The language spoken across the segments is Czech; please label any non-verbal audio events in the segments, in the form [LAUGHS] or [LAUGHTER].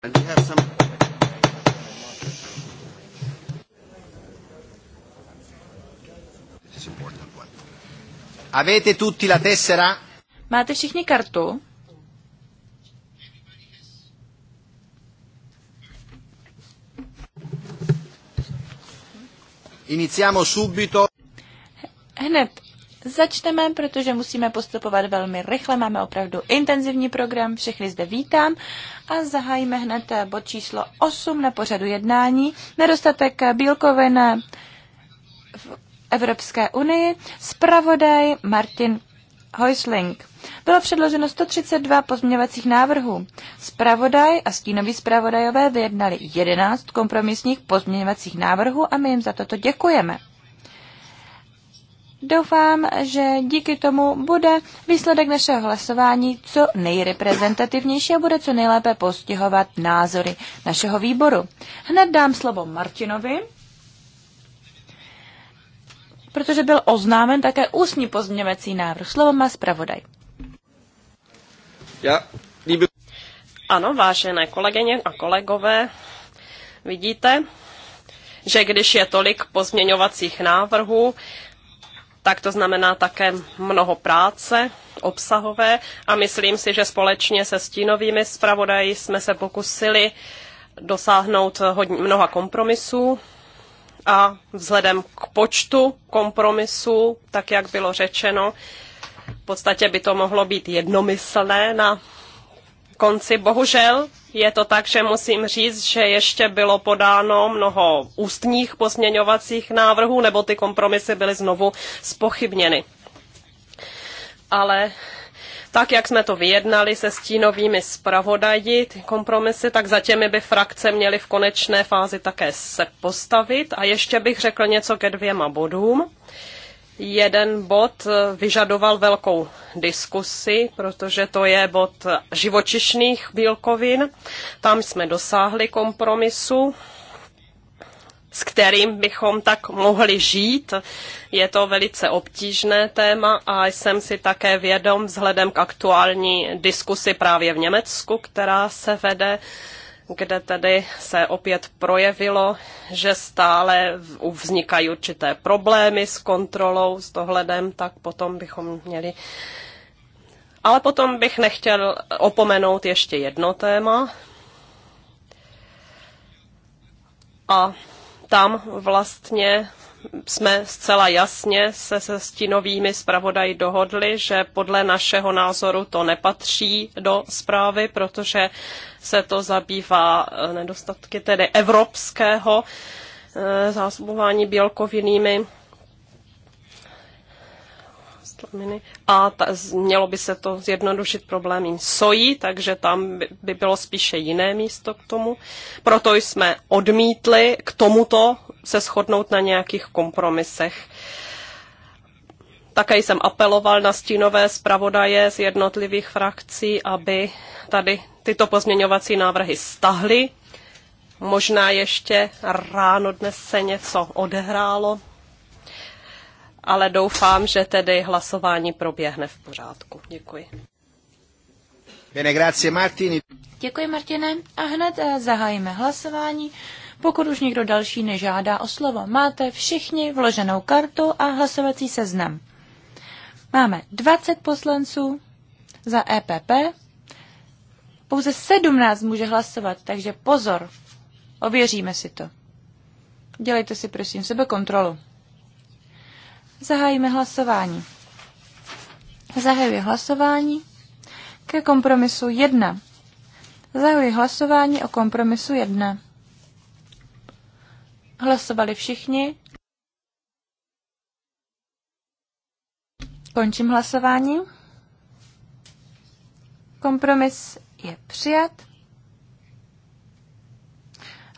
And we have some Avete tutti la tessera? Máte všichni kartu? Iniziamo subito. Hned začneme, protože musíme postupovat velmi rychle. Máme opravdu intenzivní program, všechny zde vítám a zahájíme hned eh, bod číslo 8 na pořadu jednání. Nedostatek bílkovin eh, v Evropské unii. Spravodaj Martin Heusling. Bylo předloženo 132 pozměňovacích návrhů. Spravodaj a stínoví spravodajové vyjednali 11 kompromisních pozměňovacích návrhů a my jim za toto děkujeme. Doufám, že díky tomu bude výsledek našeho hlasování co nejreprezentativnější a bude co nejlépe postihovat názory našeho výboru. Hned dám slovo Martinovi, protože byl oznámen také ústní pozměňovací návrh. Slovo má zpravodaj. Já, líbí... Ano, vážené kolegyně a kolegové, vidíte, že když je tolik pozměňovacích návrhů, tak to znamená také mnoho práce obsahové a myslím si, že společně se stínovými zpravodaji jsme se pokusili dosáhnout hodně, mnoha kompromisů a vzhledem k počtu kompromisů, tak jak bylo řečeno, v podstatě by to mohlo být jednomyslné na konci. Bohužel je to tak, že musím říct, že ještě bylo podáno mnoho ústních pozměňovacích návrhů, nebo ty kompromisy byly znovu spochybněny. Ale tak, jak jsme to vyjednali se stínovými zpravodaji, ty kompromisy, tak za těmi by frakce měly v konečné fázi také se postavit. A ještě bych řekl něco ke dvěma bodům. Uh, jeden bod vyžadoval velkou diskusi, protože to je bod živočišných bílkovin. Tam jsme dosáhli kompromisu, s kterým bychom tak mohli žít. Je to velice obtížné téma a jsem si také vědom vzhledem k aktuální diskusi právě v Německu, která se vede kde tedy se opět projevilo, že stále vznikají určité problémy s kontrolou, s dohledem, tak potom bychom měli. Ale potom bych nechtěl opomenout ještě jedno téma. A tam vlastně jsme zcela jasně se se stínovými zpravodaji dohodli, že podle našeho názoru to nepatří do zprávy, protože se to zabývá eh, nedostatky tedy evropského eh, zásobování bílkovinými tlaminy. A ta, mělo by se to zjednodušit problémem sojí, takže tam by, by bylo spíše jiné místo k tomu. Proto jsme odmítli k tomuto se shodnout na nějakých kompromisech. Také jsem apeloval na stínové zpravodaje z jednotlivých frakcí, aby tady tyto pozměňovací návrhy stahly. Možná ještě ráno dnes se něco odehrálo ale doufám, že tedy hlasování proběhne v pořádku. Děkuji. Bene, grazie Martini. Děkuji Martine a hned eh, zahájíme hlasování. Pokud už někdo další nežádá o slovo, máte všichni vloženou kartu a hlasovací seznam. Máme 20 poslanců za EPP, pouze 17 může hlasovat, takže pozor, ověříme si to. Dělejte si prosím sebe kontrolu. Zahájíme hlasování. Zahajuji hlasování ke kompromisu 1. Zahajuji hlasování o kompromisu 1. Hlasovali všichni. Končím hlasování. Kompromis je přijat.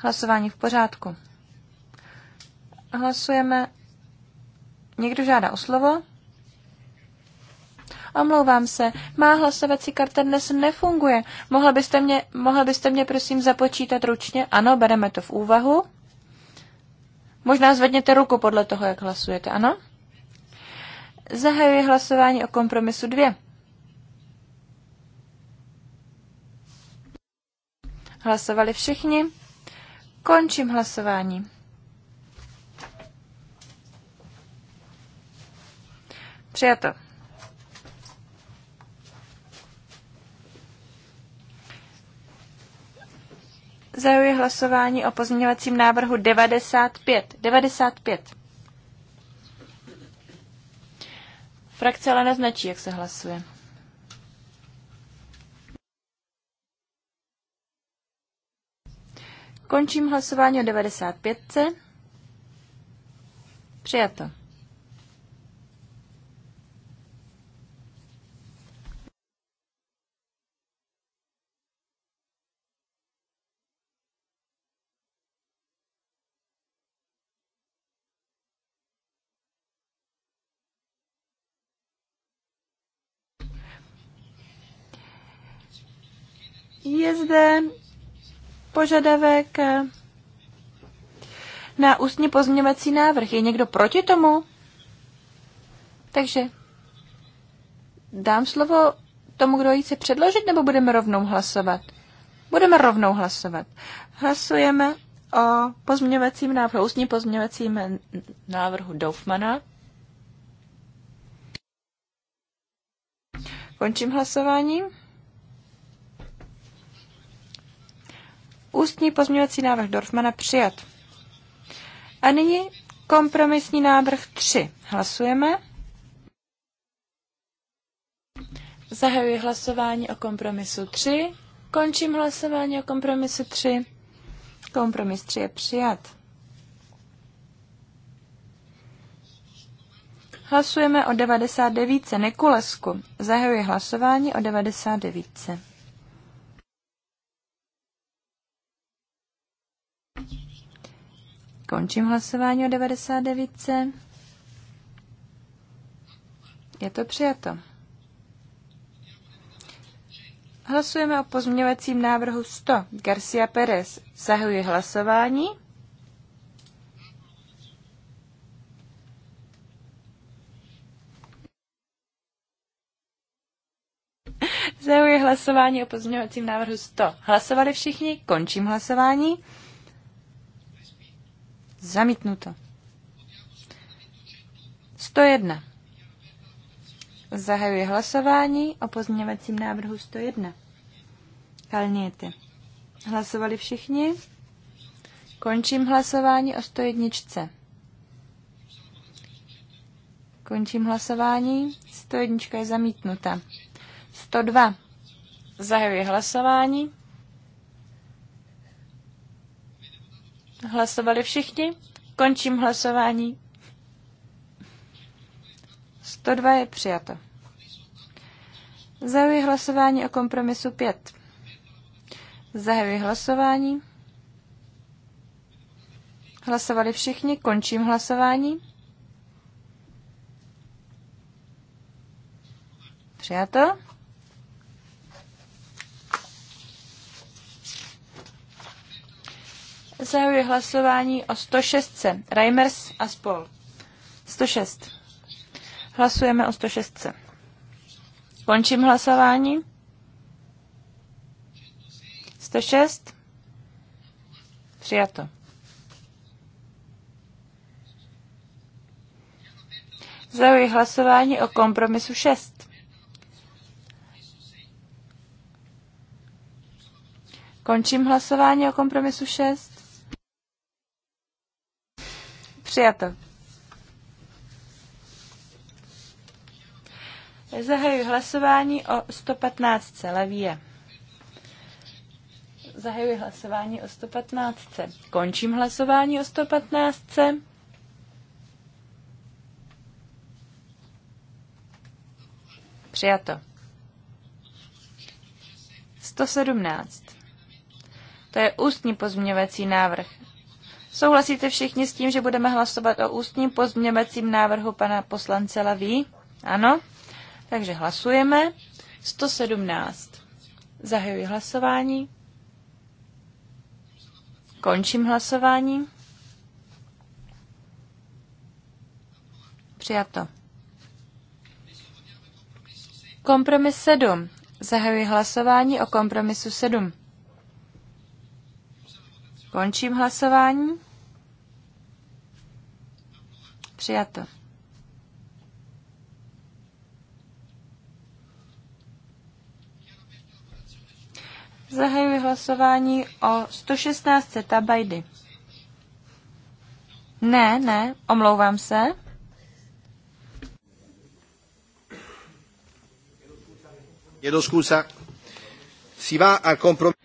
Hlasování v pořádku. Hlasujeme Někdo žádá o slovo? Omlouvám se, má hlasovací karta dnes nefunguje. Mohla byste mě, mohla byste mě prosím započítat ručně? Ano, bereme to v úvahu. Možná zvedněte ruku podle toho, jak hlasujete, ano? Zahajuji hlasování o kompromisu 2. Hlasovali všichni. Končím hlasování. Přijato. Zahajuji hlasování o pozměňovacím návrhu 95. 95. Frakce ale neznačí, jak se hlasuje. Končím hlasování o 95. Přijato. Je zde požadavek na ústní pozměňovací návrh. Je někdo proti tomu? Takže dám slovo tomu, kdo ji chce předložit, nebo budeme rovnou hlasovat? Budeme rovnou hlasovat. Hlasujeme o pozměňovacím návrhu, ústní pozměňovacím návrhu Doufmana. Končím hlasování. ústní pozměňovací návrh Dorfmana přijat. A nyní kompromisní návrh 3. Hlasujeme. Zahajuji hlasování o kompromisu 3. Končím hlasování o kompromisu 3. Kompromis 3 je přijat. Hlasujeme o 99. Nekulesku. Zahajuji hlasování o 99. Končím hlasování o 99. Je to přijato. Hlasujeme o pozměňovacím návrhu 100. Garcia Perez. zahuje hlasování. Zahuje hlasování o pozměňovacím návrhu 100. Hlasovali všichni? Končím hlasování. Zamítnuto. 101. Zahajuji hlasování o pozměňovacím návrhu 101. Kalněte. Hlasovali všichni? Končím hlasování o 101. Končím hlasování. 101 je zamítnuta. 102. Zahajuji hlasování. Hlasovali všichni? Končím hlasování. 102 je přijato. Zahajuji hlasování o kompromisu 5. Zahajuji hlasování. Hlasovali všichni, končím hlasování. Přijato. Zahajuji hlasování o 106. Reimers a spol. 106. Hlasujeme o 106. Končím hlasování. 106. Přijato. Zahajuji hlasování o kompromisu 6. Končím hlasování o kompromisu 6. Přijato. Zahajuji hlasování o 115. Levíje. Zahajuji hlasování o 115. Končím hlasování o 115. Přijato. 117. To je ústní pozměňovací návrh. Souhlasíte všichni s tím, že budeme hlasovat o ústním pozměňovacím návrhu pana poslance Laví? Ano? Takže hlasujeme. 117. Zahajuji hlasování. Končím hlasování. Přijato. Kompromis 7. Zahajuji hlasování o kompromisu 7. Končím hlasování. Přijato. Zahajuji hlasování o 116. Tabajdy. Ne, ne, omlouvám se. Chiedo scusa. Si va al compromis.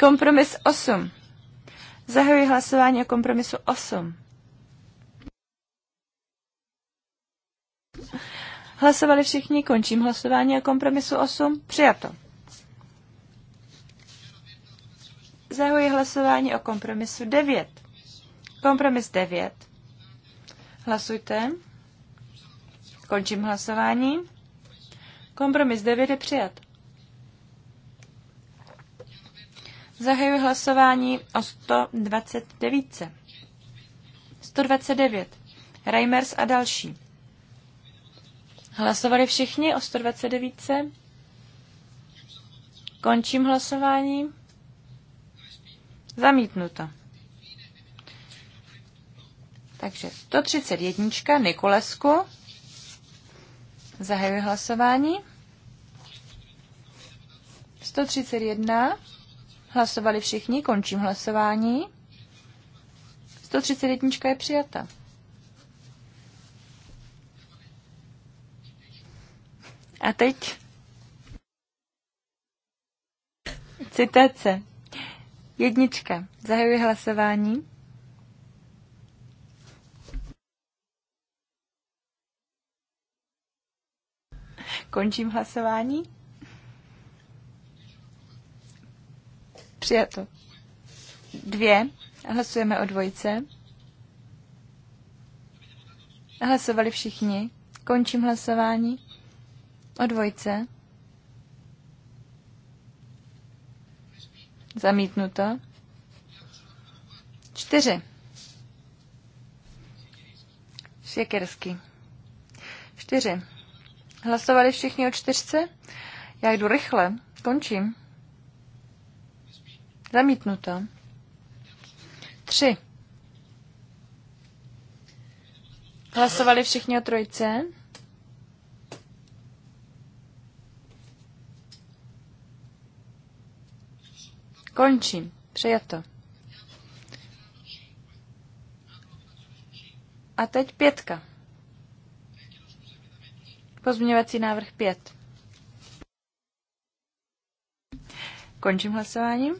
Kompromis 8. Zahajuji hlasování o kompromisu 8. Hlasovali všichni, končím hlasování a kompromisu 8 přijato. Zahuji hlasování o kompromisu 9. Kompromis 9. Hlasujte. Končím hlasování. Kompromis 9 je přijat. Zahajuji hlasování o 129. 129. Reimers a další. Hlasovali všichni o 129. Končím hlasování. Zamítnuto. Takže 131. Nikolesku. Zahajuji hlasování. 131. Hlasovali všichni, končím hlasování. 131 je přijata. A teď citace. Jednička. Zahajuji hlasování. Končím hlasování. Přijato. Dvě. Hlasujeme o dvojce. Hlasovali všichni. Končím hlasování. O dvojce. Zamítnuto. Čtyři. Šekerský. Čtyři. Hlasovali všichni o čtyřce? Já jdu rychle. Končím. Zamítnuto. Tři. Hlasovali všichni o trojce? Končím. Přijato. A teď pětka. Pozměňovací návrh pět. Končím hlasováním.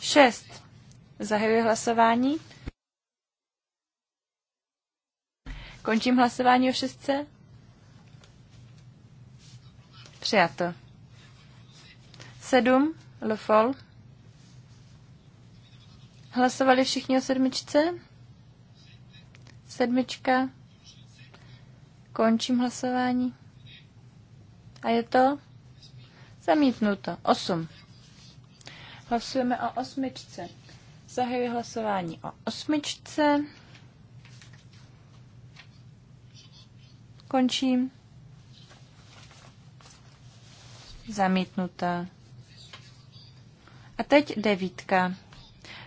Šest. Zahajuji hlasování. Končím hlasování o šestce. Přijato. Sedm. Le Fol. Hlasovali všichni o sedmičce? Sedmička. Končím hlasování. A je to? Zamítnuto. Osm. Hlasujeme o osmičce. Zahajuji hlasování o osmičce. Končím. Zamítnuta. A teď devítka.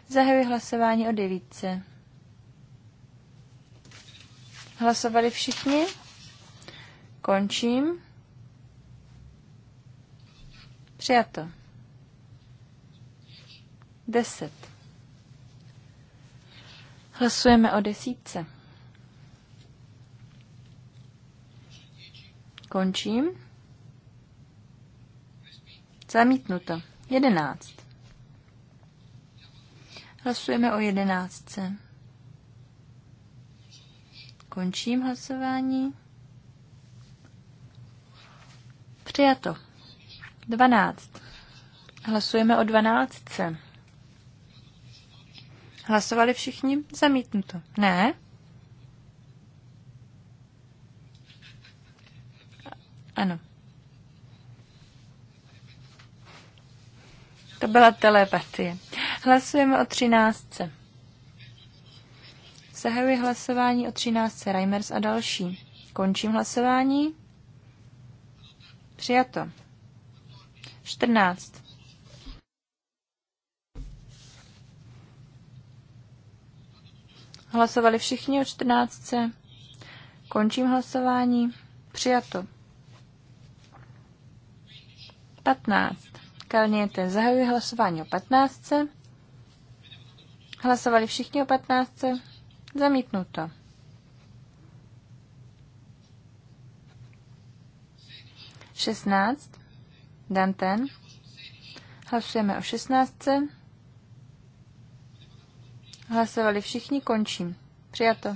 Zahajuji hlasování o devítce. Hlasovali všichni? Končím. Přijato. Deset. Hlasujeme o desítce. Končím. Zamítnuto. 11. Hlasujeme o jedenáctce. Končím hlasování. Přijato. 12. Hlasujeme o 12. Hlasovali všichni? Zamítnuto. Ne? To byla telepatie. Hlasujeme o třináctce. Zahajuji hlasování o třináctce Reimers a další. Končím hlasování. Přijato. 14. Hlasovali všichni o 14. Končím hlasování. Přijato. 15 ten zahajuje hlasování o 15. Hlasovali všichni o 15. Zamítnuto. Šestnáct. Danten. Hlasujeme o šestnáctce. Hlasovali všichni, končím. Přijato.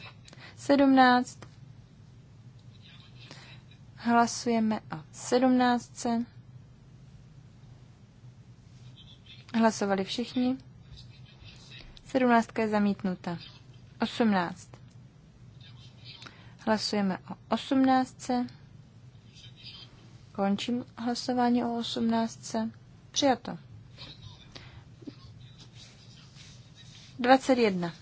Sedmnáct. Hlasujeme o sedmnáctce. Hlasovali všichni. 17 je zamítnuta. 18. Hlasujeme o 18. Končím hlasování o 18. Přijato. 21.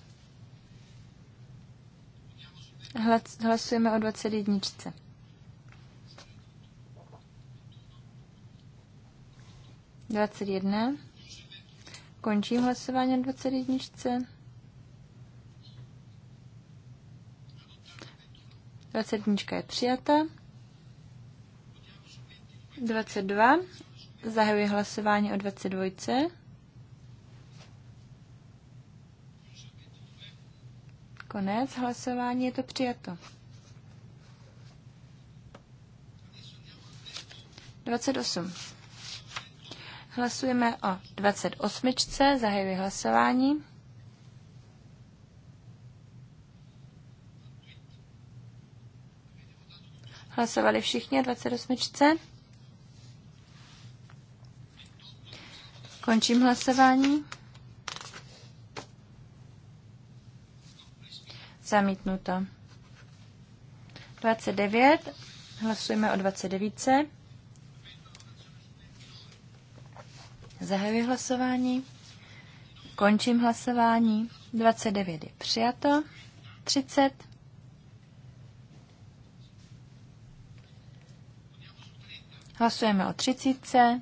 Hlasujeme o 21. Dvacet jedna. Končím hlasování na 21. Dvacetnička je přijata. 22. Zahajuji hlasování o 22. Konec hlasování je to přijato. 28. Hlasujeme o 28. Zahajuji hlasování. Hlasovali všichni o 28. Končím hlasování. Zamítnuto. 29. Hlasujeme o 29. Zahajuji hlasování. Končím hlasování. 29 je přijato. 30. Hlasujeme o 30.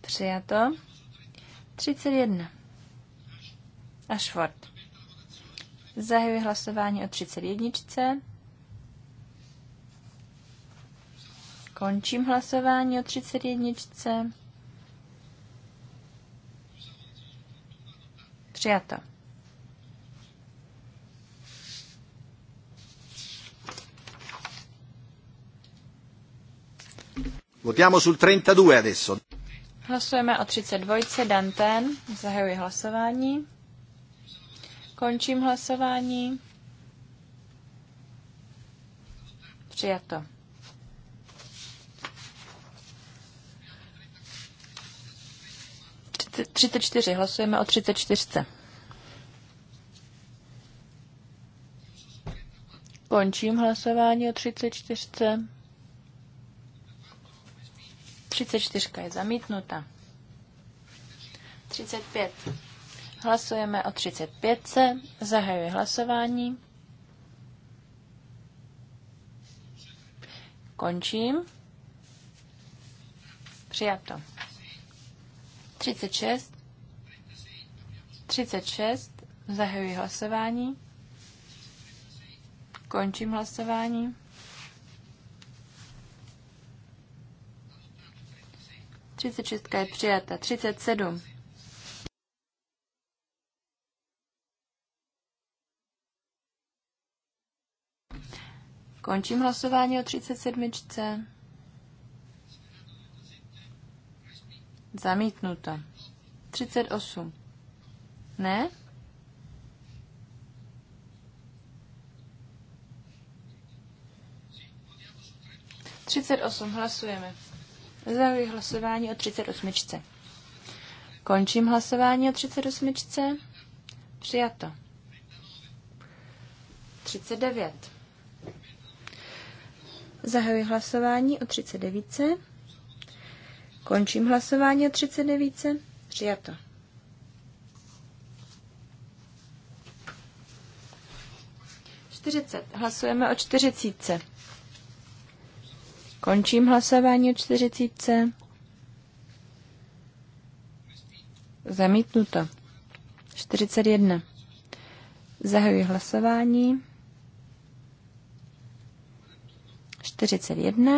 Přijato. 31. švort. Zahajuji hlasování o 31. Končím hlasování o 31. Přijato. Votiamo sul 32 adesso. Hlasujeme o 32. Danten. Zahajuji hlasování. Končím hlasování. Přijato. 34. Hlasujeme o 34. Končím hlasování o 34. 34 je zamítnuta. 35. Hlasujeme o 35. Zahajuji hlasování. Končím. Přijato. 36. 36. Zahajuji hlasování. Končím hlasování. 36 je přijata. 37. Končím hlasování o 37. Zamítnuto. 38. Ne? Třicet osm, hlasujeme. Zahajuji hlasování o 38. Končím hlasování o 38. Přijato. 39. Zahajuji hlasování o 39. Končím hlasování o 39. Přijato. Hlasujeme o čtyřicítce. Končím hlasování o čtyřicítce. Zamítnuto. 41. Zahajuji hlasování. 41.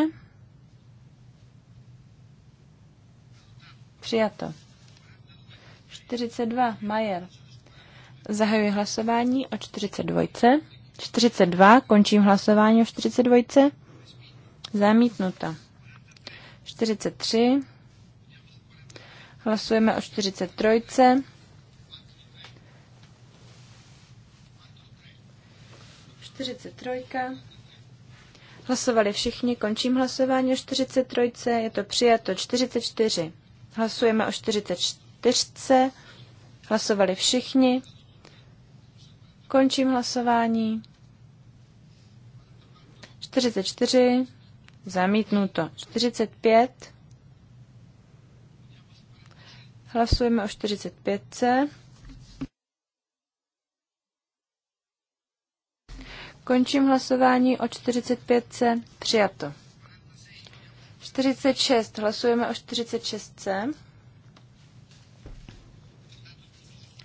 Přijato. 42. Majer. Zahajuji hlasování o 42. 42. Končím hlasování o 42. Zamítnuto. 43. Hlasujeme o 43. trojka. Hlasovali všichni, končím hlasování o 43, je to přijato 44. Hlasujeme o 44. Hlasovali všichni. Končím hlasování. 44. Zamítnuto. 45. Hlasujeme o 45. Končím hlasování o 45. Přijato. 46. Hlasujeme o 46.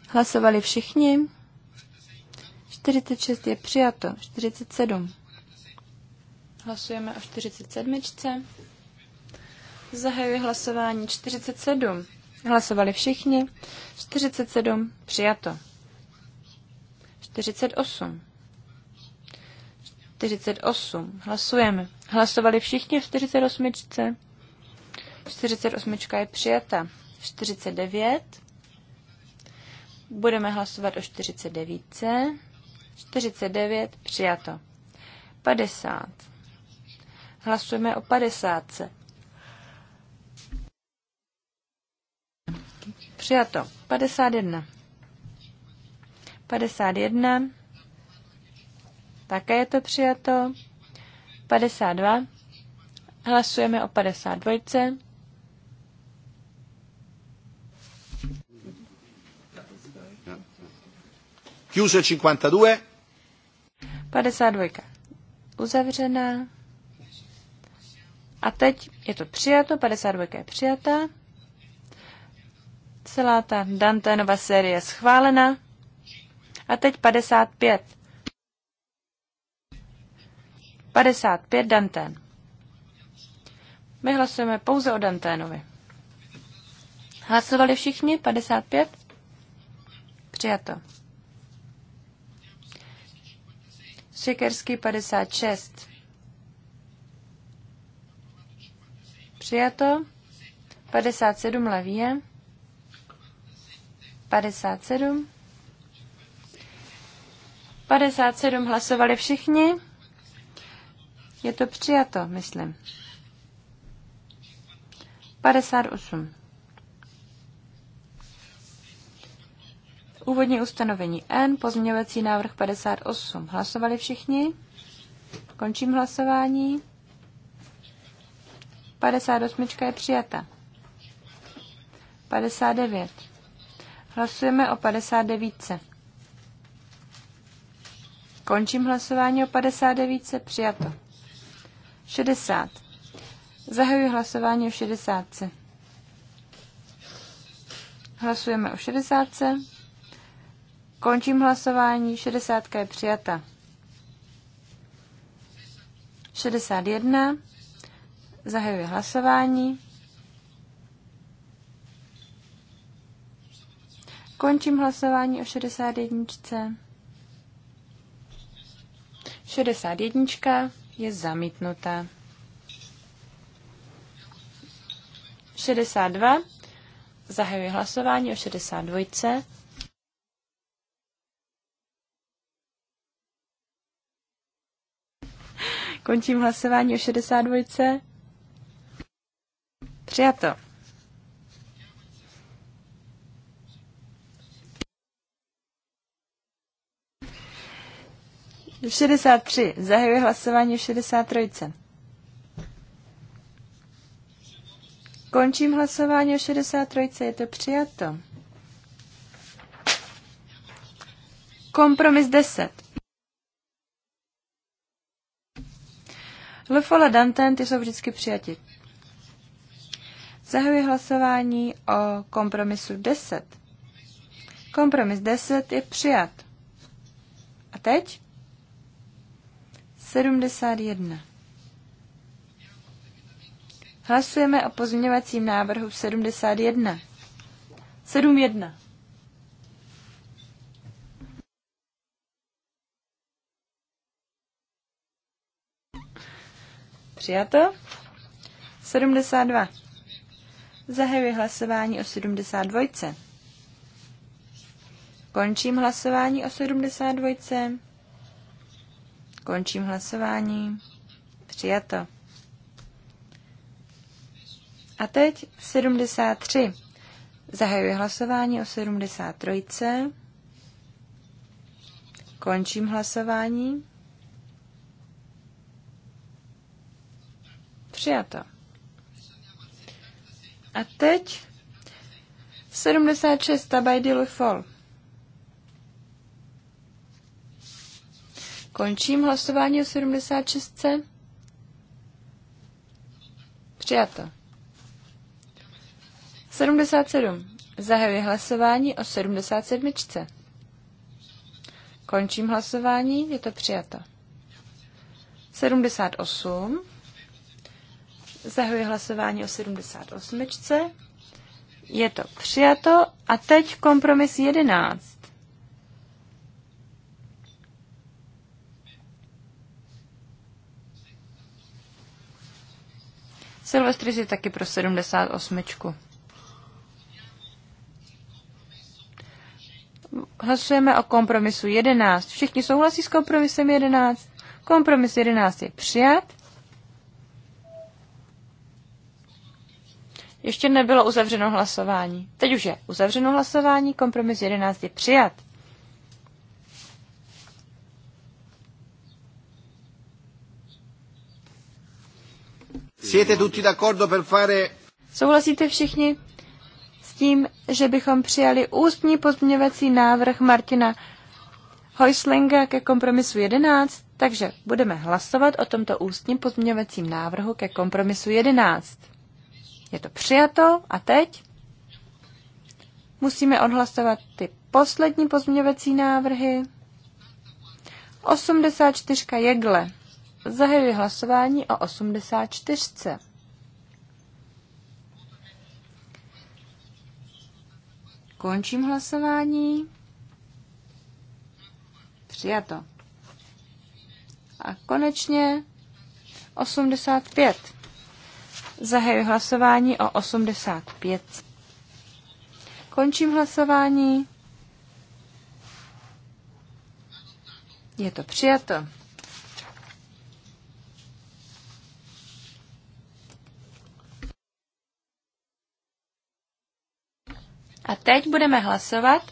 Hlasovali všichni. 46 je přijato. 47. Hlasujeme o 47. Zahajuji hlasování 47. Hlasovali všichni. 47 přijato. 48. 48. Hlasujeme. Hlasovali všichni v 48. 48 je přijata. 49. Budeme hlasovat o 49. 49 přijato. 50. Hlasujeme o 50. Přijato. 51. 51. Také je to přijato. 52. Hlasujeme o 52. Chiuso 52. 52. Uzavřená. A teď je to přijato, 52 je přijata. Celá ta Danténova série je schválena. A teď 55. 55 Dantén. My hlasujeme pouze o Danténovi. Hlasovali všichni? 55? Přijato. Šekerský 56. Přijato. 57 Levíje. 57. 57 hlasovali všichni. Je to přijato, myslím. 58. Úvodní ustanovení N, pozměňovací návrh 58. Hlasovali všichni? Končím hlasování. 58 je přijata. 59. Hlasujeme o 59. Končím hlasování o 59. Přijato. 60. Zahajuji hlasování o 60. Hlasujeme o 60. Končím hlasování. 60 je přijata. 61. Zahajuji hlasování. Končím hlasování o 61. 61 je zamítnuta. 62. Zahajuji hlasování o 62. Končím hlasování o 62. Přijato. 63. Zahajuji hlasování v 63. Končím hlasování o 63. Je to přijato. Kompromis 10. Lefola Danten, ty jsou vždycky přijati. Zahajuji hlasování o kompromisu 10. Kompromis 10 je přijat. A teď? 71. Hlasujeme o pozměňovacím návrhu 71. 71. Přijato. 72. Zahajuji hlasování o 72. Končím hlasování o 72. Končím hlasování. Přijato. A teď 73. Zahajuji hlasování o 73. Končím hlasování. Přijato. A teď 76. Tabajdilu Fall. Končím hlasování o 76. Přijato. 77. Zahajuji hlasování o 77. Končím hlasování, je to přijato. 78. Zahajuji hlasování o 78. Je to přijato. A teď kompromis 11. Silvestris si taky pro 78. Hlasujeme o kompromisu 11. Všichni souhlasí s kompromisem 11? Kompromis 11 je přijat. Ještě nebylo uzavřeno hlasování. Teď už je uzavřeno hlasování, kompromis 11 je přijat. Siete tutti d'accordo per fare... Souhlasíte všichni s tím, že bychom přijali ústní pozměňovací návrh Martina Hoislinga ke kompromisu 11? Takže budeme hlasovat o tomto ústním pozměňovacím návrhu ke kompromisu 11. Je to přijato a teď musíme odhlasovat ty poslední pozměňovací návrhy. 84 jegle. Zahajuji hlasování o 84. Končím hlasování. Přijato. A konečně 85. Zahajuji hlasování o 85. Končím hlasování. Je to přijato. A teď budeme hlasovat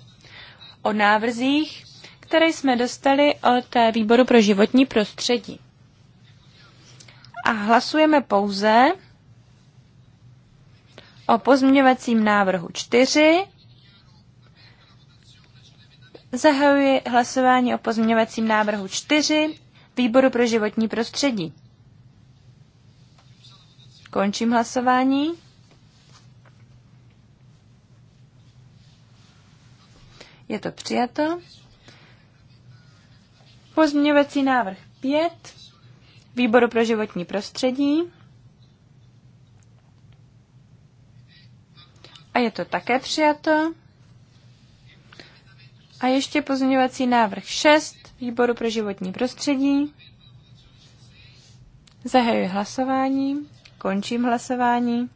o návrzích, které jsme dostali od Výboru pro životní prostředí. A hlasujeme pouze o pozměňovacím návrhu 4. Zahajuji hlasování o pozměňovacím návrhu 4 Výboru pro životní prostředí. Končím hlasování. Je to přijato. Pozměňovací návrh 5. Výboru pro životní prostředí. A je to také přijato. A ještě pozměňovací návrh 6 výboru pro životní prostředí. Zahajuji hlasování, končím hlasování.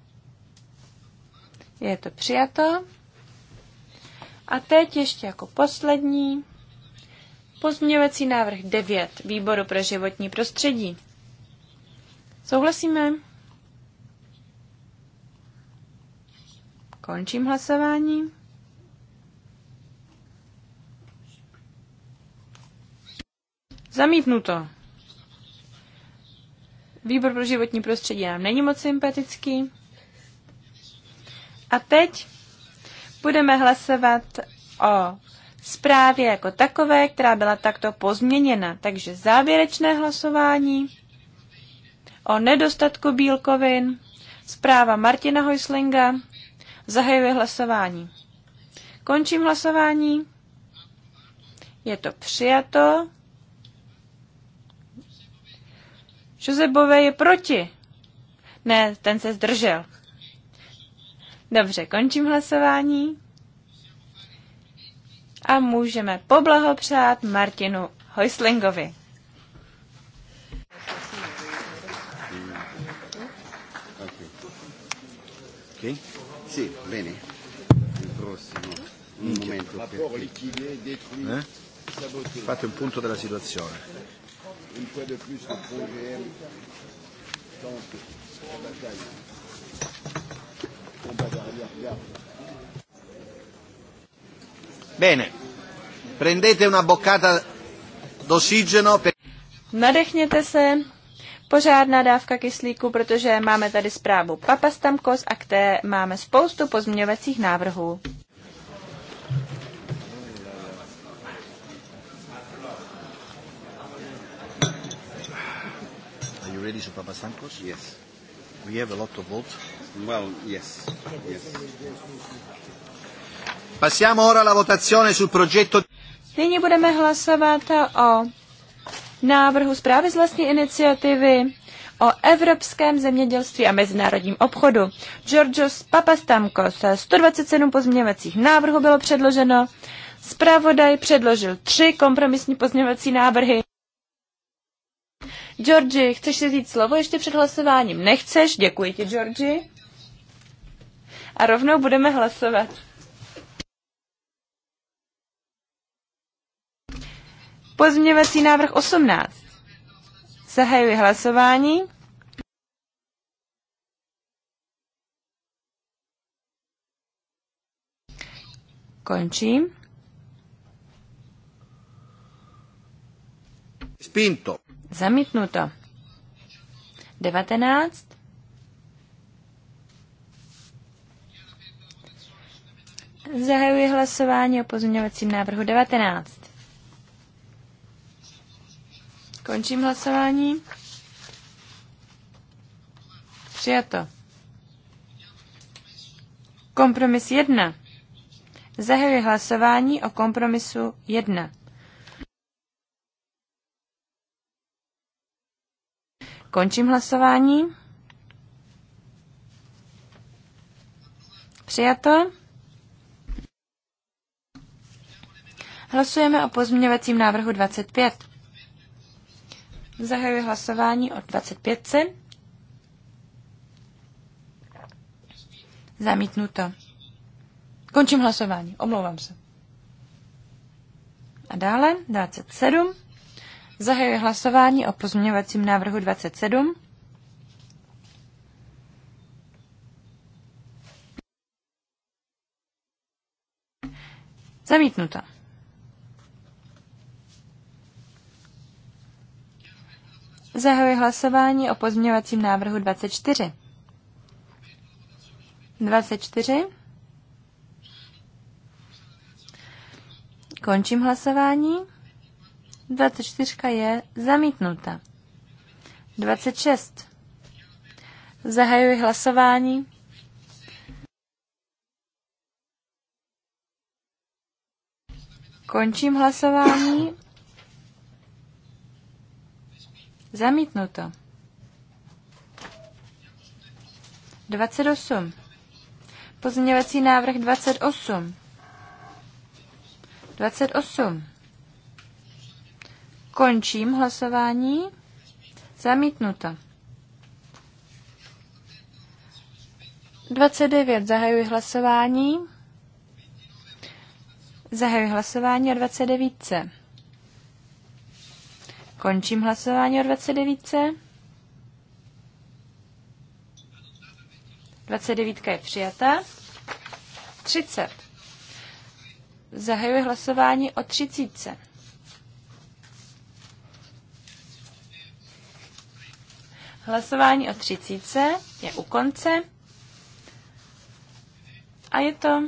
Je to přijato. A teď ještě jako poslední pozměňovací návrh 9 výboru pro životní prostředí. Souhlasíme? Končím hlasování. Zamítnuto. Výbor pro životní prostředí nám není moc sympatický. A teď budeme hlasovat o zprávě jako takové, která byla takto pozměněna. Takže závěrečné hlasování o nedostatku bílkovin, zpráva Martina Hojslinga, zahajuje hlasování. Končím hlasování. Je to přijato. Josebové je proti. Ne, ten se zdržel. Dobře, končím hlasování. A můžeme poblahopřát Martinu Hojslingovi. Okay. Sì, bene. Il prossimo. Un momento. Rapport liquidé, détruit, eh? saboté. Fate un punto della situazione. Un fois de plus, le eh. projet tente la bataille. Bene, prendete una boccata d'ossigeno. Per... Nadechněte se, pořádná dávka kyslíku, protože máme tady zprávu Papastamkos a k té máme spoustu pozměňovacích návrhů. Are you ready for Papastamkos? Yes. We have a lot of votes. Well, yes. yes. Passiamo ora alla votazione sul progetto. Nyní budeme hlasovat o návrhu zprávy z vlastní iniciativy o evropském zemědělství a mezinárodním obchodu. Georgios Papastamkos, 127 pozměňovacích návrhů bylo předloženo. Zpravodaj předložil tři kompromisní pozměňovací návrhy. Georgi, chceš si říct slovo ještě před hlasováním? Nechceš? Děkuji ti, Georgi a rovnou budeme hlasovat. Pozměňovací návrh 18. Zahajuji hlasování. Končím. Spinto. Zamítnuto. 19. Zahajuji hlasování o pozměňovacím návrhu 19. Končím hlasování. Přijato. Kompromis 1. Zahajuji hlasování o kompromisu 1. Končím hlasování. Přijato. Hlasujeme o pozměňovacím návrhu 25. Zahajuji hlasování o 25. Zamítnuto. Končím hlasování. Omlouvám se. A dále 27. Zahajuji hlasování o pozměňovacím návrhu 27. Zamítnuto. Zahajuji hlasování o pozměňovacím návrhu 24. 24. Končím hlasování. 24 je zamítnuta. 26. Zahajuji hlasování. Končím hlasování. Zamítnuto. 28. Pozměňovací návrh 28. 28. Končím hlasování. Zamítnuto. 29. Zahajuji hlasování. Zahajuji hlasování o 29. Končím hlasování o 29. 29 je přijata. 30. Zahajuji hlasování o 30. Hlasování o 30 je u konce a je to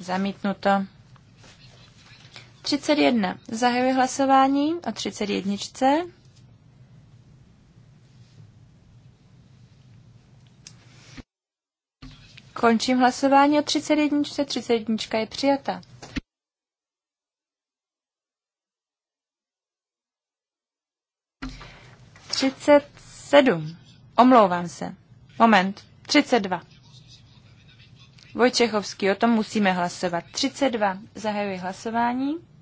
zamítnuto. 31. Zahajuji hlasování o 31. Končím hlasování o 31. 31 je přijata. Třicet sedm. Omlouvám se. Moment. Třicet dva. Vojčechovský, o tom musíme hlasovat. 32. Zahajuji hlasování.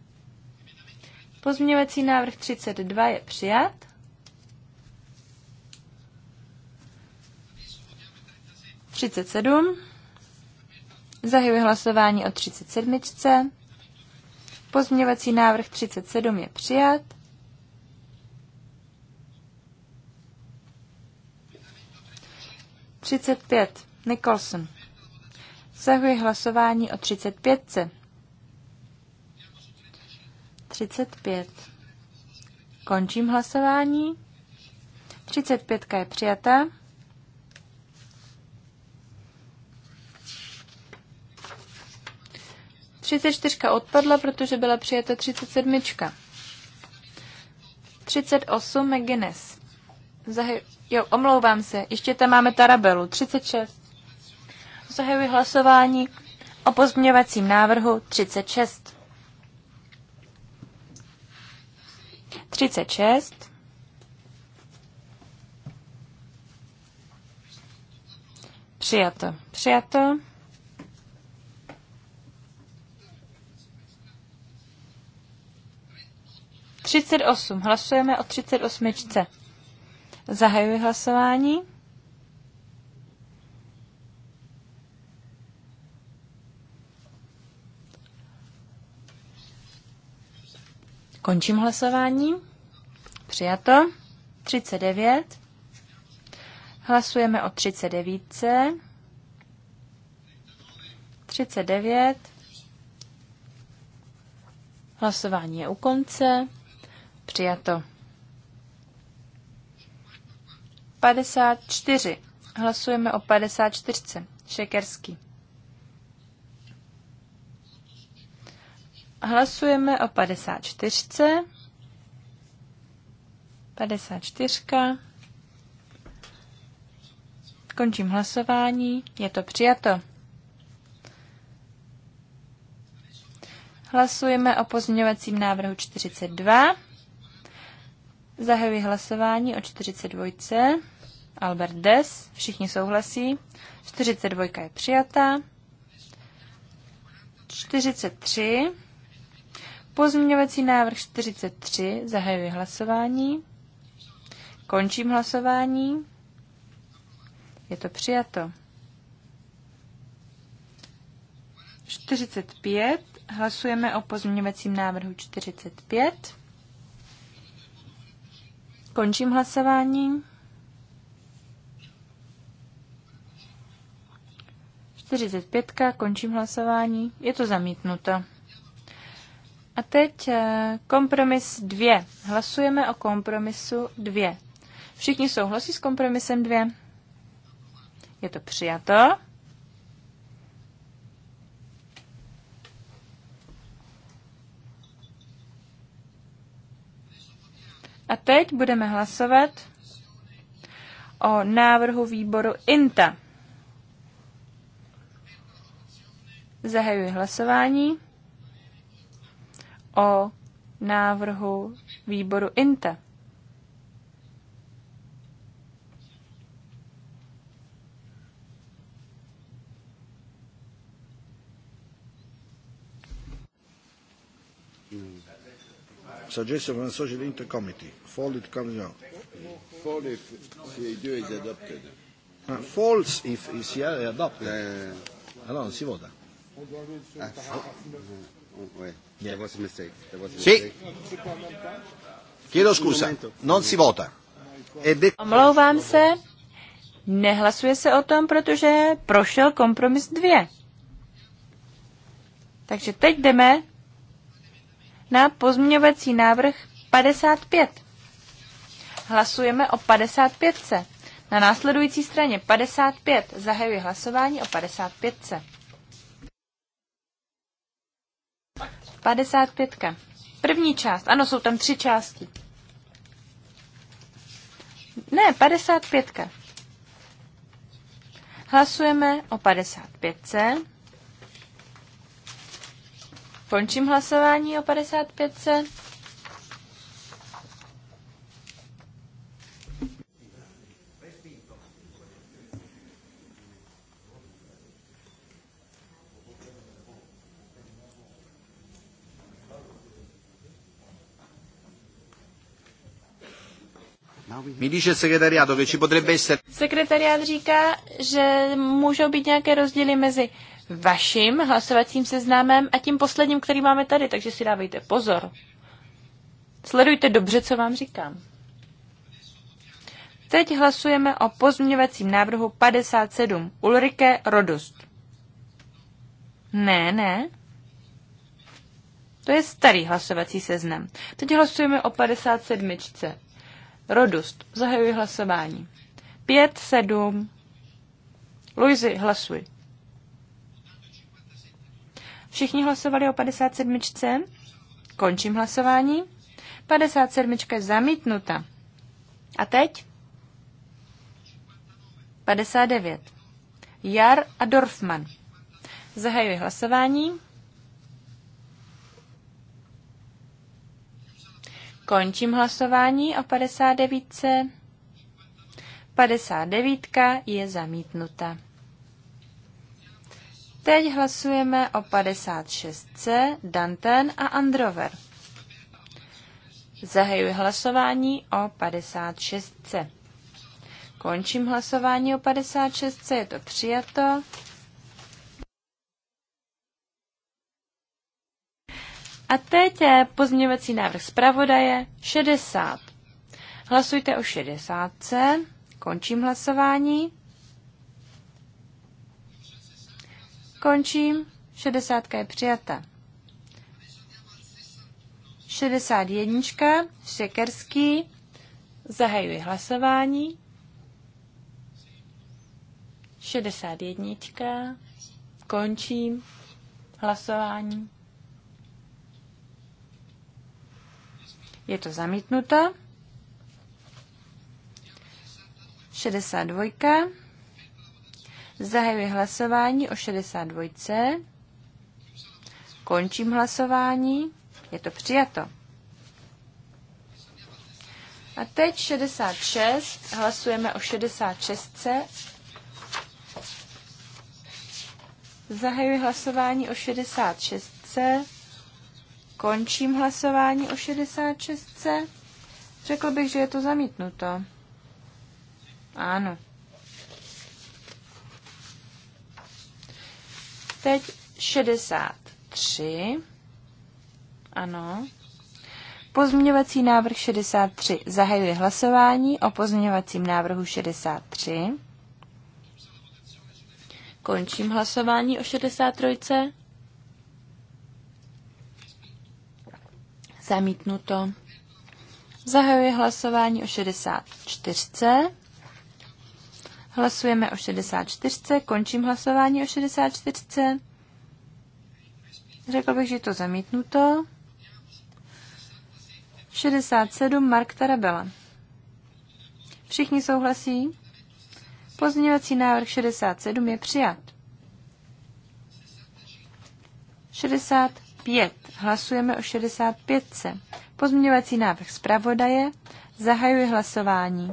Pozměňovací návrh 32 je přijat. Třicet sedm. Zahajuji hlasování o 37. Pozměňovací návrh 37 je přijat. Třicet pět. Nicholson. Zahajuji hlasování o 35. 35. Končím hlasování. 35 je přijata. Třicet čtyřka odpadla, protože byla přijata třicet sedmička. Třicet osm McGuinness. Zahaj... Jo, omlouvám se, ještě tam máme Tarabelu. 36. Zahajuji hlasování o pozměňovacím návrhu 36. 36. Přijato. Přijato. Třicet osm. Hlasujeme o třicet osmičce. Zahajuji hlasování. Končím hlasování. Přijato. 39. Hlasujeme o 39. 39. Hlasování je u konce. Přijato. 54. Hlasujeme o 54. Šekerský. Hlasujeme o 54. 54. Končím hlasování. Je to přijato. Hlasujeme o pozměňovacím návrhu 42. Zahajuji hlasování o 42. Albert Des, všichni souhlasí. 42 je přijatá. 43. Pozměňovací návrh 43. Zahajuji hlasování. Končím hlasování. Je to přijato. 45. Hlasujeme o pozměňovacím návrhu 45. Končím hlasování. 45. Končím hlasování. Je to zamítnuto. A teď eh, kompromis 2. Hlasujeme o kompromisu 2. Všichni souhlasí s kompromisem 2? Je to přijato. A teď budeme hlasovat o návrhu výboru INTA. Zahajuji hlasování o návrhu výboru Inte. Suggestion from the Social Inter Committee. Fall it comes out. No. Fall if CA2 is adopted. Uh, false if CA is adopted. Uh, allora non si vota. Ah, Sì. Chiedo scusa, non si vota. Eh, Omlouvám se, nehlasuje se o tom, protože prošel kompromis dvě. Takže teď jdeme na pozměňovací návrh 55. Hlasujeme o 55. Na následující straně 55 zahajuji hlasování o 55. 55. První část. Ano, jsou tam tři části. Ne, 55. Hlasujeme o 55. Končím hlasování o 55. Mi Sekretariát říká, že můžou být nějaké rozdíly mezi vaším hlasovacím seznámem a tím posledním, který máme tady, takže si dávejte pozor. Sledujte dobře, co vám říkám. Teď hlasujeme o pozměňovacím návrhu 57 Ulrike Rodust. Ne, ne. To je starý hlasovací seznam. Teď hlasujeme o 57. Rodust. Zahajuji hlasování. Pět, sedm. Luizi, hlasuj. Všichni hlasovali o 57. Končím hlasování. 57. je zamítnuta. A teď? 59. Jar a Dorfman. Zahajuji hlasování. Končím hlasování o 59. 59 je zamítnuta. Teď hlasujeme o 56C Danten a Androver. Zahajuji hlasování o 56C. Končím hlasování o 56C, je to přijato. A teď je pozměňovací návrh zpravodaje 60. Hlasujte o 60. Končím hlasování. Končím. 60 je přijata. 61. Šekerský. Zahajuji hlasování. 61. Končím hlasování. Je to zamítnuto. 62. Zahajuji hlasování o 62. Končím hlasování. Je to přijato. A teď 66. Hlasujeme o 66. Zahajuji hlasování o 66. Končím hlasování o 66. Řekl bych, že je to zamítnuto. Ano. Teď 63. Ano. Pozměňovací návrh 63. Zahajuji hlasování o pozměňovacím návrhu 63. Končím hlasování o 63. Zamítnuto. Zahajuji hlasování o 64. Hlasujeme o 64. Končím hlasování o 64. Řekl bych, že je to zamítnuto. 67. Mark Tarabela. Všichni souhlasí? Pozměňovací návrh 67 je přijat. 60. 65. Hlasujeme o 65. Pozměňovací návrh zpravodaje. Zahajuji hlasování.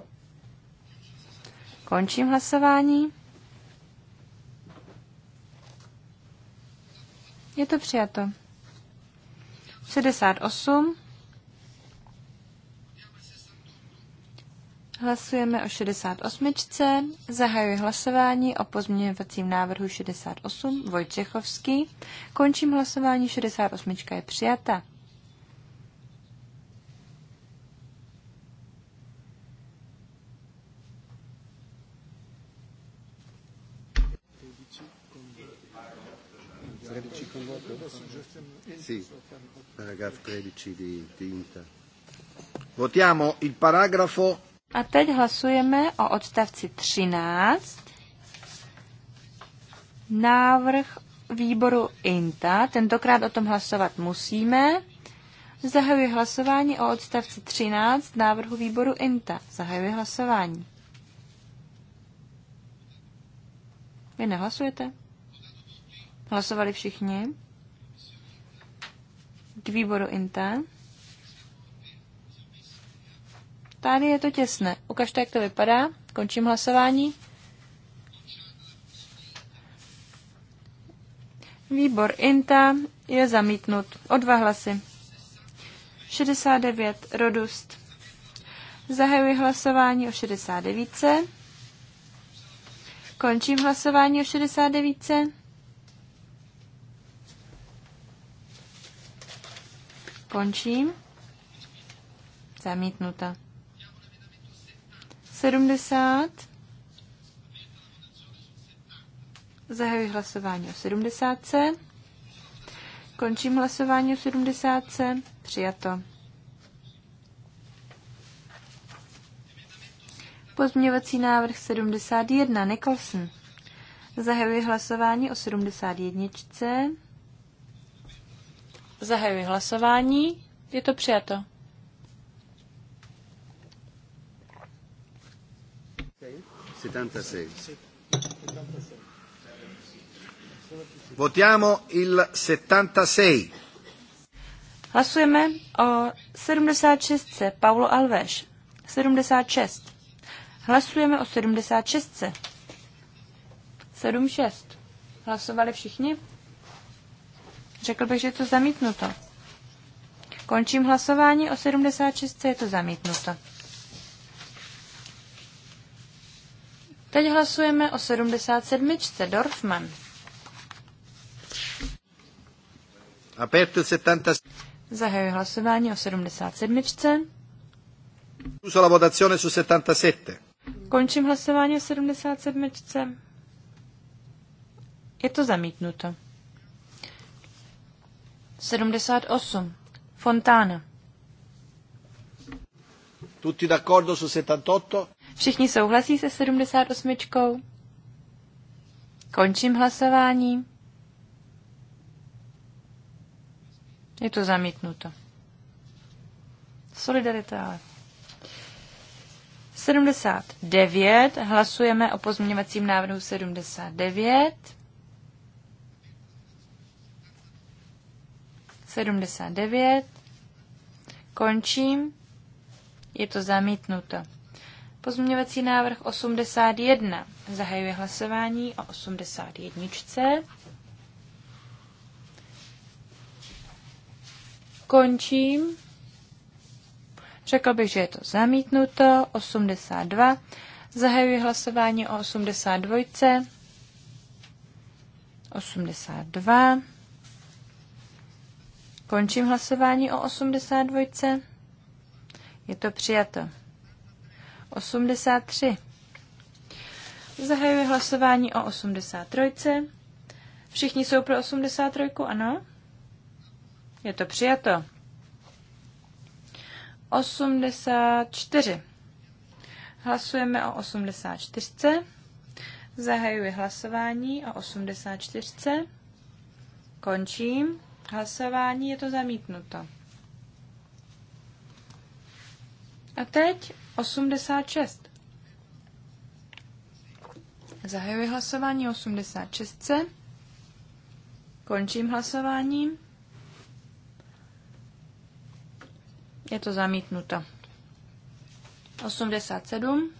Končím hlasování. Je to přijato. 68. Hlasujeme o 68. Zahajuji hlasování o pozměňovacím návrhu 68 Vojčechovský. Končím hlasování, 68. je přijata. Votiamo il paragrafo a teď hlasujeme o odstavci 13. Návrh výboru INTA. Tentokrát o tom hlasovat musíme. Zahajuji hlasování o odstavci 13 návrhu výboru INTA. Zahajuji hlasování. Vy nehlasujete? Hlasovali všichni? K výboru INTA. Tady je to těsné. Ukažte, jak to vypadá. Končím hlasování. Výbor INTA je zamítnut o dva hlasy. 69 Rodust. Zahajuji hlasování o 69. Končím hlasování o 69. Končím. Zamítnuta. 70. Zahajuji hlasování o 70. Končím hlasování o 70. Přijato. Pozměňovací návrh 71 Nicholson. Zahajuji hlasování o 71. Zahajuji hlasování. Je to přijato. 76. Votiamo il 76. Hlasujeme o 76. Paulo Alves. 76. Hlasujeme o 76. 76. Hlasovali všichni? Řekl bych, že je to zamítnuto. Končím hlasování o 76. Je to zamítnuto. Teď hlasujeme o 77. Dorfman. Zahajuji hlasování o 77. Chiuso 77. Končím hlasování o 77. Je to zamítnuto. 78. Fontana. Tutti d'accordo su 78? Všichni souhlasí se 78. Končím hlasování. Je to zamítnuto. Solidarita ale. 79. Hlasujeme o pozměňovacím návrhu 79. 79. Končím. Je to zamítnuto. Pozměňovací návrh 81. Zahajuje hlasování o 81. Končím. Řekl bych, že je to zamítnuto. 82. Zahajuji hlasování o 82. 82. Končím hlasování o 82. Je to přijato. 83. Zahajuji hlasování o 83. Všichni jsou pro 83, ano? Je to přijato. 84. Hlasujeme o 84. Zahajuji hlasování o 84. Končím. Hlasování je to zamítnuto. A teď 86. Zahajuji hlasování 86. Končím hlasováním. Je to zamítnuto. 87.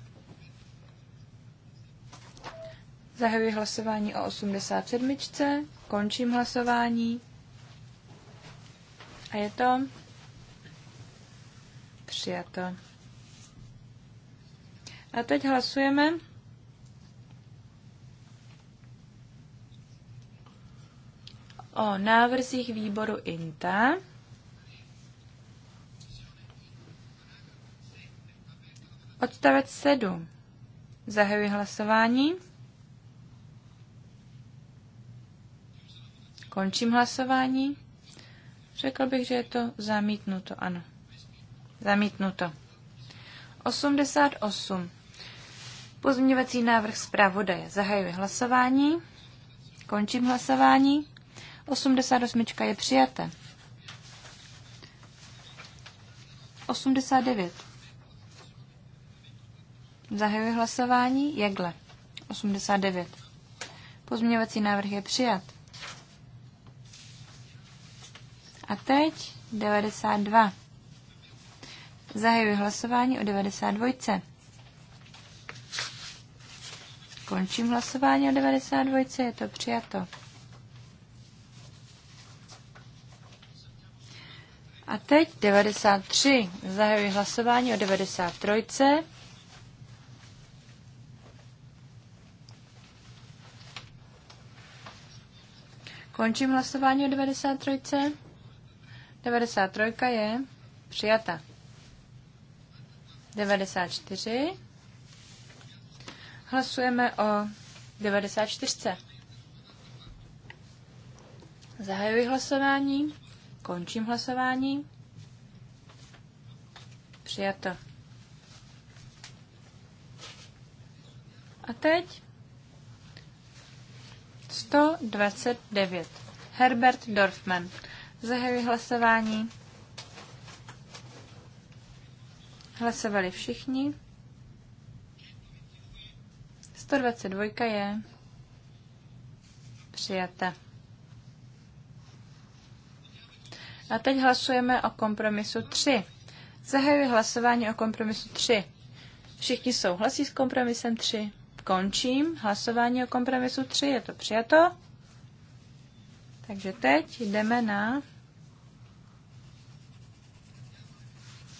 Zahajuji hlasování o 87. Končím hlasování. A je to přijato. A teď hlasujeme. o návrzích výboru INTA. Odstavec 7. Zahajuji hlasování. Končím hlasování. Řekl bych, že je to zamítnuto. Ano. Zamítnuto. 88. Pozměňovací návrh zpravodaje. Zahajuji hlasování. Končím hlasování. 88 je přijata. 89. Zahajuji hlasování. Jegle. 89. Pozměňovací návrh je přijat. A teď 92. Zahajuji hlasování o 92. Končím hlasování o 92. Je to přijato. A teď 93. Zahajuji hlasování o 93. Končím hlasování o 93. 93 je přijata. 94. Hlasujeme o 94. Zahajuji hlasování. Končím hlasování. Přijato. A teď 129. Herbert Dorfman. Zahajuji hlasování. Hlasovali všichni. 122 je přijata. A teď hlasujeme o kompromisu 3. Zahajuji hlasování o kompromisu 3. Všichni souhlasí s kompromisem 3. Končím hlasování o kompromisu 3. Je to přijato. Takže teď jdeme na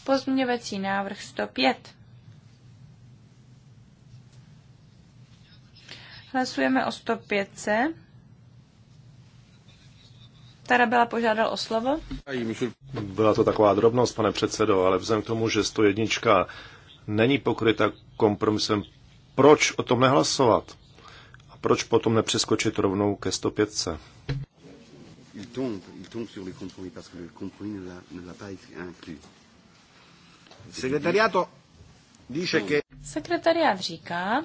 pozměňovací návrh 105. Hlasujeme o 105. byla požádal o slovo. Byla to taková drobnost, pane předsedo, ale vzhledem k tomu, že 101 není pokryta kompromisem, proč o tom nehlasovat? A proč potom nepřeskočit rovnou ke 105? Sekretariát říká,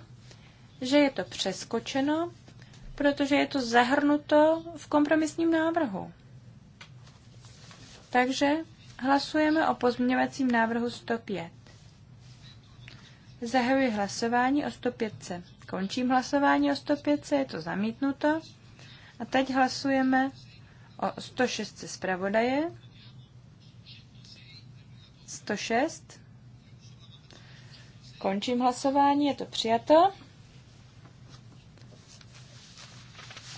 že je to přeskočeno, protože je to zahrnuto v kompromisním návrhu. Takže hlasujeme o pozměňovacím návrhu 105. Zahajuji hlasování o 105. Končím hlasování o 105, je to zamítnuto. A teď hlasujeme o 106 zpravodaje. 106. Končím hlasování, je to přijato.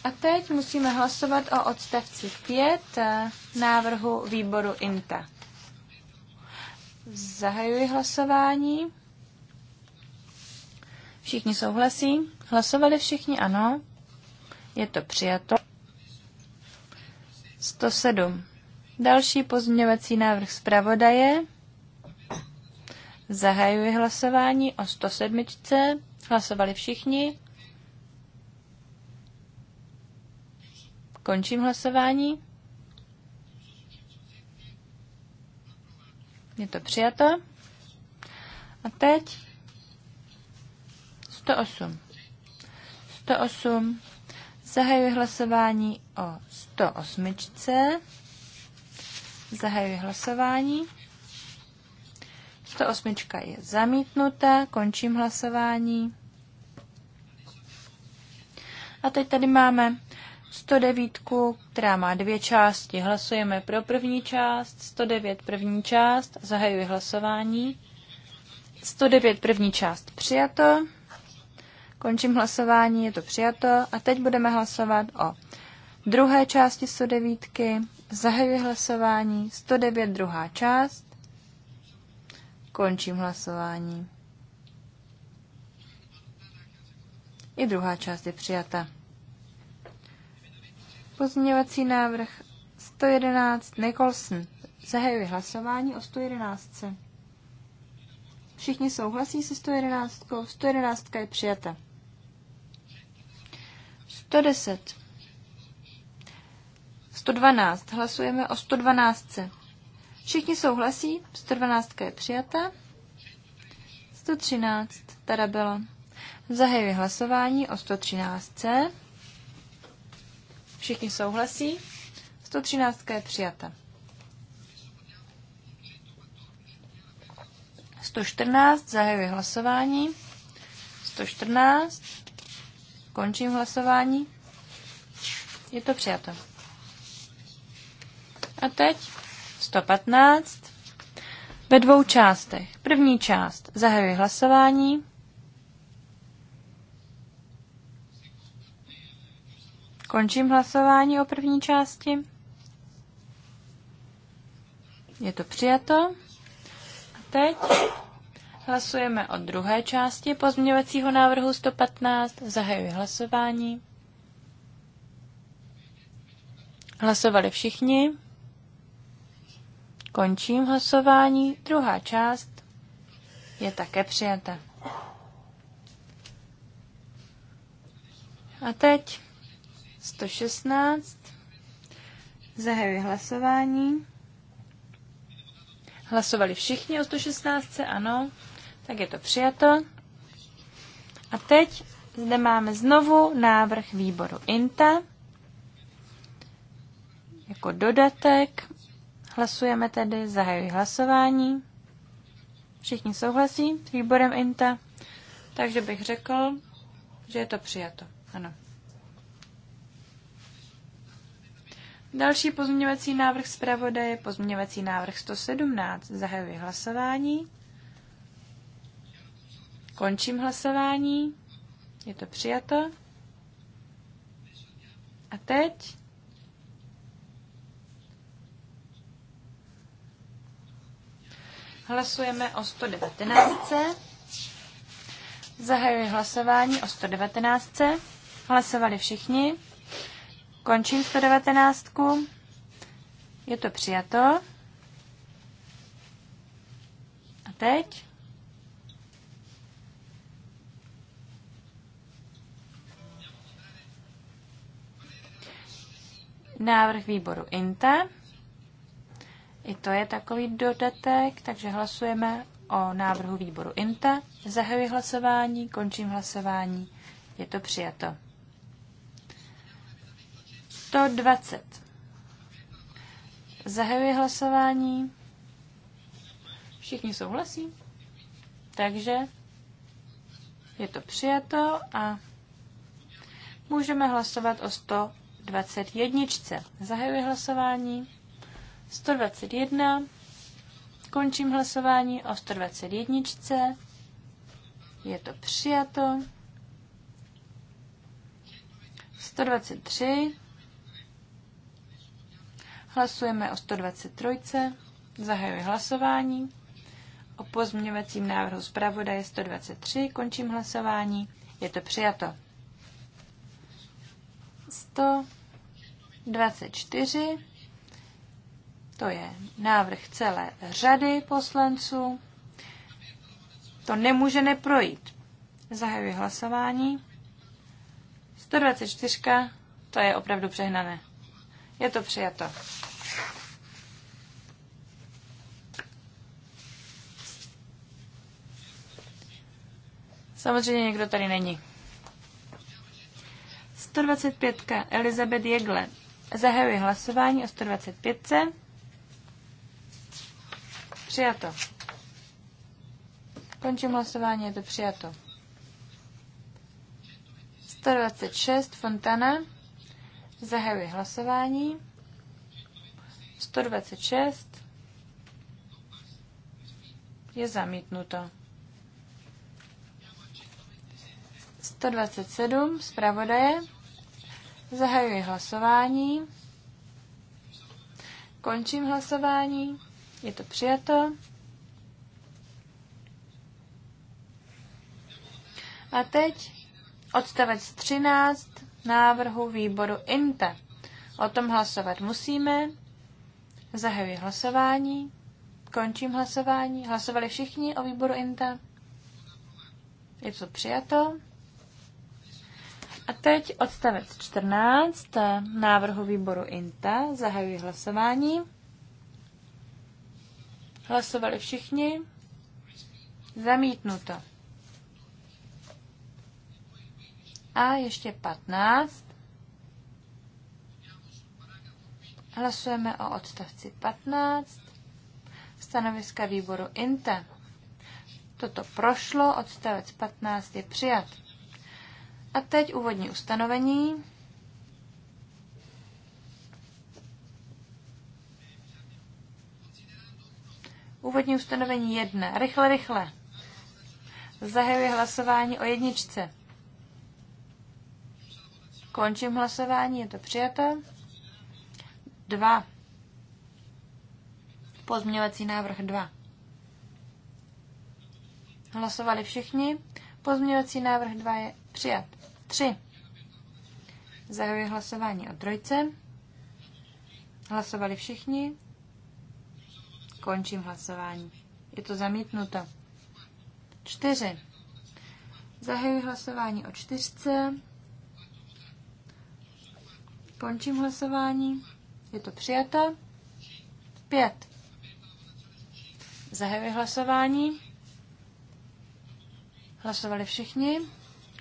A teď musíme hlasovat o odstavci 5 eh, návrhu výboru INTA. Zahajuji hlasování. Všichni souhlasí? Hlasovali všichni? Ano. Je to přijato. 107. Další pozměňovací návrh zpravodaje. Zahajuji hlasování o 107. Hlasovali všichni. Končím hlasování. Je to přijato. A teď 108. 108. Zahajuji hlasování o 108. Zahajuji hlasování. 108 je zamítnuta, končím hlasování. A teď tady máme 109, která má dvě části. Hlasujeme pro první část, 109 první část, zahajuji hlasování. 109 první část přijato. Končím hlasování, je to přijato. A teď budeme hlasovat o druhé části 109. Zahajuji hlasování. 109 druhá část. Končím hlasování. I druhá část je přijata. Pozměňovací návrh 111 Nicholson. Zahajuji hlasování o 111. Všichni souhlasí se 111. 111 je přijata. 110. 112. Hlasujeme o 112. Všichni souhlasí, 112 je přijata. 113. Tady bylo. Zahajuji hlasování o 113. Všichni souhlasí. 113 je přijata. 114 zahajuji hlasování. 114 končím hlasování. Je to přijato. A teď 115 ve dvou částech. První část zahajuji hlasování. Končím hlasování o první části. Je to přijato. A teď hlasujeme o druhé části pozměňovacího návrhu 115. Zahajuji hlasování. Hlasovali všichni. Končím hlasování. Druhá část je také přijata. A teď 116. Zahajuji hlasování. Hlasovali všichni o 116, ano. Tak je to přijato. A teď zde máme znovu návrh výboru INTA. Jako dodatek hlasujeme tedy, zahajuji hlasování. Všichni souhlasí s výborem INTA, takže bych řekl, že je to přijato. Ano. Další pozměňovací návrh zpravodaje, pozměňovací návrh 117. Zahajuji hlasování. Končím hlasování. Je to přijato. A teď hlasujeme o 119. Zahajuji hlasování o 119. Hlasovali všichni. Končím 119. Je to přijato. A teď? Návrh výboru INTE. I to je takový dodatek, takže hlasujeme o návrhu výboru Inte. Zahajuji hlasování, končím hlasování. Je to přijato. 120. Zahajuji hlasování. Všichni souhlasí. Takže je to přijato a můžeme hlasovat o 121. Zahajuji hlasování. 121. Končím hlasování o 121. Je to přijato. 123. Hlasujeme o 123. Zahajuji hlasování. O pozměňovacím návrhu zpravodaje 123 končím hlasování. Je to přijato. 124. To je návrh celé řady poslanců. To nemůže neprojít. Zahajuji hlasování. 124. To je opravdu přehnané. Je to přijato. Samozřejmě někdo tady není. 125. Elizabeth Jegle. Zahajuji hlasování o 125. Přijato. Končím hlasování, je to přijato. 126 Fontana. Zahajuji hlasování. 126 je zamítnuto. 127 zpravodaje. Zahajuji hlasování. Končím hlasování. Je to přijato. A teď odstavec 13 návrhu výboru INTA. O tom hlasovat musíme. Zahajuji hlasování. Končím hlasování. Hlasovali všichni o výboru INTA. Je to přijato. A teď odstavec 14 eh, návrhu výboru INTA. Zahajuji hlasování. Hlasovali všichni. Zamítnuto. A ještě 15. Hlasujeme o odstavci 15. Stanoviska výboru INTA. Toto prošlo, odstavec 15 je přijat. A teď úvodní ustanovení. Úvodní ustanovení jedna. Rychle, rychle. Zahajuji hlasování o jedničce. Končím hlasování, je to přijato. Dva. Pozměňovací návrh dva. Hlasovali všichni. Pozměňovací návrh dva je přijat. 3. Zahajuji hlasování o trojce. Hlasovali všichni. Končím hlasování. Je to zamítnuto. 4. Zahajuji hlasování o čtyřce. Končím hlasování. Je to přijato. 5. Zahajuji hlasování. Hlasovali všichni.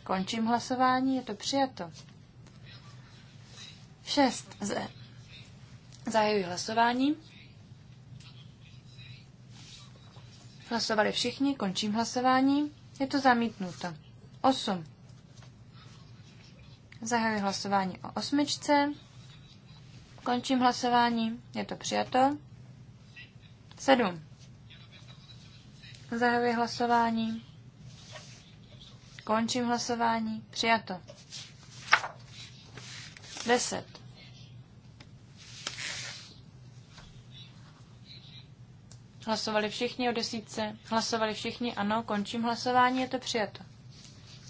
Končím hlasování, je to přijato. 6. Zahajuji hlasování. Hlasovali všichni, končím hlasování. Je to zamítnuto. 8. Zahajuji hlasování o osmičce. Končím hlasování. Je to přijato. 7. Zahajuji hlasování. Končím hlasování. Přijato. 10. Hlasovali všichni o desítce. Hlasovali všichni, ano, končím hlasování, je to přijato.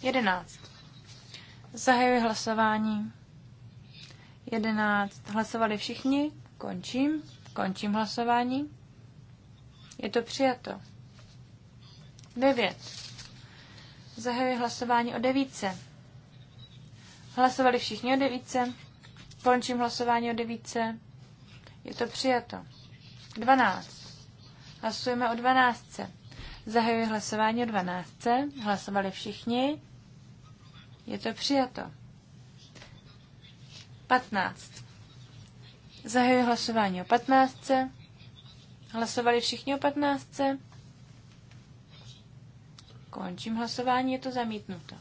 11. Zahajuji hlasování. 11. Hlasovali všichni, končím, končím hlasování. Je to přijato. 9. Zahajuji hlasování o devíce. Hlasovali všichni o devíce. Končím hlasování o devíce. Je to přijato. 12. Hlasujeme o 12. Zahajuji hlasování o 12. Hlasovali všichni. Je to přijato. 15. Zahajuji hlasování o 15. Hlasovali všichni o 15. Končím hlasování, je to zamítnuto.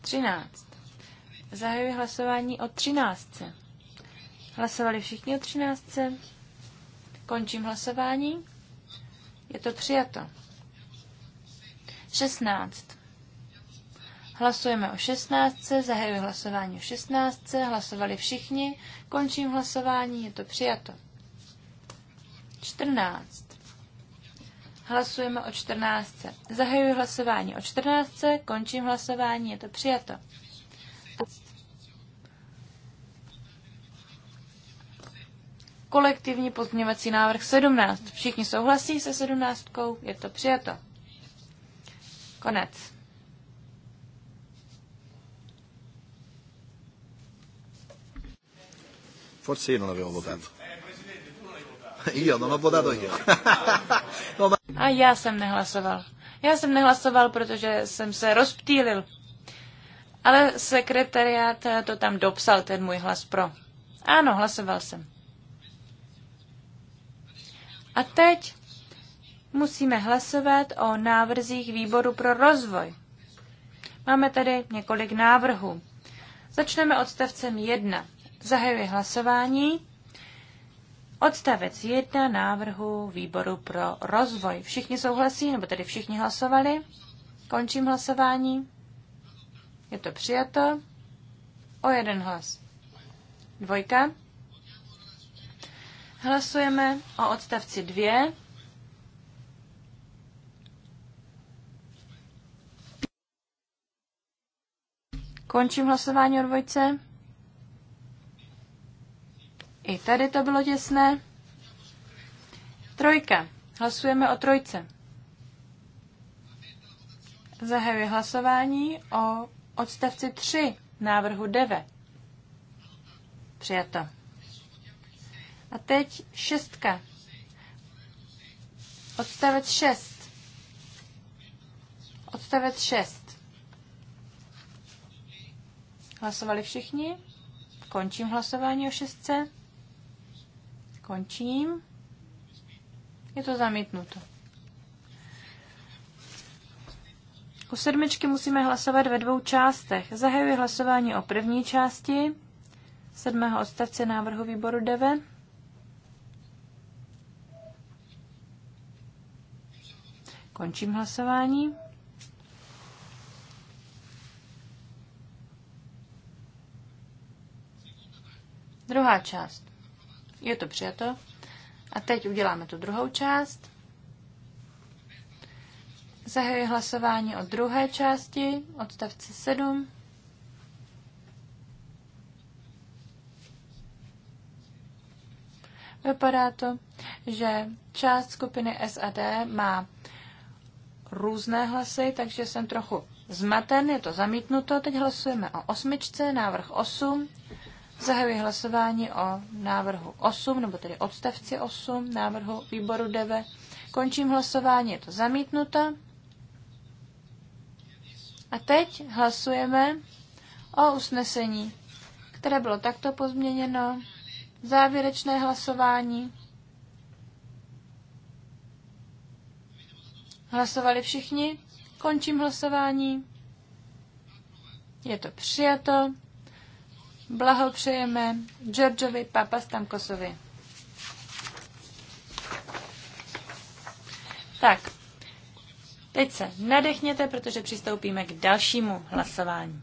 13. Zahajuji hlasování o 13. Hlasovali všichni o 13. Končím hlasování. Je to přijato. 16. Hlasujeme o 16. Zahajuji hlasování o 16. Hlasovali všichni. Končím hlasování. Je to přijato. 14. Hlasujeme o 14. Zahajuji hlasování o 14. Končím hlasování. Je to přijato. Kolektivní pozměňovací návrh 17. Všichni souhlasí se 17. Je to přijato. Konec. Forse io non avevo votato. Io non ho votato io. [LAUGHS] No, a já jsem nehlasoval. Já jsem nehlasoval, protože jsem se rozptýlil. Ale sekretariát to tam dopsal, ten můj hlas pro. Ano, hlasoval jsem. A teď musíme hlasovat o návrzích výboru pro rozvoj. Máme tady několik návrhů. Začneme odstavcem 1. Zahajuji hlasování. Odstavec 1 návrhu výboru pro rozvoj. Všichni souhlasí, nebo tedy všichni hlasovali? Končím hlasování. Je to přijato. O jeden hlas. Dvojka. Hlasujeme o odstavci 2. Končím hlasování o dvojce. I tady to bylo těsné. Trojka. Hlasujeme o trojce. Zahajuje hlasování o odstavci 3 návrhu 9. Přijato. A teď šestka. Odstavec 6. Odstavec 6. Hlasovali všichni? Končím hlasování o šestce. Končím. Je to zamítnuto. U sedmičky musíme hlasovat ve dvou částech. Zahajuji hlasování o první části sedmého odstavce návrhu výboru 9. Končím hlasování. Druhá část. Je to přijato. A teď uděláme tu druhou část. Zahajuji hlasování o druhé části, odstavce 7. Vypadá to, že část skupiny SAD má různé hlasy, takže jsem trochu zmaten, je to zamítnuto. Teď hlasujeme o osmičce, návrh 8, Zahajuji hlasování o návrhu 8, nebo tedy odstavci 8 návrhu výboru 9. Končím hlasování, je to zamítnuto. A teď hlasujeme o usnesení, které bylo takto pozměněno. Závěrečné hlasování. Hlasovali všichni? Končím hlasování. Je to přijato. Blahopřejeme Georgeovi Papastamkosovi. Tak, teď se nadechněte, protože přistoupíme k dalšímu hlasování.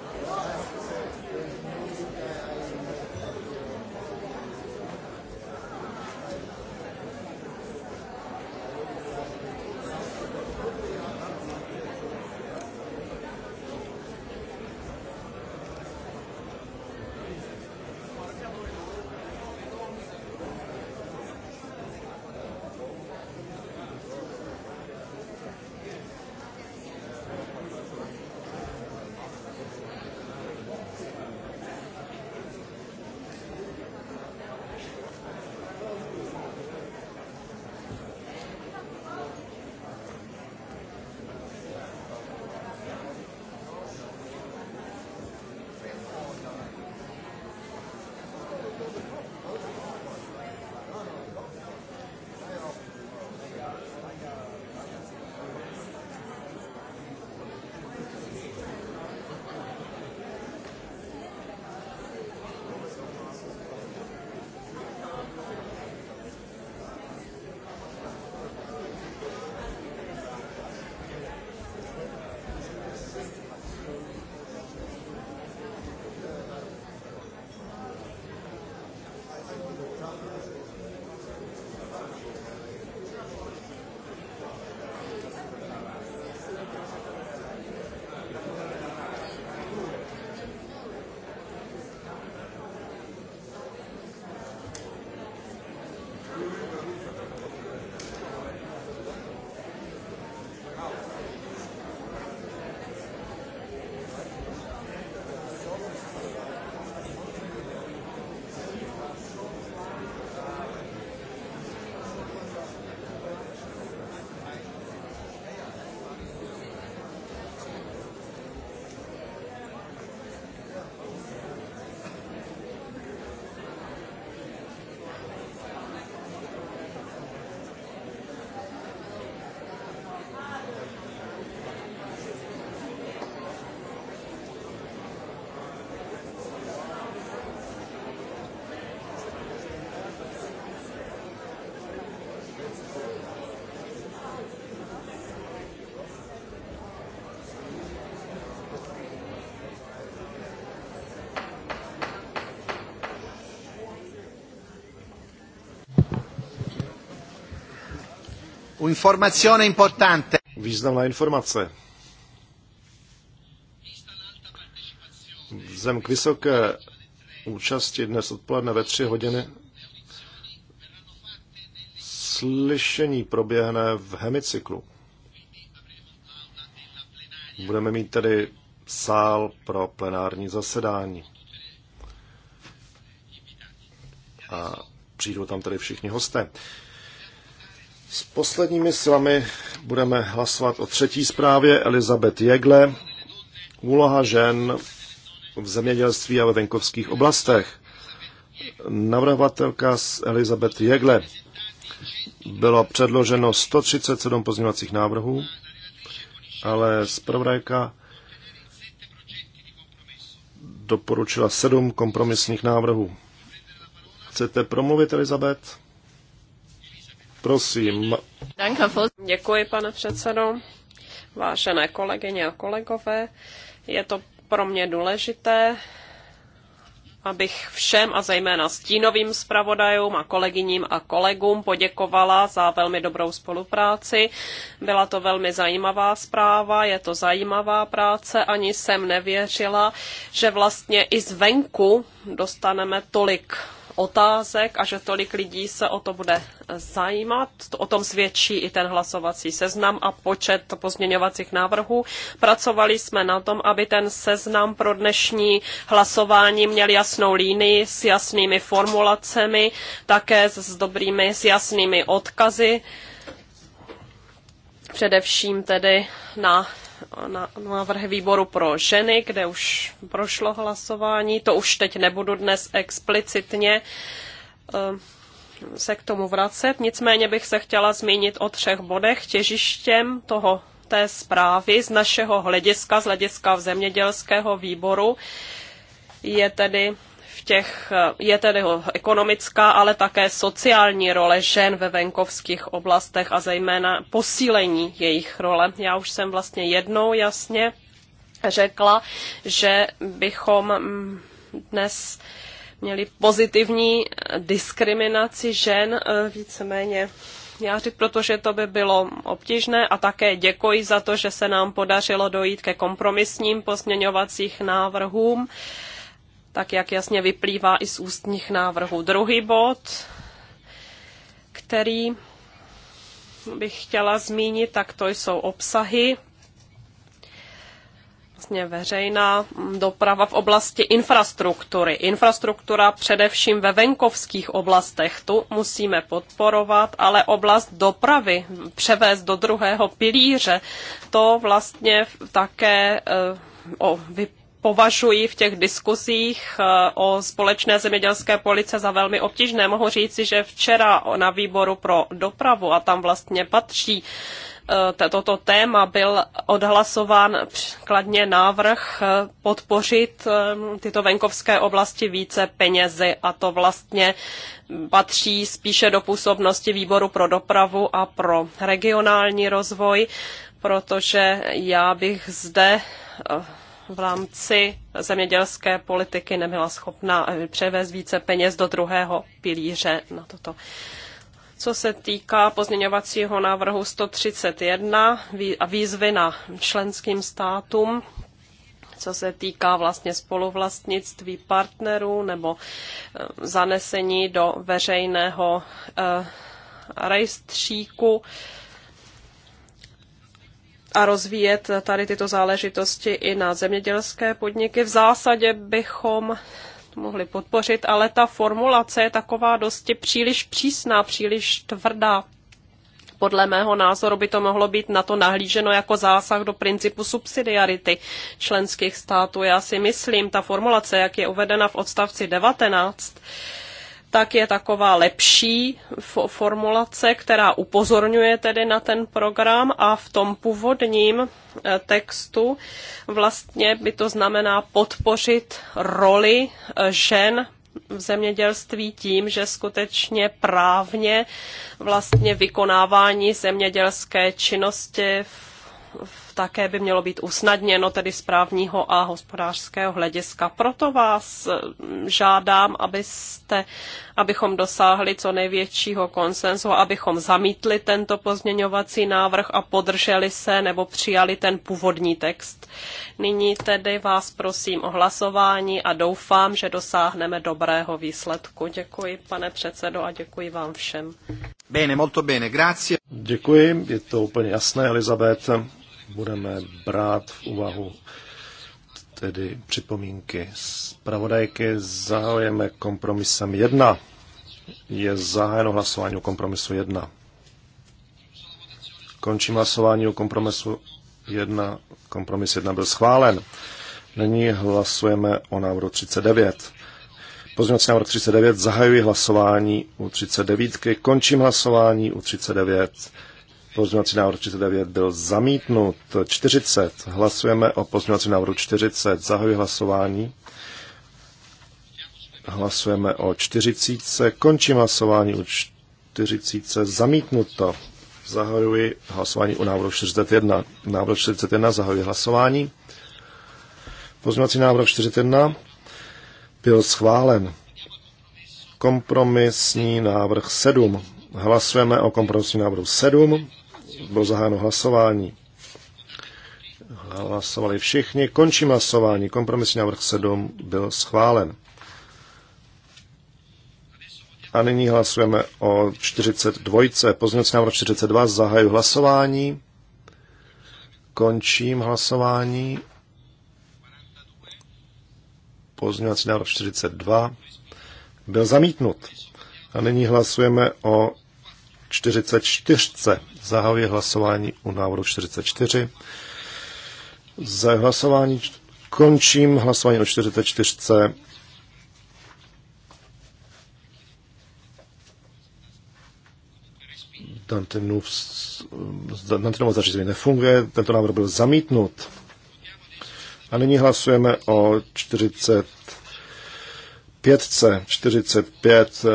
Informazione importante. Významná informace. Vzhledem k vysoké účasti dnes odpoledne ve tři hodiny slyšení proběhne v hemicyklu. Budeme mít tedy sál pro plenární zasedání. A přijdou tam tedy všichni hosté. S posledními silami budeme hlasovat o třetí zprávě Elizabeth Jegle. Úloha žen v zemědělství a ve venkovských oblastech. Navrhovatelka z Elizabeth Jegle. Bylo předloženo 137 pozměňovacích návrhů, ale zpravodajka doporučila sedm kompromisních návrhů. Chcete promluvit, Elizabeth? Prosím. Děkuji, pane předsedo. Vážené kolegyně a kolegové, je to pro mě důležité, abych všem a zejména stínovým zpravodajům a kolegyním a kolegům poděkovala za velmi dobrou spolupráci. Byla to velmi zajímavá zpráva, je to zajímavá práce, ani jsem nevěřila, že vlastně i zvenku dostaneme tolik otázek a že tolik lidí se o to bude zajímat. O tom svědčí i ten hlasovací seznam a počet pozměňovacích návrhů. Pracovali jsme na tom, aby ten seznam pro dnešní hlasování měl jasnou línii s jasnými formulacemi, také s dobrými, s jasnými odkazy především tedy na návrhy výboru pro ženy, kde už prošlo hlasování. To už teď nebudu dnes explicitně eh, se k tomu vracet. Nicméně bych se chtěla zmínit o třech bodech. Těžištěm toho té zprávy z našeho hlediska, z hlediska zemědělského výboru, je tedy těch, eh, je tedy ekonomická, ale také sociální role žen ve venkovských oblastech a zejména posílení jejich role. Já už jsem vlastně jednou jasně řekla, že bychom mm, dnes měli pozitivní eh, diskriminaci žen eh, víceméně řík, protože to by bylo obtížné a také děkuji za to, že se nám podařilo dojít ke kompromisním pozměňovacích návrhům. Uh, tak jak jasně vyplývá i z ústních návrhů. Druhý bod, který bych chtěla zmínit, tak to jsou obsahy vlastně veřejná doprava v oblasti infrastruktury. Infrastruktura především ve venkovských oblastech tu musíme podporovat, ale oblast dopravy převést do druhého pilíře, to vlastně také eh, o, vy, považuji v těch diskuzích eh, o společné zemědělské police za velmi obtížné. Mohu říci, že včera na výboru pro dopravu a tam vlastně patří eh, toto téma byl odhlasován kladně návrh eh, podpořit tyto venkovské oblasti více penězi a to vlastně patří spíše do působnosti výboru pro dopravu a pro regionální rozvoj, protože já bych zde v rámci zemědělské politiky nebyla schopna eh, převést více peněz do druhého pilíře na toto. Co se týká pozměňovacího návrhu 131 a výzvy na členským státům, co se týká vlastně spoluvlastnictví partnerů nebo eh, zanesení do veřejného eh, rejstříku, a rozvíjet tady tyto záležitosti i na zemědělské podniky. V zásadě bychom mohli podpořit, ale ta formulace je taková dosti příliš přísná, příliš tvrdá. Podle mého názoru by to mohlo být na to nahlíženo jako zásah do principu subsidiarity členských států. Já si myslím, ta formulace, jak je uvedena v odstavci 19, tak je taková lepší formulace, která upozorňuje tedy na ten program a v tom původním eh, textu vlastně by to znamená podpořit roli eh, žen v zemědělství tím, že skutečně právně vlastně vykonávání zemědělské činnosti v také by mělo být usnadněno tedy z a hospodářského hlediska. Proto vás eh, žádám, abyste, abychom dosáhli co největšího konsenzu, abychom zamítli tento pozměňovací návrh a podrželi se nebo přijali ten původní text. Nyní tedy vás prosím o hlasování a doufám, že dosáhneme dobrého výsledku. Děkuji, pane předsedo, a děkuji vám všem. Bene, molto bene, grazie. Děkuji, je to úplně jasné, Elizabeth budeme brát v úvahu tedy připomínky zpravodajky. Zahajujeme kompromisem 1. Je zahájeno hlasování o kompromisu 1. Končím hlasování o kompromisu 1. Kompromis 1 byl schválen. Nyní hlasujeme o návrhu 39. Pozměňovací návrh 39. Zahajuji hlasování u 39. Končím hlasování u 39. Pozměňovací návrh 39 byl zamítnut. 40. Hlasujeme o pozměňovací návrhu 40. Zahajuji hlasování. Hlasujeme o 40. Končím hlasování u 40. Zamítnuto. Zahajuji hlasování u návrhu 41. Návrh 41. Zahajuji hlasování. Pozměňovací návrh 41 byl schválen. Kompromisní návrh 7. Hlasujeme o kompromisním návrhu 7 bylo zahájeno hlasování. Hlasovali všichni. Končím hlasování. Kompromisní návrh 7 byl schválen. A nyní hlasujeme o 42. Pozměňovací návrh 42. Zahaju hlasování. Končím hlasování. Pozměňovací návrh 42 byl zamítnut. A nyní hlasujeme o 44. Zahajuji hlasování u návodu 44. Za hlasování končím hlasování o 44. Dantinův, Dantinova zařízení nefunguje, tento návrh byl zamítnut. A nyní hlasujeme o 45. 45.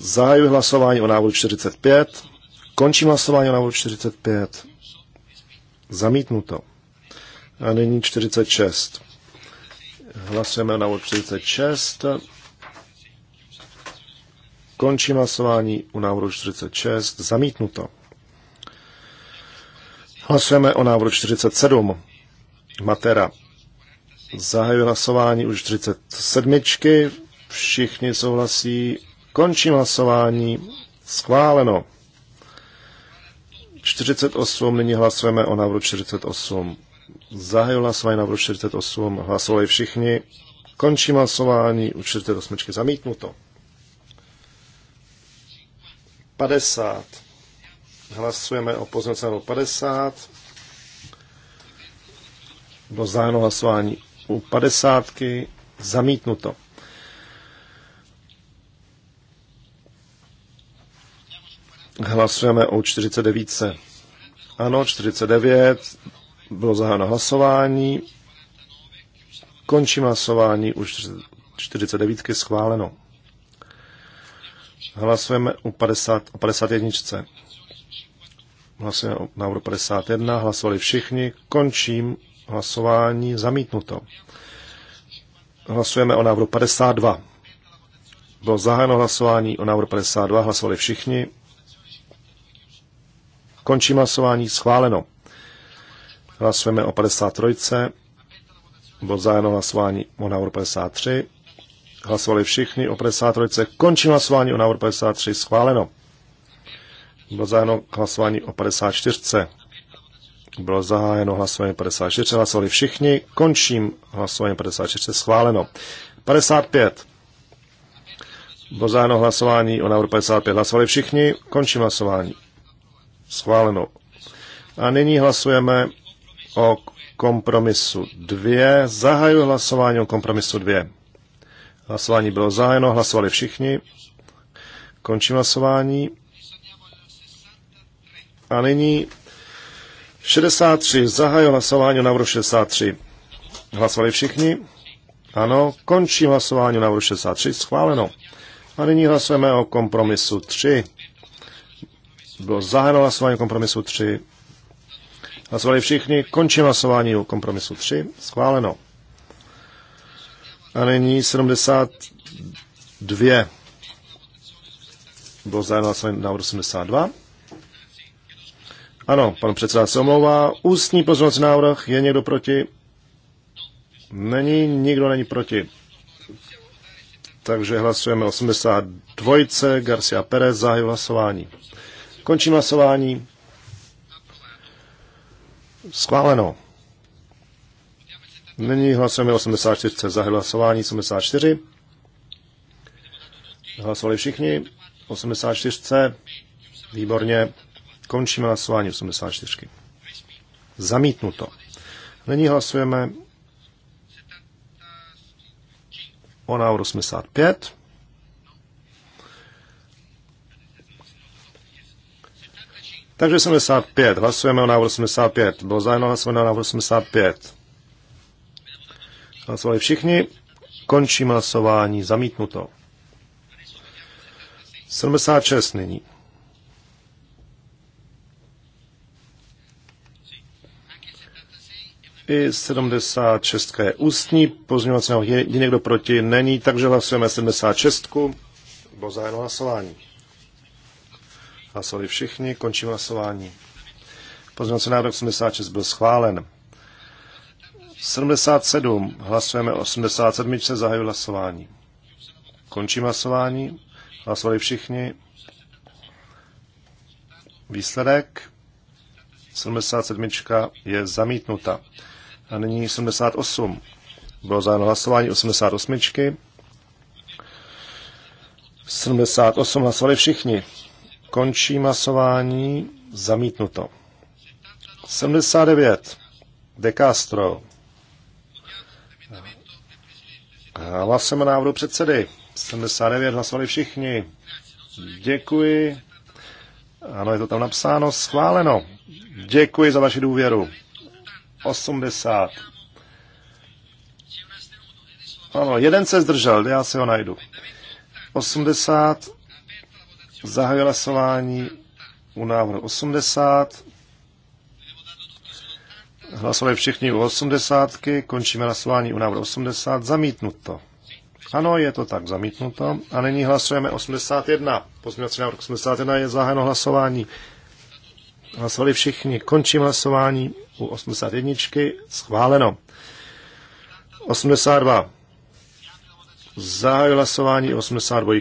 Zahajuji hlasování o návodu 45. Končím hlasování na 45. Zamítnuto. A nyní 46. Hlasujeme na 46. Končím hlasování u návrhu 46. Zamítnuto. Hlasujeme o návrhu 47. Matera. Zahajuji hlasování už 47. Všichni souhlasí. Končím hlasování. Schváleno. 48, nyní hlasujeme o návrhu 48. Zahajuji hlasování návrhu 48, hlasovali všichni. Končím hlasování, u 48 zamítnuto. 50. Hlasujeme o pozměnce 50. Bylo zájemno hlasování u 50. Zamítnuto. Hlasujeme o 49. Ano, 49. Bylo zahájeno hlasování. Končím hlasování. Už 49. schváleno. Hlasujeme o, 50, o 51. Hlasujeme o návrhu 51. Hlasovali všichni. Končím hlasování. Zamítnuto. Hlasujeme o návrhu 52. Bylo zahájeno hlasování o návrhu 52. Hlasovali všichni. Končím hlasování. Schváleno. Hlasujeme o 53. Bylo zájeno hlasování o návrhu 53. Hlasovali všichni o 53. Končím hlasování o návrhu 53. Schváleno. Bylo zájeno hlasování o 54. Bylo zahájeno hlasování 54. Hlasovali všichni. Končím hlasování 54. Schváleno. 55. Bylo zájeno hlasování o návrhu 55. Hlasovali všichni. Končím hlasování. Schváleno. A nyní hlasujeme o kompromisu 2. Zahajuji hlasování o kompromisu 2. Hlasování bylo zahájeno, hlasovali všichni. Končím hlasování. A nyní 63. Zahajuji hlasování o návrhu 63. Hlasovali všichni. Ano, končím hlasování o návrhu 63. Schváleno. A nyní hlasujeme o kompromisu 3. Bylo zahájeno hlasování o kompromisu 3. Hlasovali všichni. Končím hlasování o kompromisu 3. Schváleno. A nyní 72. Bylo zahájeno hlasování na 82. Ano, pan předseda se omlouvá. Ústní pozornost návrh. Je někdo proti? Není, nikdo není proti. Takže hlasujeme 82. Garcia Perez zahájil hlasování. Končím hlasování. Schváleno. Nyní hlasujeme 84 za hlasování 84. Hlasovali všichni. 84. Výborně. Končíme hlasování 84. Zamítnuto. Nyní hlasujeme o návrhu 85. Takže 75. Hlasujeme o návrhu 85. Bylo zájemno hlasujeme o návrhu 85. Hlasovali všichni. Končím hlasování. Zamítnuto. 76 nyní. I 76 je ústní. Pozměňovací návrh je někdo proti? Není, takže hlasujeme 76. Bylo zájemno hlasování. Hlasovali všichni, končím hlasování. Pozměňovací návrh 86 byl schválen. 77, hlasujeme 87, zahajuji hlasování. Končím hlasování, hlasovali všichni. Výsledek 77 je zamítnuta. A nyní 78. Bylo zájemno hlasování 88. 78 hlasovali všichni končí masování Zamítnuto. 79. De Castro. Hlasujeme návrhu předsedy. 79 hlasovali všichni. Děkuji. Ano, je to tam napsáno. Schváleno. Děkuji za vaši důvěru. 80. Ano, jeden se zdržel, já si ho najdu. 80 Zahajuji hlasování u návrhu 80. Hlasovali všichni u 80. Končíme hlasování u návrhu 80. Zamítnuto. Ano, je to tak, zamítnuto. A nyní hlasujeme 81. Pozměňovací návrh 81 je zahájeno hlasování. Hlasovali všichni. Končím hlasování u 81. Schváleno. 82. Zahajuji hlasování 82.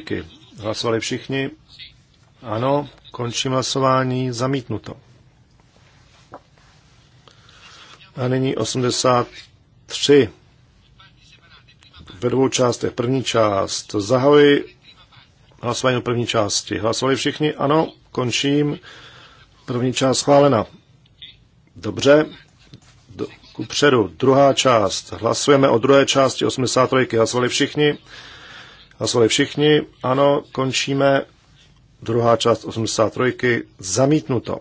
Hlasovali všichni. Ano, končím hlasování, zamítnuto. A nyní 83 ve dvou částech. První část. Zahajuji hlasování o první části. Hlasovali všichni? Ano, končím. První část schválena. Dobře. Do, ku předu. Druhá část. Hlasujeme o druhé části 83. Hlasovali všichni? Hlasovali všichni? Ano, končíme. Druhá část 83. Zamítnuto.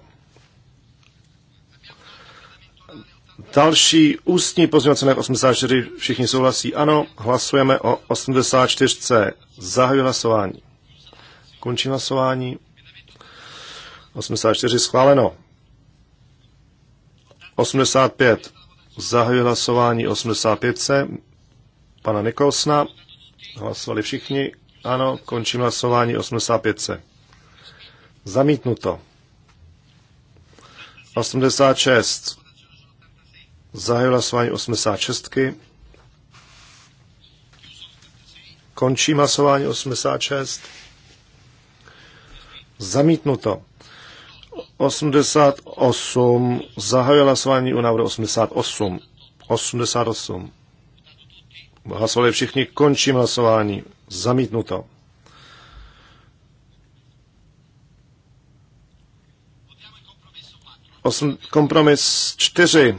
Další ústní pozměňovací návrh 84. Všichni souhlasí? Ano. Hlasujeme o 84C. Zahajuji hlasování. Končím hlasování. 84 schváleno. 85. Zahajuji hlasování 85C. Pana Nikolsna. Hlasovali všichni. Ano, končím hlasování 85C. Zamítnuto. 86. Zahajuji hlasování 86. Končí hlasování 86. Zamítnuto. 88. Zahajuji hlasování u návrhu 88. 88. Hlasovali všichni, končím hlasování. Zamítnuto. Osm, kompromis 4.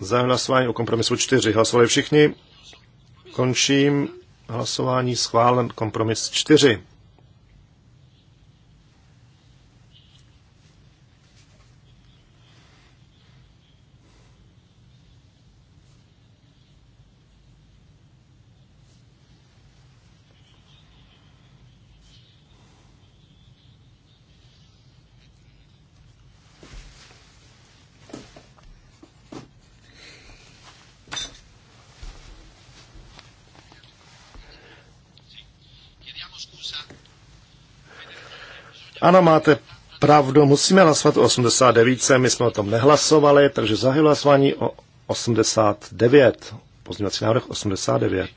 Za hlasování o kompromisu 4. Hlasovali všichni. Končím hlasování schválen kompromis 4. Ano, máte pravdu, musíme hlasovat o 89. My jsme o tom nehlasovali, takže zahy hlasování o 89. Pozměňovací návrh 89.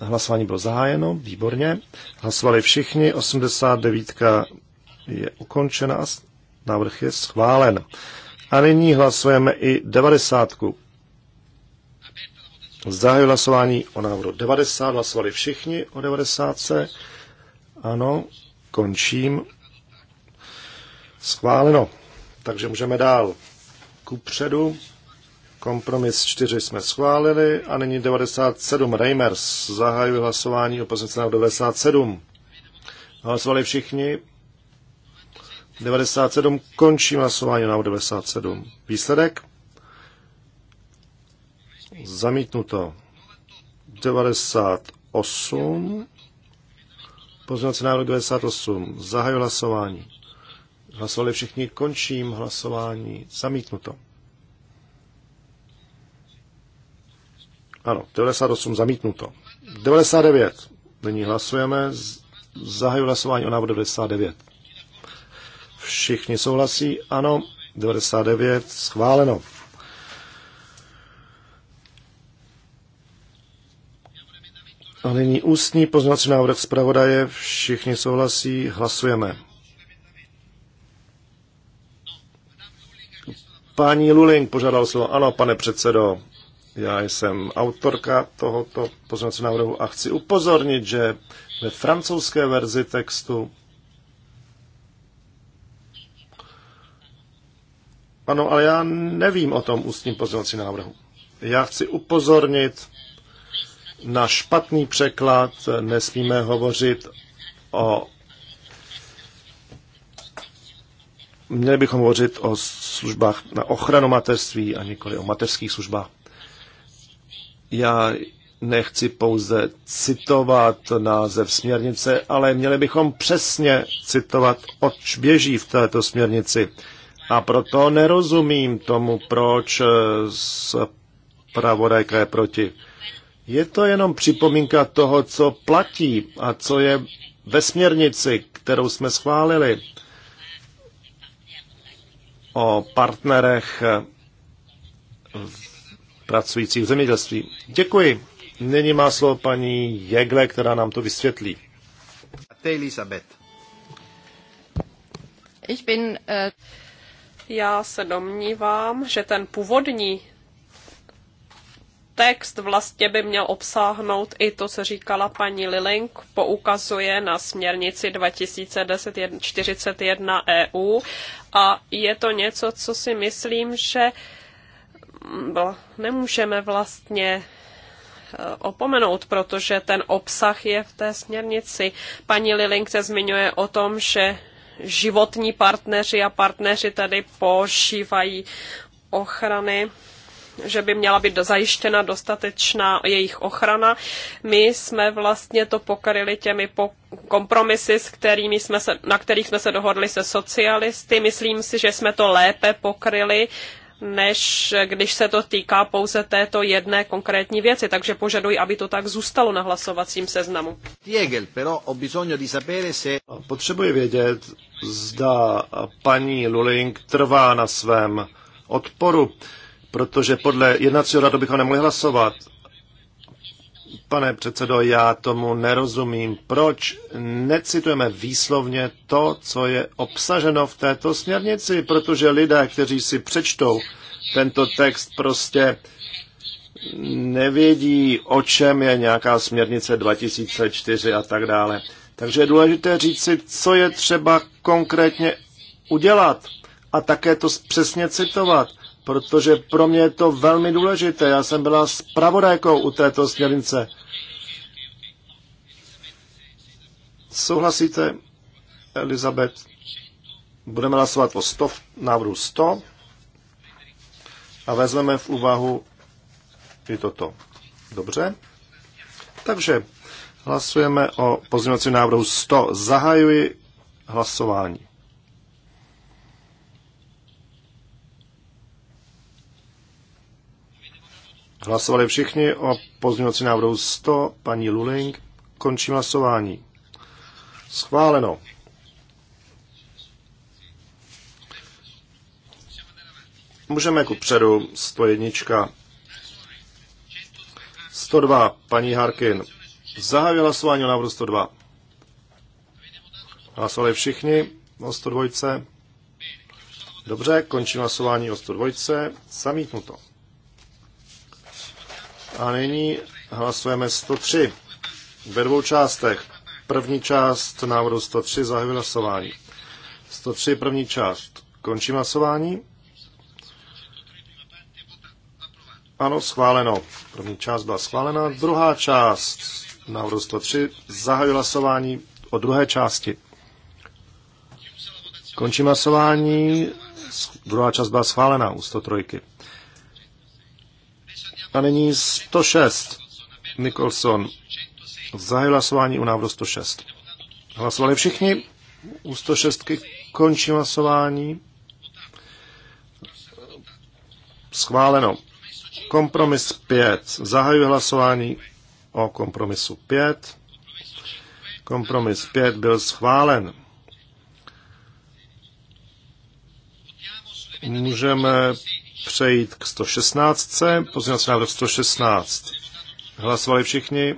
Hlasování bylo zahájeno, výborně. Hlasovali všichni, 89 je ukončena a návrh je schválen. A nyní hlasujeme i 90. Zahajuji hlasování o návrhu 90, hlasovali všichni o 90. Ano, Končím. Schváleno. Takže můžeme dál. Ku předu. Kompromis 4 jsme schválili a nyní 97. Reimers. zahajuje hlasování o pozici na 97. Hlasovali všichni. 97. Končím hlasování na 97. Výsledek? Zamítnuto. 98. Pozměňovací návrh 98. Zahajuji hlasování. Hlasovali všichni. Končím hlasování. Zamítnuto. Ano, 98 zamítnuto. 99. Nyní hlasujeme. Zahajuji hlasování o návrhu 99. Všichni souhlasí? Ano. 99. Schváleno. A nyní ústní pozměňovací návrh zpravodaje. Všichni souhlasí, hlasujeme. Paní Luling požádal slovo. Ano, pane předsedo, já jsem autorka tohoto pozměňovacího návrhu a chci upozornit, že ve francouzské verzi textu Ano, ale já nevím o tom ústním pozměňovacím návrhu. Já chci upozornit na špatný překlad, nesmíme hovořit o měli bychom hovořit o službách na ochranu mateřství a nikoli o mateřských službách. Já nechci pouze citovat název směrnice, ale měli bychom přesně citovat, oč běží v této směrnici. A proto nerozumím tomu, proč zpravodajka je proti. Je to jenom připomínka toho, co platí a co je ve směrnici, kterou jsme schválili o partnerech pracujících v zemědělství. Děkuji. Nyní má slovo paní Jegle, která nám to vysvětlí. Elisabeth. Ich bin, uh... Já se domnívám, že ten původní text vlastně by měl obsáhnout i to, co říkala paní Lilink, poukazuje na směrnici 2041 EU a je to něco, co si myslím, že mm, nemůžeme vlastně e, opomenout, protože ten obsah je v té směrnici. Paní Lilink se zmiňuje o tom, že životní partneři a partneři tady požívají ochrany že by měla být zajištěna dostatečná jejich ochrana. My jsme vlastně to pokryli těmi po kompromisy, s kterými jsme se, na kterých jsme se dohodli se socialisty. Myslím si, že jsme to lépe pokryli než když se to týká pouze této jedné konkrétní věci, takže požaduji, aby to tak zůstalo na hlasovacím seznamu. Potřebuji vědět, zda paní Luling trvá na svém odporu protože podle jednacího radu bychom nemohli hlasovat. Pane předsedo, já tomu nerozumím. Proč necitujeme výslovně to, co je obsaženo v této směrnici? Protože lidé, kteří si přečtou tento text, prostě nevědí, o čem je nějaká směrnice 2004 a tak dále. Takže je důležité říct si, co je třeba konkrétně udělat a také to přesně citovat protože pro mě je to velmi důležité. Já jsem byla spravodajkou u této směrnice. Souhlasíte, Elizabeth? Budeme hlasovat o 100, návrhu 100 a vezmeme v úvahu i toto. Dobře? Takže hlasujeme o pozměňovacím návrhu 100. Zahajuji hlasování. Hlasovali všichni o pozměňovací návrhu 100, paní Luling. Končím hlasování. Schváleno. Můžeme ku předu 101. 102, paní Harkin. Zahájil hlasování o návrhu 102. Hlasovali všichni o 102. Dobře, končím hlasování o 102. to. A nyní hlasujeme 103 ve dvou částech. První část návrhu 103 zahajuje hlasování. 103 první část. končí hlasování. Ano, schváleno. První část byla schválena. Druhá část návrhu 103 zahajuje hlasování o druhé části. Končí hlasování. Druhá část byla schválena u 103. A nyní 106. Nicholson. Zahájil hlasování u návrhu 106. Hlasovali všichni? U 106 končí hlasování. Schváleno. Kompromis 5. Zahajuji hlasování o kompromisu 5. Kompromis 5 byl schválen. Můžeme přejít k 116. Pozměňovací návrh 116. Hlasovali všichni.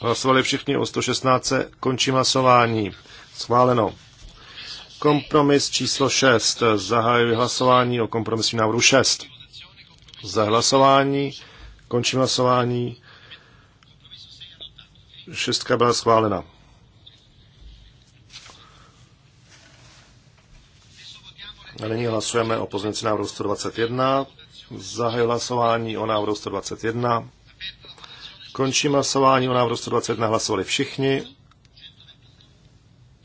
Hlasovali všichni o 116. Končím hlasování. Schváleno. Kompromis číslo 6. Zahajuji hlasování o kompromisní návrhu 6. Za hlasování. Končím hlasování. Šestka byla schválena. A nyní hlasujeme o pozměnci návrhu 121. Zahaj hlasování o návrhu 121. Končím hlasování o návrhu 121. Hlasovali všichni.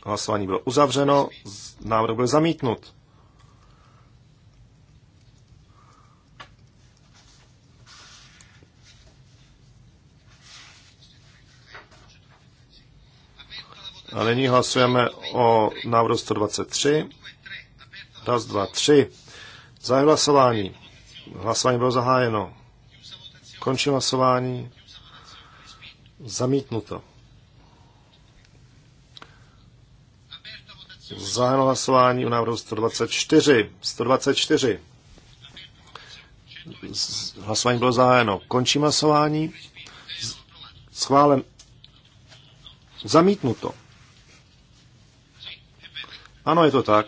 Hlasování bylo uzavřeno. Návrh byl zamítnut. A nyní hlasujeme o návrhu 123. Raz, dva, tři. Zahájil hlasování. Hlasování bylo zahájeno. Končí hlasování. Zamítnuto. Zahájeno hlasování u návrhu 124. 124. Hlasování bylo zahájeno. Končí hlasování. Schválen. Zamítnuto. Ano, je to tak.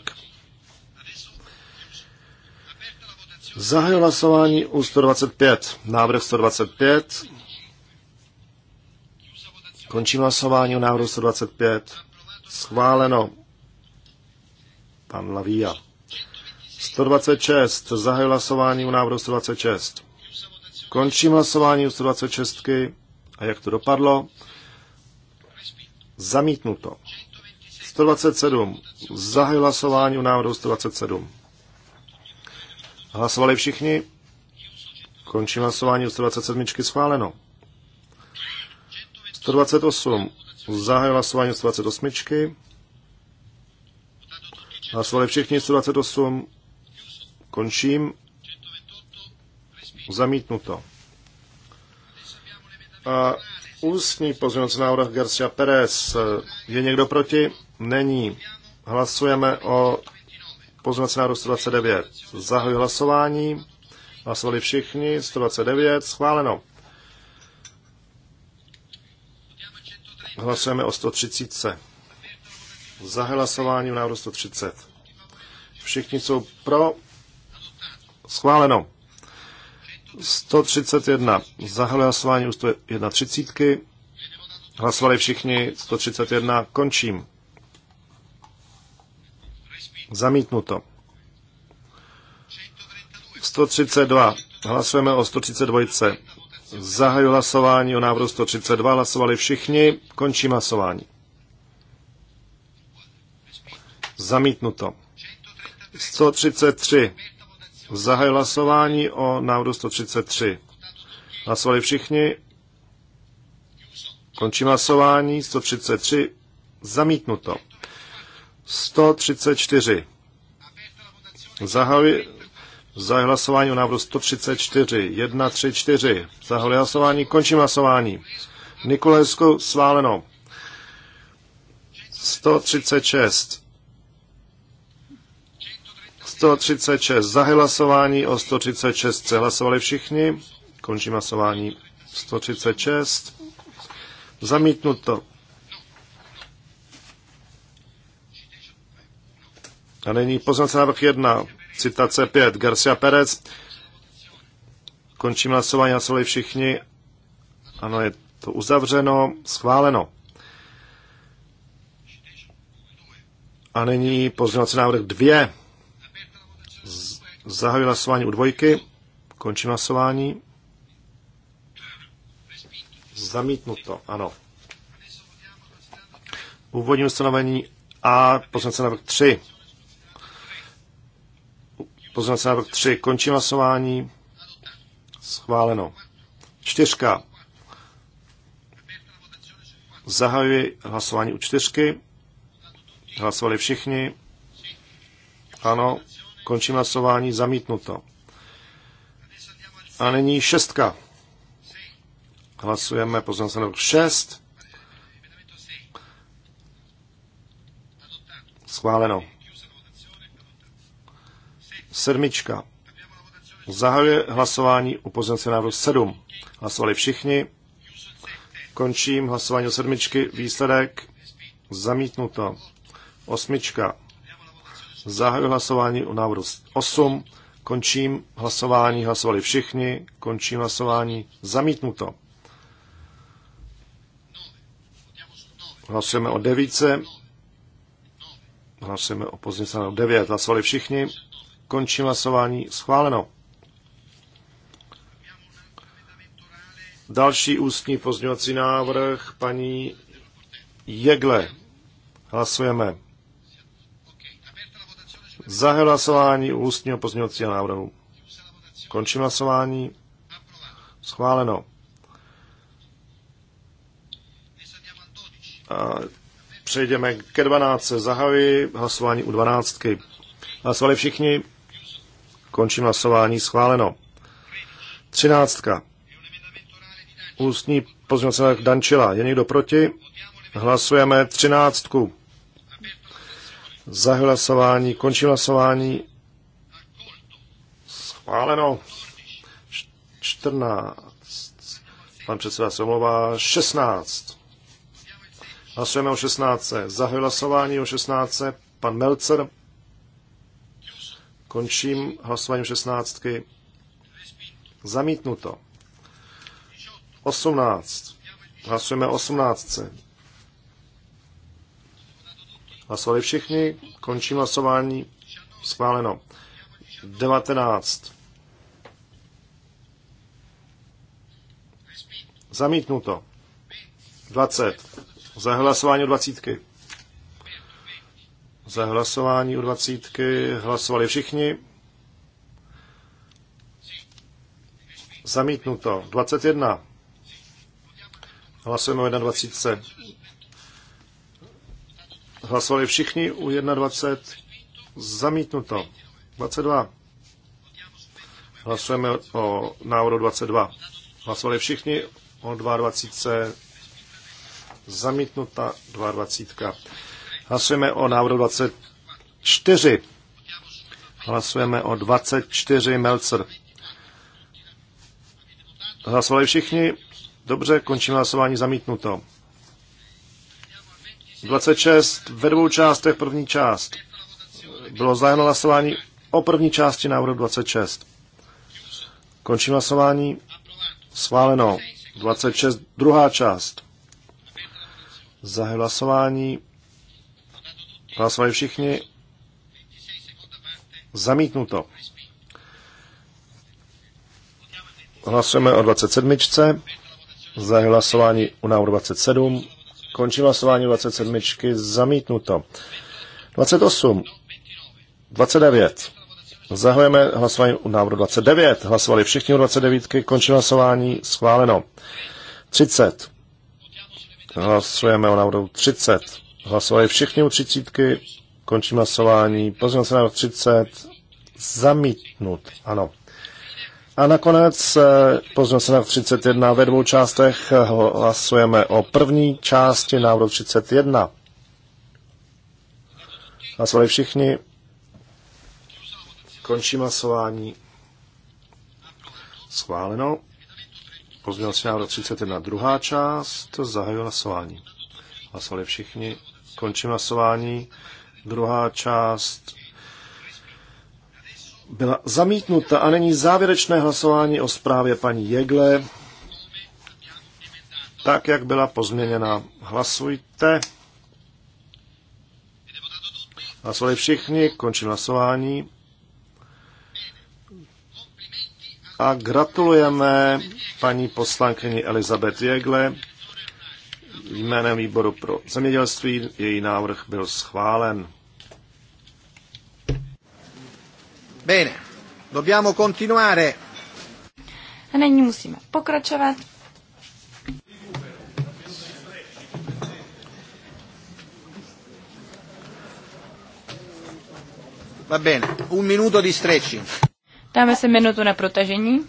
Zahajuji hlasování u 125. Návrh 125. Končím hlasování u návrhu 125. Schváleno. Pan Lavia. 126. Zahajuji hlasování u návrhu 126. Končím hlasování u 126. A jak to dopadlo? Zamítnuto. 127. Zahajuji hlasování u návrhu 127. Hlasovali všichni? Končím hlasování o 127. Schváleno. 128. zahájil hlasování o 128. Hlasovali všichni 128. Končím. Zamítnuto. A ústní pozměnovací návrh Garcia Perez. Je někdo proti? Není. Hlasujeme o Pozvací návrh 129. Zahajuji hlasování. Hlasovali všichni. 129. Schváleno. Hlasujeme o 130. Zahajuji hlasování v návrhu 130. Všichni jsou pro. Schváleno. 131. Zahajuji hlasování u 131. Hlasovali všichni. 131. Končím. Zamítnuto. 132. Hlasujeme o 132. Zahaju hlasování o návrhu 132. Hlasovali všichni. Končím hlasování. Zamítnuto. 133. Zahaj hlasování o návrhu 133. Hlasovali všichni. Končím hlasování. 133. Zamítnuto. 134. Zahajuji Zahajuji hlasování o návrhu 134. 1, 3, 4. Zahajuji hlasování. Končím hlasování. Nikolajsku sváleno. 136. 136. Za hlasování o 136. Hlasovali všichni. Končím hlasování. 136. Zamítnuto. A nyní poznací návrh 1, citace 5, Garcia Perez. Končím hlasování, hlasovali všichni. Ano, je to uzavřeno, schváleno. A nyní pozdravací návrh 2. Zahajuji hlasování u dvojky. Končím hlasování. Zamítnuto, ano. Úvodní ustanovení a pozdravací návrh 3. Poznací návrh 3. Končím hlasování. Schváleno. Čtyřka. Zahajuji hlasování u čtyřky. Hlasovali všichni. Ano, končím hlasování, zamítnuto. A nyní šestka. Hlasujeme poznací návrh 6. Schváleno. Sedmička. Zahajuje hlasování o pozměnce návrhu 7. Hlasovali všichni. Končím hlasování o sedmičky. Výsledek zamítnuto. Osmička. Zahajuje hlasování o návrhu 8. Končím hlasování. Hlasovali všichni. Končím hlasování. Zamítnuto. Hlasujeme o devíce. Hlasujeme o pozměnce návrhu 9. Hlasovali všichni. Končím hlasování. Schváleno. Další ústní pozňovací návrh paní Jegle. Hlasujeme. Zahajuji hlasování ústního pozměňovacího návrhu. Končím hlasování. Schváleno. A přejdeme ke 12. Zahajuji hlasování u 12. Hlasovali všichni. Končím hlasování. Schváleno. Třináctka. Ústní pozměnce Dančila. Je někdo proti? Hlasujeme třináctku. Zahy hlasování. Končím hlasování. Schváleno. čtrnáct. Pan předseda se omlouvá. Šestnáct. Hlasujeme o 16. Zahy hlasování o 16. Pan Melcer. Končím hlasováním 16. Zamítnuto. 18. Hlasujeme 18. Hlasovali všichni. Končím hlasování. Schváleno. 19. Zamítnuto. 20. Za o 20 za hlasování u dvacítky. Hlasovali všichni. Zamítnuto. 21. Hlasujeme o 21. Hlasovali všichni u 21. Zamítnuto. 22. Hlasujeme o návodu 22. Hlasovali všichni o 22. Zamítnuta 22. Hlasujeme o návrhu 24. Hlasujeme o 24 Melcer. Hlasovali všichni? Dobře, končím hlasování zamítnuto. 26 ve dvou částech, první část. Bylo zájemno hlasování o první části návrhu 26. Končím hlasování. Sváleno. 26, druhá část. Zahajuji hlasování. Hlasovali všichni. Zamítnuto. Hlasujeme o 27. Za hlasování u návrhu 27. Končí hlasování 27. Zamítnuto. 28. 29. Zahajeme hlasování u návrhu 29. Hlasovali všichni u 29. Končí hlasování. Schváleno. 30. Hlasujeme o návrhu 30. Hlasovali všichni u třicítky, končím hlasování. se na 30, zamítnut, ano. A nakonec se na 31 ve dvou částech hlasujeme o první části návrhu 31. Hlasovali všichni. Končím hlasování. Schváleno. si návrh 31, druhá část, zahajuje hlasování. Hlasovali všichni. Končím hlasování. Druhá část byla zamítnuta a není závěrečné hlasování o zprávě paní Jegle, tak jak byla pozměněna. Hlasujte. Hlasovali všichni, končím hlasování. A gratulujeme paní poslankyni Elizabeth Jegle jménem výboru pro zemědělství. Její návrh byl schválen. Bene, dobbiamo continuare. A nyní musíme pokračovat. Va bene, un minuto di stretching. Dáme si minutu na protažení.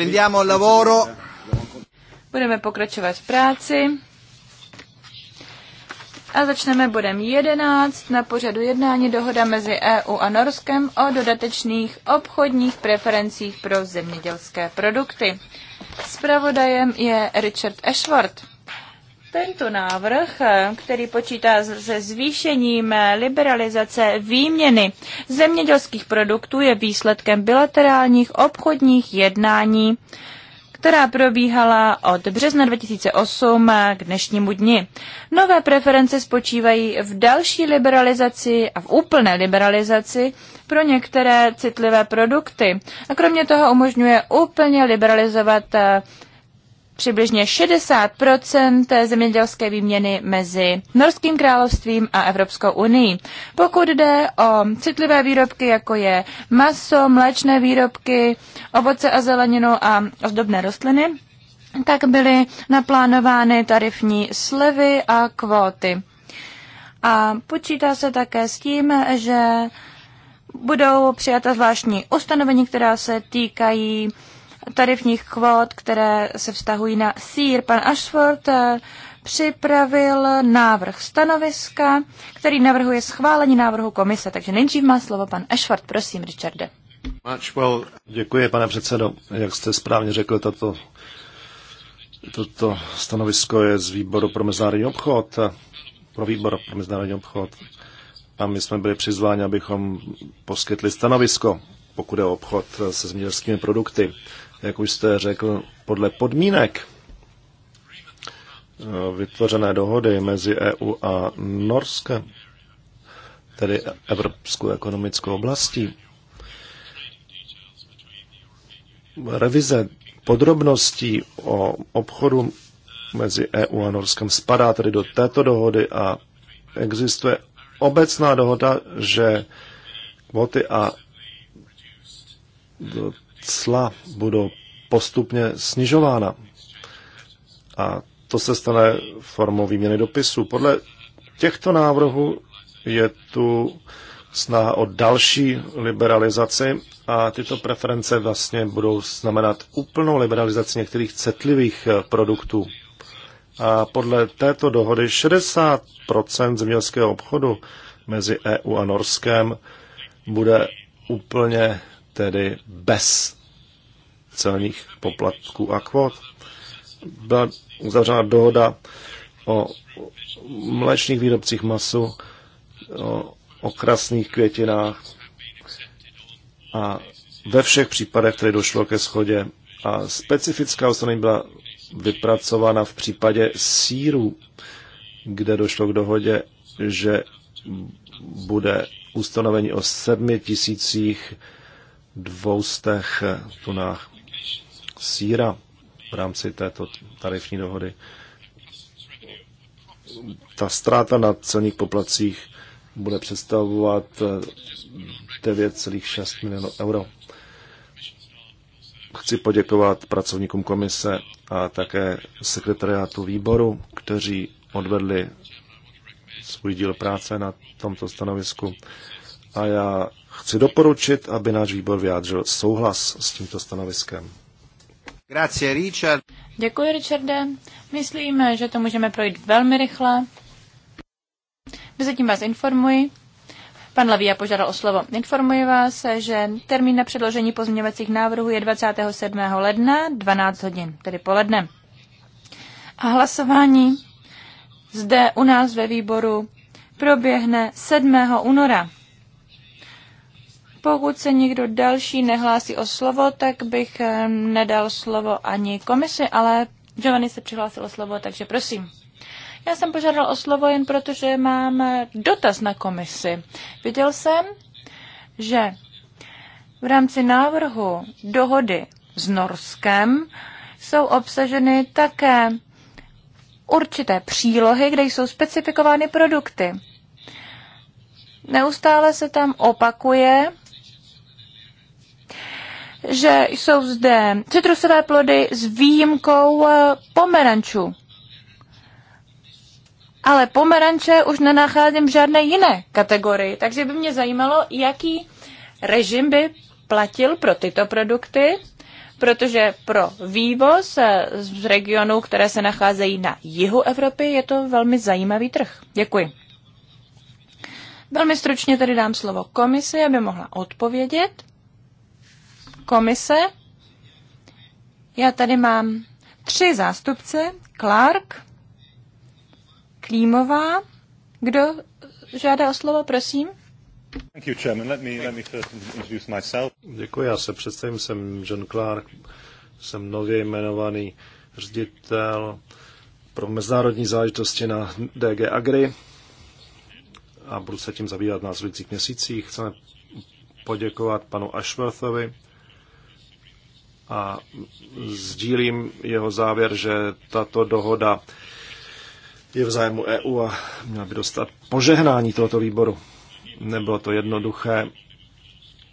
Prendiamo lavoro. Budeme pokračovat v práci. A začneme bodem 11 na pořadu jednání dohoda mezi EU a Norskem o dodatečných obchodních preferencích pro zemědělské produkty. Spravodajem je Richard Ashworth tento návrh, eh, který počítá se zvýšením eh, liberalizace výměny zemědělských produktů, je výsledkem bilaterálních obchodních jednání, která probíhala od března 2008 eh, k dnešnímu dni. Nové preference spočívají v další liberalizaci a v úplné liberalizaci pro některé citlivé produkty. A kromě toho umožňuje úplně liberalizovat přibližně 60 zemědělské výměny mezi Norským královstvím a Evropskou unii. Pokud jde o citlivé výrobky, jako je maso, mléčné výrobky, ovoce a zeleninu a ozdobné rostliny, tak byly naplánovány tarifní slevy a kvóty. A počítá se také s tím, že budou přijata zvláštní ustanovení, která se týkají tarifních kvót, které se vztahují na sír. Pan Ashford eh, připravil návrh stanoviska, který navrhuje schválení návrhu komise. Takže nejdřív má slovo pan Ashford. Prosím, Richarde. Well, děkuji, pane předsedo. Jak jste správně řekl, tato, toto stanovisko je z výboru pro mezinárodní obchod, pro výbor pro mezinárodní obchod. A my jsme byli přizváni, abychom poskytli stanovisko, pokud je obchod se zemědělskými produkty jak už jste řekl, podle podmínek eh, vytvořené dohody mezi EU a Norskem, tedy Evropskou ekonomickou oblastí, revize podrobností o obchodu mezi EU a Norskem spadá tedy do této dohody a existuje obecná dohoda, že kvoty a cla budou postupně snižována. A to se stane formou výměny dopisů. Podle těchto návrhů je tu snaha o další liberalizaci a tyto preference vlastně budou znamenat úplnou liberalizaci některých citlivých eh, produktů. A podle této dohody 60 zemědělského obchodu mezi EU a Norskem bude úplně tedy bez celních poplatků a kvot. Byla uzavřena dohoda o mléčných výrobcích masu, o okrasných květinách a ve všech případech, které došlo ke schodě. A specifická ustanovení byla vypracována v případě síru, kde došlo k dohodě, že bude ustanovení o sedmi tisících dvoustech eh, tunách síra v rámci této tarifní dohody. Ta ztráta na celních poplacích bude představovat 9,6 eh, milionů euro. Chci poděkovat pracovníkům komise a také sekretariátu výboru, kteří odvedli svůj díl práce na tomto stanovisku a já chci doporučit, aby náš výbor vyjádřil souhlas s tímto stanoviskem. Grazie, Richard. Děkuji, Richarde. Myslíme, že to můžeme projít velmi rychle. Mezitím vás informuji. Pan Lavia požádal o slovo. Informuji vás, že termín na předložení pozměňovacích návrhů je 27. ledna 12 hodin, tedy poledne. A hlasování zde u nás ve výboru proběhne 7. února. Pokud se nikdo další nehlásí o slovo, tak bych eh, nedal slovo ani komisi, ale Giovanni se přihlásil o slovo, takže prosím. Já jsem požádal o slovo jen proto, že mám eh, dotaz na komisi. Viděl jsem, že v rámci návrhu dohody s Norskem jsou obsaženy také určité přílohy, kde jsou specifikovány produkty. Neustále se tam opakuje že jsou zde citrusové plody s výjimkou eh, pomerančů. Ale pomeranče už nenacházím v žádné jiné kategorii, takže by mě zajímalo, jaký režim by platil pro tyto produkty, protože pro vývoz eh, z regionů, které se nacházejí na jihu Evropy, je to velmi zajímavý trh. Děkuji. Velmi stručně tedy dám slovo komisi, aby mohla odpovědět komise. Já tady mám tři zástupce. Clark, Klímová. Kdo žádá o slovo, prosím? Děkuji, já se představím, jsem John Clark, jsem nově jmenovaný ředitel pro mezinárodní záležitosti na DG Agri a budu se tím zabývat v následujících měsících. Chceme poděkovat panu Ashworthovi a sdílím jeho závěr, že tato dohoda je v zájmu EU a měla by dostat požehnání tohoto výboru. Nebylo to jednoduché,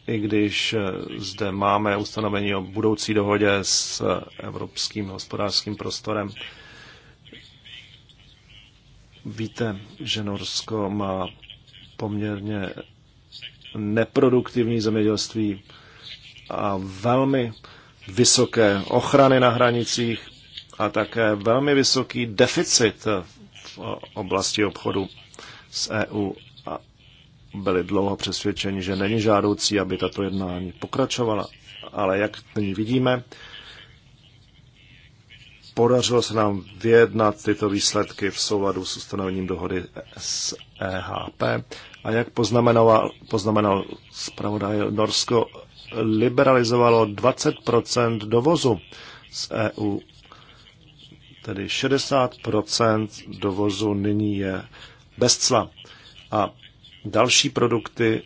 i když eh, zde máme ustanovení o budoucí dohodě s eh, Evropským hospodářským prostorem. Víte, že Norsko má poměrně neproduktivní zemědělství a velmi vysoké ochrany na hranicích a také velmi vysoký deficit v oblasti obchodu s EU a byli dlouho přesvědčeni, že není žádoucí, aby tato jednání pokračovala. Ale jak nyní vidíme, podařilo se nám vyjednat tyto výsledky v souladu s ustanovením dohody s EHP. A jak poznamenal, poznamenal zpravodaj, Norsko liberalizovalo 20 dovozu z EU. Tedy 60 dovozu nyní je bez cla. A další produkty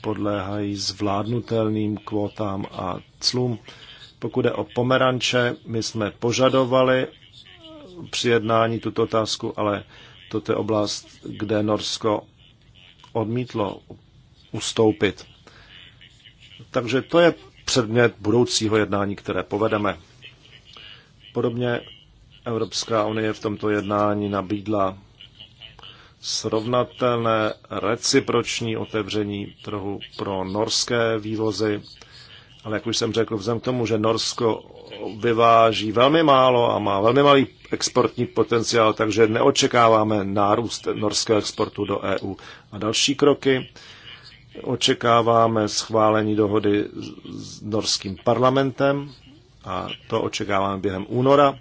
podléhají zvládnutelným kvótám a clům. Pokud je o pomeranče, my jsme požadovali při jednání tuto otázku, ale toto je oblast, kde Norsko odmítlo ustoupit. Takže to je předmět budoucího jednání, které povedeme. Podobně Evropská unie v tomto jednání nabídla srovnatelné reciproční otevření trhu pro norské vývozy, ale jak už jsem řekl, vzhledem k tomu, že Norsko vyváží velmi málo a má velmi malý exportní potenciál, takže neočekáváme nárůst norského exportu do EU. A další kroky Očekáváme schválení dohody s norským parlamentem a to očekáváme během února.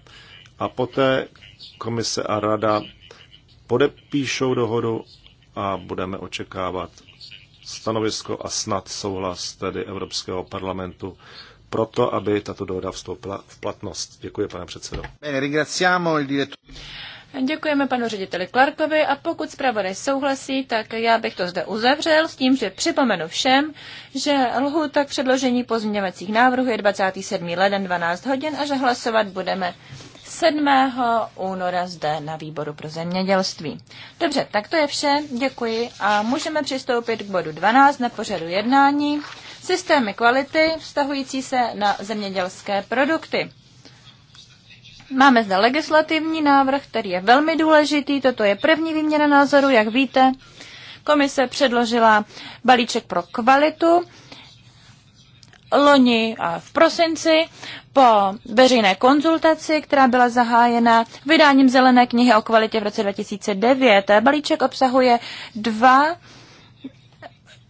A poté komise a rada podepíšou dohodu a budeme očekávat stanovisko a snad souhlas tedy Evropského parlamentu proto, aby tato dohoda vstoupila v platnost. Děkuji, pane předsedo. Děkujeme panu řediteli Clarkovi a pokud zpravodaj souhlasí, tak já bych to zde uzavřel s tím, že připomenu všem, že lhůta k předložení pozměňovacích návrhů je 27. leden 12 hodin a že hlasovat budeme 7. února zde na výboru pro zemědělství. Dobře, tak to je vše, děkuji a můžeme přistoupit k bodu 12 na pořadu jednání. Systémy kvality vztahující se na zemědělské produkty. Máme zde legislativní návrh, který je velmi důležitý. Toto je první výměna názoru, jak víte. Komise předložila balíček pro kvalitu loni v prosinci po veřejné konzultaci, která byla zahájena vydáním zelené knihy o kvalitě v roce 2009. Balíček obsahuje dva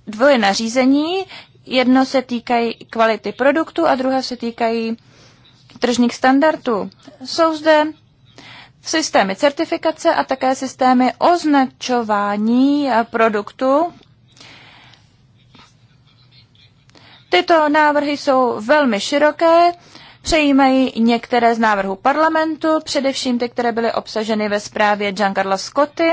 dvoje nařízení. Jedno se týkají kvality produktu a druhé se týkají tržních standardů. Jsou zde systémy certifikace a také systémy označování produktu. Tyto návrhy jsou velmi široké, přejímají některé z návrhů parlamentu, především ty, které byly obsaženy ve zprávě Giancarlo Scotti.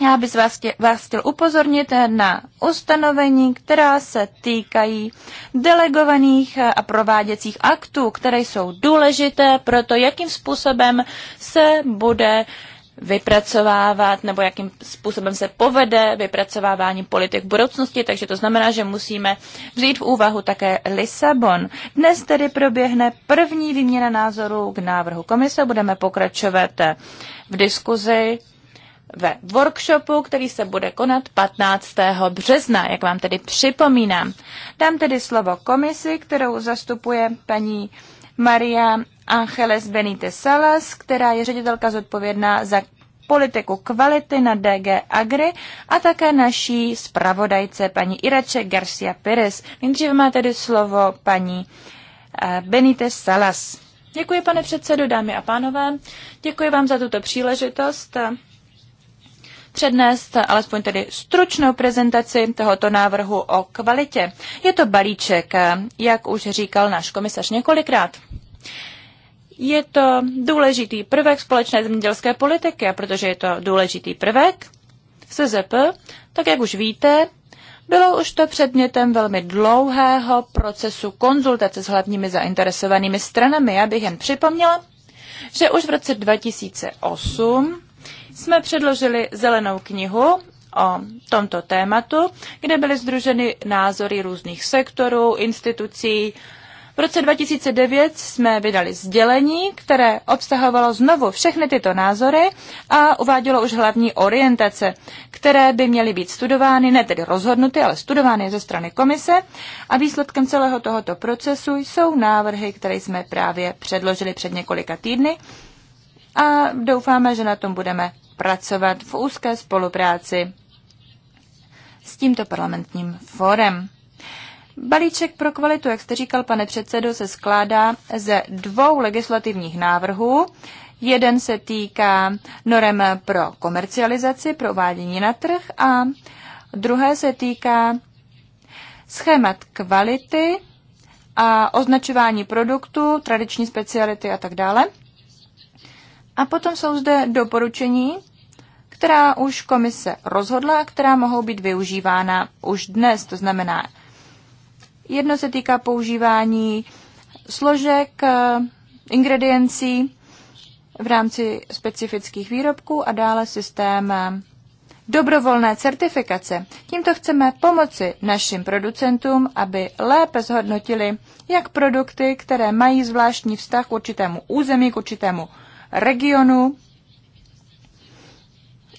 Já bych vás, vás chtěl upozornit na ustanovení, která se týkají delegovaných a prováděcích aktů, které jsou důležité pro to, jakým způsobem se bude vypracovávat nebo jakým způsobem se povede vypracovávání politik v budoucnosti, takže to znamená, že musíme vzít v úvahu také Lisabon. Dnes tedy proběhne první výměna názorů k návrhu komise, budeme pokračovat v diskuzi ve workshopu, který se bude konat 15. března, jak vám tedy připomínám. Dám tedy slovo komisi, kterou zastupuje paní Maria Angeles Benítez Salas, která je ředitelka zodpovědná za politiku kvality na DG Agri a také naší zpravodajce paní Irače Garcia Pires. Nejdříve má tedy slovo paní eh, Benítez Salas. Děkuji, pane předsedo, dámy a pánové. Děkuji vám za tuto příležitost přednést alespoň tedy stručnou prezentaci tohoto návrhu o kvalitě. Je to balíček, jak už říkal náš komisař několikrát. Je to důležitý prvek společné zemědělské politiky a protože je to důležitý prvek SZP, tak jak už víte, bylo už to předmětem velmi dlouhého procesu konzultace s hlavními zainteresovanými stranami. Já bych jen připomněla, že už v roce 2008 jsme předložili zelenou knihu o tomto tématu, kde byly združeny názory různých sektorů, institucí. V roce 2009 jsme vydali sdělení, které obsahovalo znovu všechny tyto názory a uvádělo už hlavní orientace, které by měly být studovány, ne tedy rozhodnuty, ale studovány ze strany komise. A výsledkem celého tohoto procesu jsou návrhy, které jsme právě předložili před několika týdny a doufáme, že na tom budeme pracovat v úzké spolupráci s tímto parlamentním fórem. Balíček pro kvalitu, jak jste říkal, pane předsedo, se skládá ze dvou legislativních návrhů. Jeden se týká norem pro komercializaci, pro uvádění na trh a druhé se týká schémat kvality a označování produktu, tradiční speciality a tak dále. A potom jsou zde doporučení, která už komise rozhodla a která mohou být využívána už dnes. To znamená, jedno se týká používání složek, eh, ingrediencí v rámci specifických výrobků a dále systém eh, dobrovolné certifikace. Tímto chceme pomoci našim producentům, aby lépe zhodnotili, jak produkty, které mají zvláštní vztah k určitému území, k určitému regionu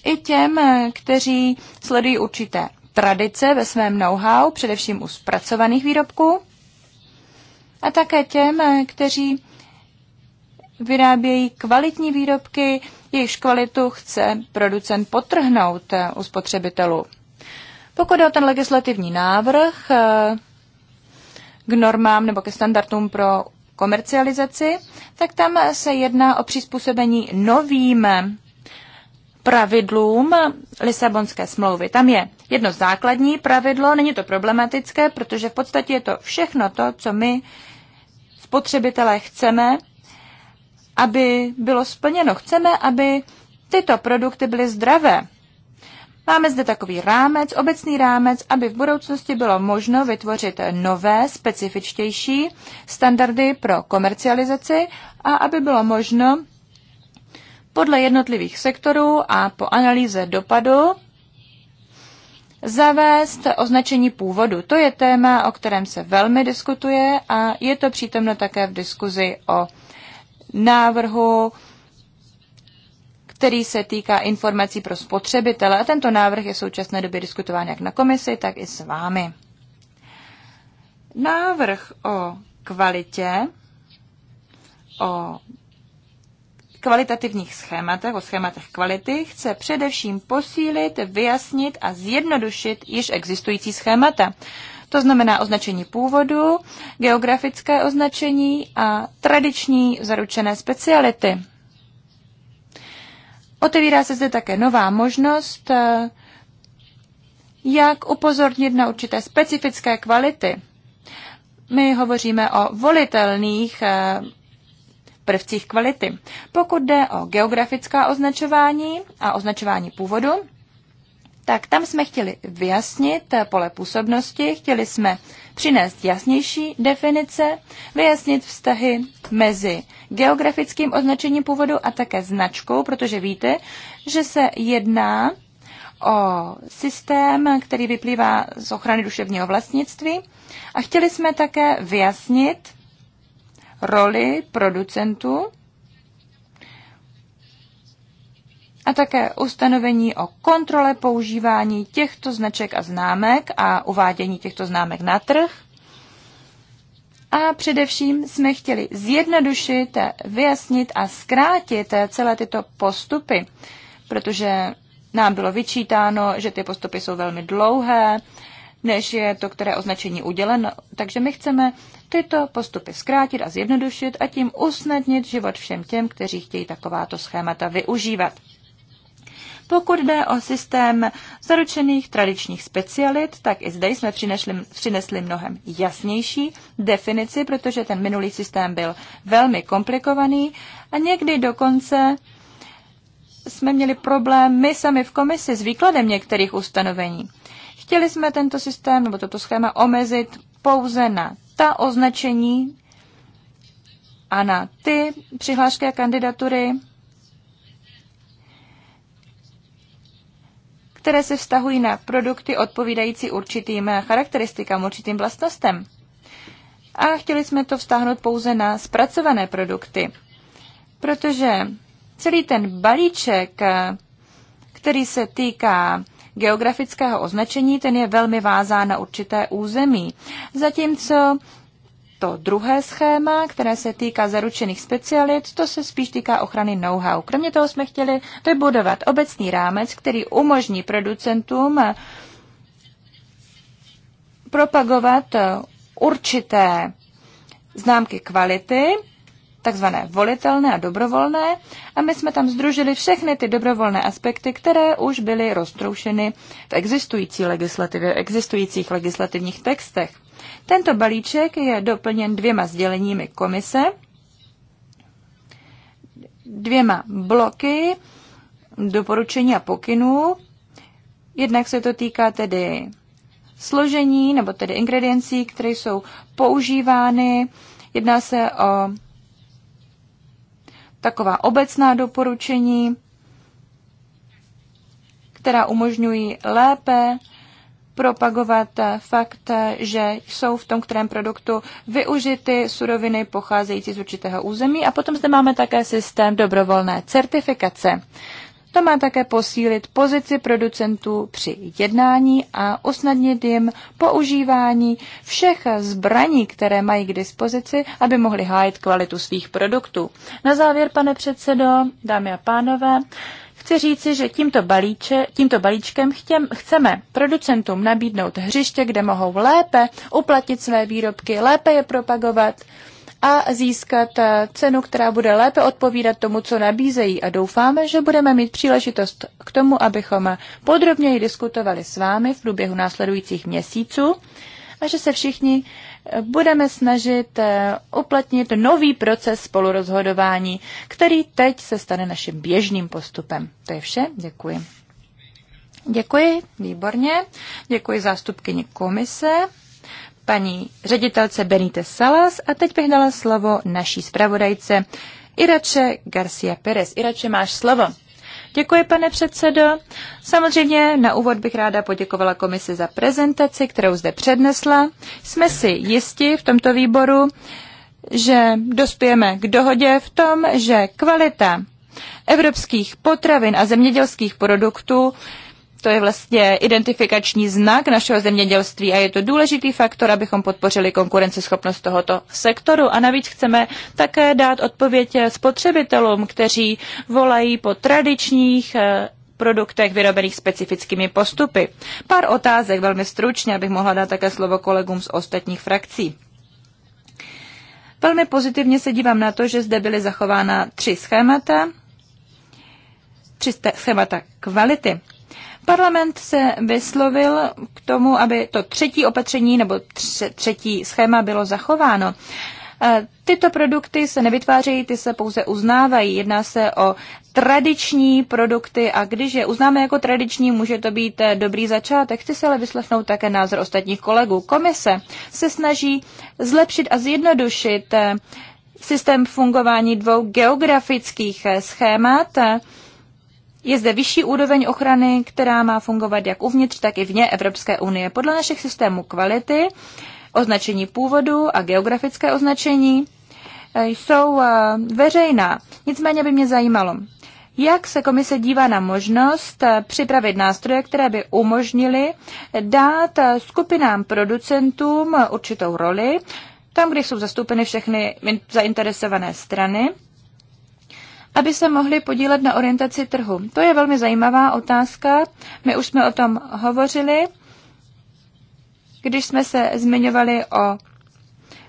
i těm, eh, kteří sledují určité tradice ve svém know-how, především u zpracovaných výrobků, a také těm, eh, kteří vyrábějí kvalitní výrobky, jejichž kvalitu chce producent potrhnout eh, u spotřebitelů. Pokud o ten legislativní návrh k normám nebo ke standardům pro komercializaci, tak tam se jedná o přizpůsobení novým pravidlům Lisabonské smlouvy. Tam je jedno základní pravidlo, není to problematické, protože v podstatě je to všechno to, co my spotřebitelé chceme, aby bylo splněno. Chceme, aby tyto produkty byly zdravé. Máme zde takový rámec, obecný rámec, aby v budoucnosti bylo možno vytvořit nové, specifičtější standardy pro komercializaci a aby bylo možno podle jednotlivých sektorů a po analýze dopadu zavést označení původu. To je téma, o kterém se velmi diskutuje a je to přítomno také v diskuzi o návrhu který se týká informací pro spotřebitele a tento návrh je v současné době diskutován jak na komisi, tak i s vámi. Návrh o kvalitě, o kvalitativních schématech, o schématech kvality, chce především posílit, vyjasnit a zjednodušit již existující schémata. To znamená označení původu, geografické označení a tradiční zaručené speciality. Otevírá se zde také nová možnost, eh, jak upozornit na určité specifické kvality. My hovoříme o volitelných eh, prvcích kvality. Pokud jde o geografická označování a označování původu, tak tam jsme chtěli vyjasnit pole působnosti, chtěli jsme přinést jasnější definice, vyjasnit vztahy mezi geografickým označením původu a také značkou, protože víte, že se jedná o systém, který vyplývá z ochrany duševního vlastnictví a chtěli jsme také vyjasnit roli producentů a také ustanovení o kontrole používání těchto značek a známek a uvádění těchto známek na trh. A především jsme chtěli zjednodušit, vyjasnit a zkrátit celé tyto postupy, protože nám bylo vyčítáno, že ty postupy jsou velmi dlouhé, než je to, které označení uděleno. Takže my chceme tyto postupy zkrátit a zjednodušit a tím usnadnit život všem těm, kteří chtějí takováto schémata využívat. Pokud jde o systém zaručených tradičních specialit, tak i zde jsme přinesli, přinesli mnohem jasnější definici, protože ten minulý systém byl velmi komplikovaný a někdy dokonce jsme měli problém my sami v komisi s výkladem některých ustanovení. Chtěli jsme tento systém nebo toto schéma omezit pouze na ta označení a na ty přihlášky a kandidatury, které se vztahují na produkty odpovídající určitým charakteristikám, určitým vlastnostem. A chtěli jsme to vztáhnout pouze na zpracované produkty, protože celý ten balíček, který se týká geografického označení, ten je velmi vázán na určité území. Zatímco to druhé schéma, které se týká zaručených specialit, to se spíš týká ochrany know-how. Kromě toho jsme chtěli vybudovat obecný rámec, který umožní producentům propagovat určité známky kvality, takzvané volitelné a dobrovolné, a my jsme tam združili všechny ty dobrovolné aspekty, které už byly roztroušeny v existující legislativě, v existujících legislativních textech. Tento balíček je doplněn dvěma sděleními komise, dvěma bloky doporučení a pokynů. Jednak se to týká tedy složení nebo tedy ingrediencí, které jsou používány. Jedná se o taková obecná doporučení, která umožňují lépe propagovat fakt, že jsou v tom kterém produktu využity suroviny pocházející z určitého území. A potom zde máme také systém dobrovolné certifikace. To má také posílit pozici producentů při jednání a usnadnit jim používání všech zbraní, které mají k dispozici, aby mohli hájit kvalitu svých produktů. Na závěr, pane předsedo, dámy a pánové, Chci říci, že tímto, balíče, tímto balíčkem chtěm, chceme producentům nabídnout hřiště, kde mohou lépe uplatit své výrobky, lépe je propagovat a získat eh, cenu, která bude lépe odpovídat tomu, co nabízejí. A doufáme, že budeme mít příležitost k tomu, abychom podrobněji diskutovali s vámi v průběhu následujících měsíců a že se všichni budeme snažit eh, uplatnit nový proces spolurozhodování, který teď se stane naším běžným postupem. To je vše, děkuji. Děkuji, výborně. Děkuji zástupkyni komise, paní ředitelce Benite Salas a teď bych dala slovo naší zpravodajce Irače Garcia Perez. Irače, máš slovo. Děkuji, pane předsedo. Samozřejmě na úvod bych ráda poděkovala komisi za prezentaci, kterou zde přednesla. Jsme si jisti v tomto výboru, že dospějeme k dohodě v tom, že kvalita evropských potravin a zemědělských produktů to je vlastně identifikační znak našeho zemědělství a je to důležitý faktor, abychom podpořili konkurenceschopnost tohoto sektoru. A navíc chceme také dát odpověď spotřebitelům, kteří volají po tradičních eh, produktech vyrobených specifickými postupy. Pár otázek velmi stručně, abych mohla dát také slovo kolegům z ostatních frakcí. Velmi pozitivně se dívám na to, že zde byly zachována tři schémata, tři schémata kvality. Parlament se vyslovil k tomu, aby to třetí opatření nebo třetí schéma bylo zachováno. E, tyto produkty se nevytvářejí, ty se pouze uznávají. Jedná se o tradiční produkty a když je uznáme jako tradiční, může to být e, dobrý začátek. Chci se ale vyslechnout také názor ostatních kolegů. Komise se snaží zlepšit a zjednodušit e, systém fungování dvou geografických schémat je zde vyšší úroveň ochrany, která má fungovat jak uvnitř, tak i vně Evropské unie. Podle našich systémů kvality, označení původu a geografické označení eh, jsou eh, veřejná. Nicméně by mě zajímalo, jak se komise dívá na možnost eh, připravit nástroje, které by umožnily dát skupinám producentům určitou roli, tam, kde jsou zastoupeny všechny zainteresované strany, aby se mohli podílet na orientaci trhu? To je velmi zajímavá otázka. My už jsme o tom hovořili, když jsme se zmiňovali o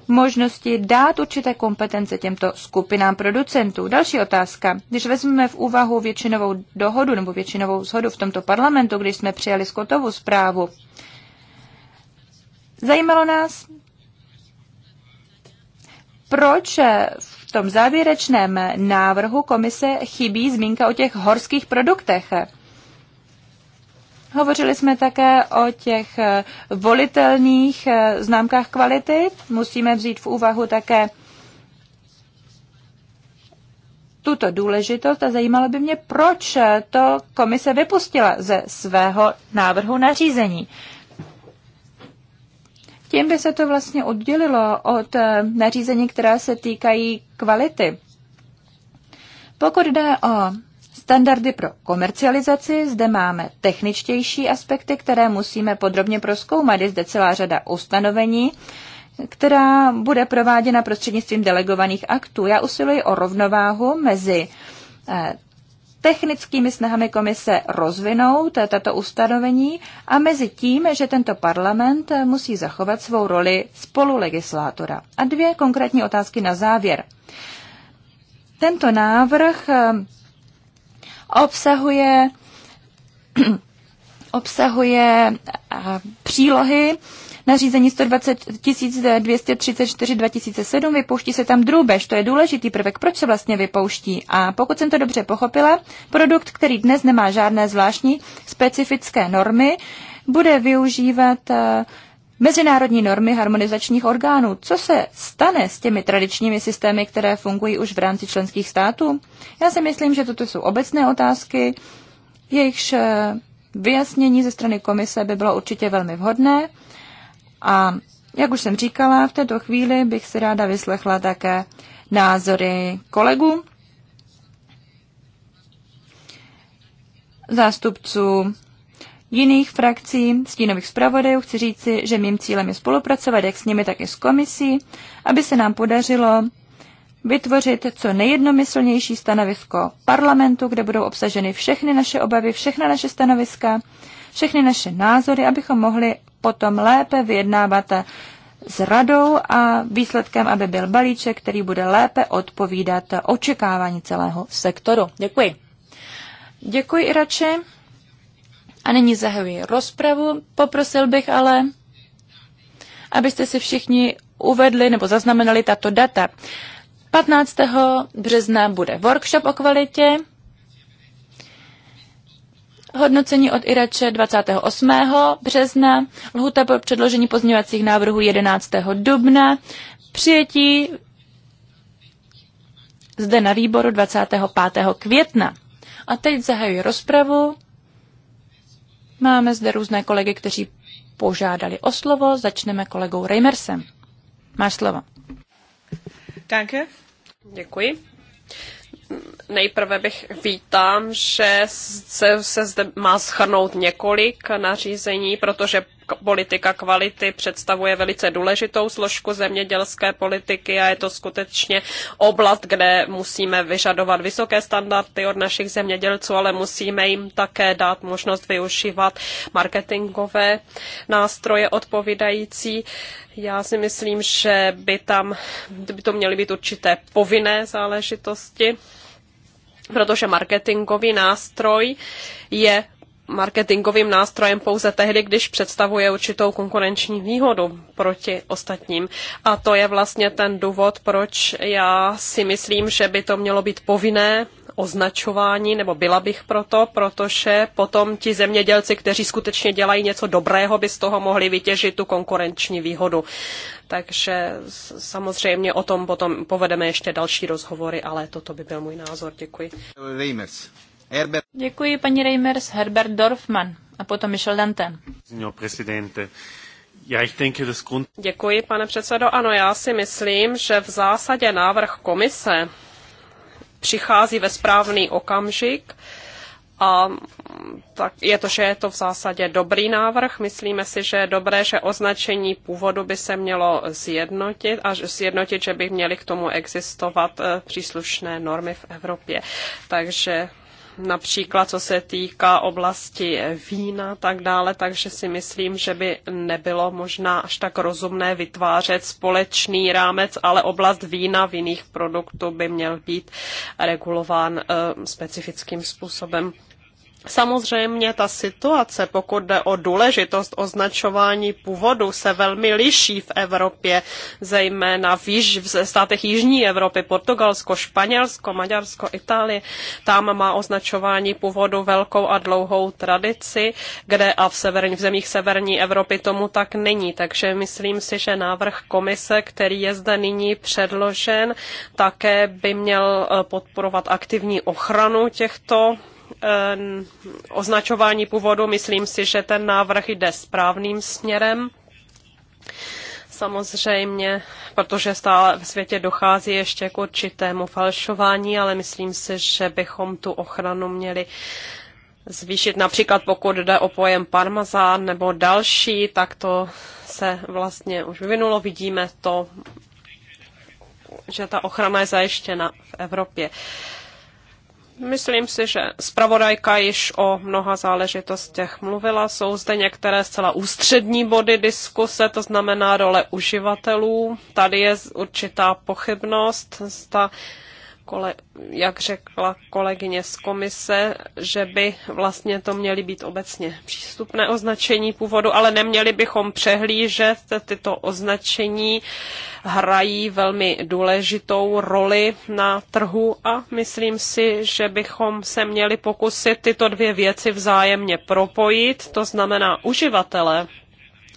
možnosti dát určité kompetence těmto skupinám producentů. Další otázka. Když vezmeme v úvahu většinovou dohodu nebo většinovou shodu v tomto parlamentu, když jsme přijali Skotovu zprávu, zajímalo nás, proč v v tom závěrečném návrhu komise chybí zmínka o těch horských produktech. Hovořili jsme také o těch eh, volitelných eh, známkách kvality. Musíme vzít v úvahu také tuto důležitost a zajímalo by mě, proč to komise vypustila ze svého návrhu nařízení. Tím by se to vlastně oddělilo od eh, nařízení, která se týkají kvality. Pokud jde o standardy pro komercializaci, zde máme techničtější aspekty, které musíme podrobně proskoumat. Je zde celá řada ustanovení, která bude prováděna prostřednictvím delegovaných aktů. Já usiluji o rovnováhu mezi eh, technickými snahami komise rozvinout tato ustanovení a mezi tím, že tento parlament musí zachovat svou roli spolulegislátora. A dvě konkrétní otázky na závěr. Tento návrh eh, obsahuje [CLEARS THROAT] obsahuje eh, přílohy, Nařízení 120 234 2007 vypouští se tam drůbež, to je důležitý prvek, proč se vlastně vypouští. A pokud jsem to dobře pochopila, produkt, který dnes nemá žádné zvláštní specifické normy, bude využívat eh, mezinárodní normy harmonizačních orgánů. Co se stane s těmi tradičními systémy, které fungují už v rámci členských států? Já si myslím, že toto jsou obecné otázky, jejichž eh, vyjasnění ze strany komise by bylo určitě velmi vhodné. A jak už jsem říkala, v této chvíli bych si ráda vyslechla také názory kolegů, zástupců jiných frakcí, stínových zpravodajů. Chci říci, že mým cílem je spolupracovat jak s nimi, tak i s komisí, aby se nám podařilo vytvořit co nejjednomyslnější stanovisko parlamentu, kde budou obsaženy všechny naše obavy, všechna naše stanoviska, všechny naše názory, abychom mohli potom lépe vyjednávat s radou a výsledkem, aby byl balíček, který bude lépe odpovídat očekávání celého sektoru. Děkuji. Děkuji, Irače. A nyní zahajuji rozpravu. Poprosil bych ale, abyste si všichni uvedli nebo zaznamenali tato data. 15. března bude workshop o kvalitě hodnocení od Irače 28. března, lhuta pro předložení pozměňovacích návrhů 11. dubna, přijetí zde na výboru 25. května. A teď zahajuji rozpravu. Máme zde různé kolegy, kteří požádali o slovo. Začneme kolegou Reimersem. Máš slovo. Danke. Děkuji. Nejprve bych vítám, že se, se zde má schrnout několik nařízení, protože politika kvality představuje velice důležitou složku zemědělské politiky a je to skutečně oblast, kde musíme vyžadovat vysoké standardy od našich zemědělců, ale musíme jim také dát možnost využívat marketingové nástroje odpovídající. Já si myslím, že by tam by to měly být určité povinné záležitosti protože marketingový nástroj je marketingovým nástrojem pouze tehdy, když představuje určitou konkurenční výhodu proti ostatním. A to je vlastně ten důvod, proč já si myslím, že by to mělo být povinné označování, nebo byla bych proto, protože potom ti zemědělci, kteří skutečně dělají něco dobrého, by z toho mohli vytěžit tu konkurenční výhodu. Takže samozřejmě o tom potom povedeme ještě další rozhovory, ale toto by byl můj názor. Děkuji. Herbert. Děkuji paní Reimers, Herbert Dorfman a potom Michel Signor Presidente, Děkuji, pane předsedo. Ano, já si myslím, že v zásadě návrh komise přichází ve správný okamžik a tak je to, že je to v zásadě dobrý návrh. Myslíme si, že je dobré, že označení původu by se mělo zjednotit a sjednotit, že by měly k tomu existovat eh, příslušné normy v Evropě. Takže například co se týká oblasti vína tak dále, takže si myslím, že by nebylo možná až tak rozumné vytvářet společný rámec, ale oblast vína v jiných produktů by měl být regulován eh, specifickým způsobem. Samozřejmě ta situace, pokud jde o důležitost označování původu, se velmi liší v Evropě, zejména v, již, v státech Jižní Evropy, Portugalsko, Španělsko, Maďarsko, Itálie. Tam má označování původu velkou a dlouhou tradici, kde a v, severní, v zemích severní Evropy tomu tak není. Takže myslím si, že návrh komise, který je zde nyní předložen, také by měl eh, podporovat aktivní ochranu těchto Eh, označování původu, myslím si, že ten návrh jde správným směrem. Samozřejmě, protože stále ve světě dochází ještě k určitému falšování, ale myslím si, že bychom tu ochranu měli zvýšit. Například pokud jde o pojem parmazán nebo další, tak to se vlastně už vyvinulo. Vidíme to, že ta ochrana je zajištěna v Evropě. Uh, Myslím si, že zpravodajka již o mnoha záležitostech mluvila. Jsou zde některé zcela ústřední body diskuse, to znamená role uživatelů. Tady je určitá pochybnost, zda kole, jak řekla kolegyně z komise, že by vlastně to měly být obecně přístupné označení původu, ale neměli bychom přehlížet, tyto označení hrají velmi důležitou roli na trhu a myslím si, že bychom se měli pokusit tyto dvě věci vzájemně propojit, to znamená uživatelé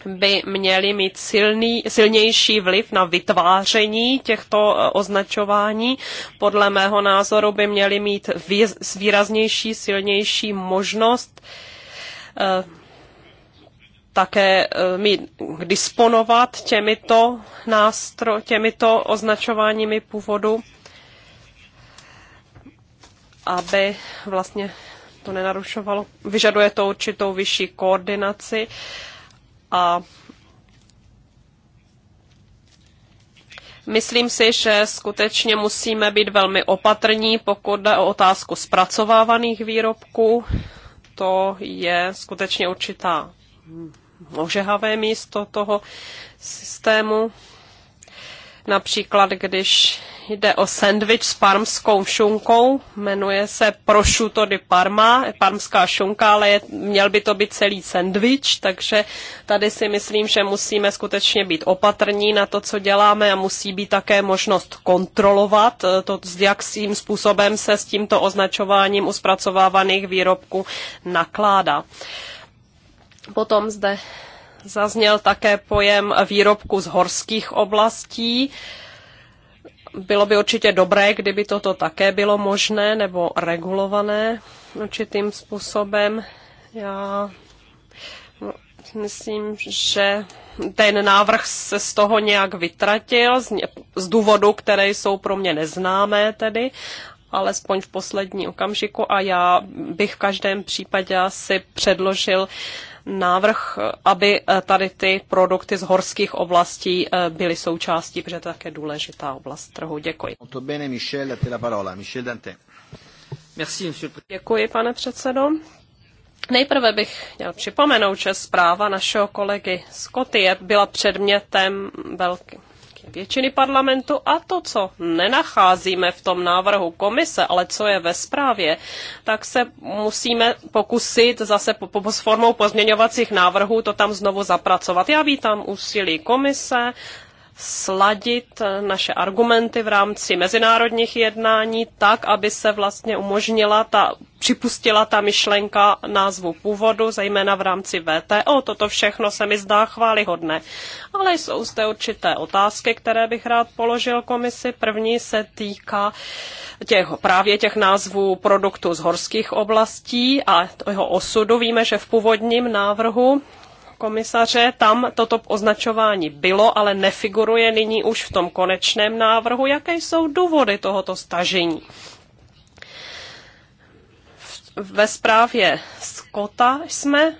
by měly mít silný, silnější vliv na vytváření těchto eh, označování. Podle mého názoru by měly mít výraznější, silnější možnost eh, také eh, mít, disponovat těmito, nástro, těmito označováními původu, aby vlastně to nenarušovalo. Vyžaduje to určitou vyšší koordinaci a Myslím si, že skutečně musíme být velmi opatrní, pokud jde o otázku zpracovávaných výrobků. To je skutečně určitá ožehavé místo toho systému. Například, když jde o sendvič s parmskou šunkou, jmenuje se prosciutto di Parma, parmská šunka, ale je, měl by to být celý sendvič, takže tady si myslím, že musíme skutečně být opatrní na to, co děláme a musí být také možnost kontrolovat eh, to, s jakým způsobem se s tímto označováním u zpracovávaných výrobků nakládá. Potom zde Zazněl také pojem výrobku z horských oblastí. Bylo by určitě dobré, kdyby toto také bylo možné nebo regulované určitým způsobem. Já myslím, že ten návrh se z toho nějak vytratil, z, z důvodu, které jsou pro mě neznámé tedy, alespoň v poslední okamžiku a já bych v každém případě asi předložil návrh, aby eh, tady ty produkty z horských oblastí eh, byly součástí, protože to je také důležitá oblast trhu. Děkuji. Děkuji, pane předsedo. Nejprve bych měl připomenout, že zpráva našeho kolegy Scotty byla předmětem velký, většiny parlamentu a to, co nenacházíme v tom návrhu komise, ale co je ve zprávě, tak se musíme pokusit zase po, po, s formou pozměňovacích návrhů to tam znovu zapracovat. Já vítám úsilí komise, sladit naše argumenty v rámci mezinárodních jednání tak, aby se vlastně umožnila ta, připustila ta myšlenka názvu původu, zejména v rámci VTO. Toto všechno se mi zdá chválihodné. Ale jsou zde určité otázky, které bych rád položil komisi. První se týká těch, právě těch názvů produktů z horských oblastí a jeho osudu. Víme, že v původním návrhu komisaře, tam toto označování bylo, ale nefiguruje nyní už v tom konečném návrhu. Jaké jsou důvody tohoto stažení? Ve zprávě Skota jsme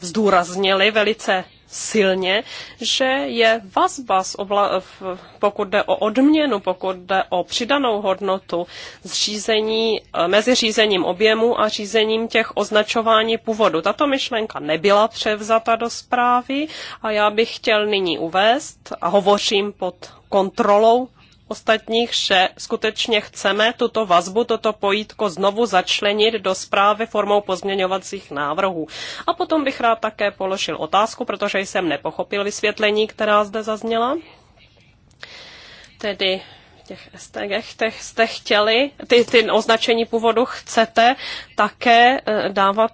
zdůraznili velice silně, že je vazba, z obla- pokud jde o odměnu, pokud jde o přidanou hodnotu z řízení, eh, mezi řízením objemu a řízením těch označování původu. Tato myšlenka nebyla převzata do zprávy a já bych chtěl nyní uvést a hovořím pod kontrolou ostatních, že skutečně chceme tuto vazbu, toto pojítko znovu začlenit do zprávy formou pozměňovacích návrhů. A potom bych rád také položil otázku, protože jsem nepochopil vysvětlení, která zde zazněla. Tedy těch STG těch jste chtěli, ty, ty označení původu chcete také eh, dávat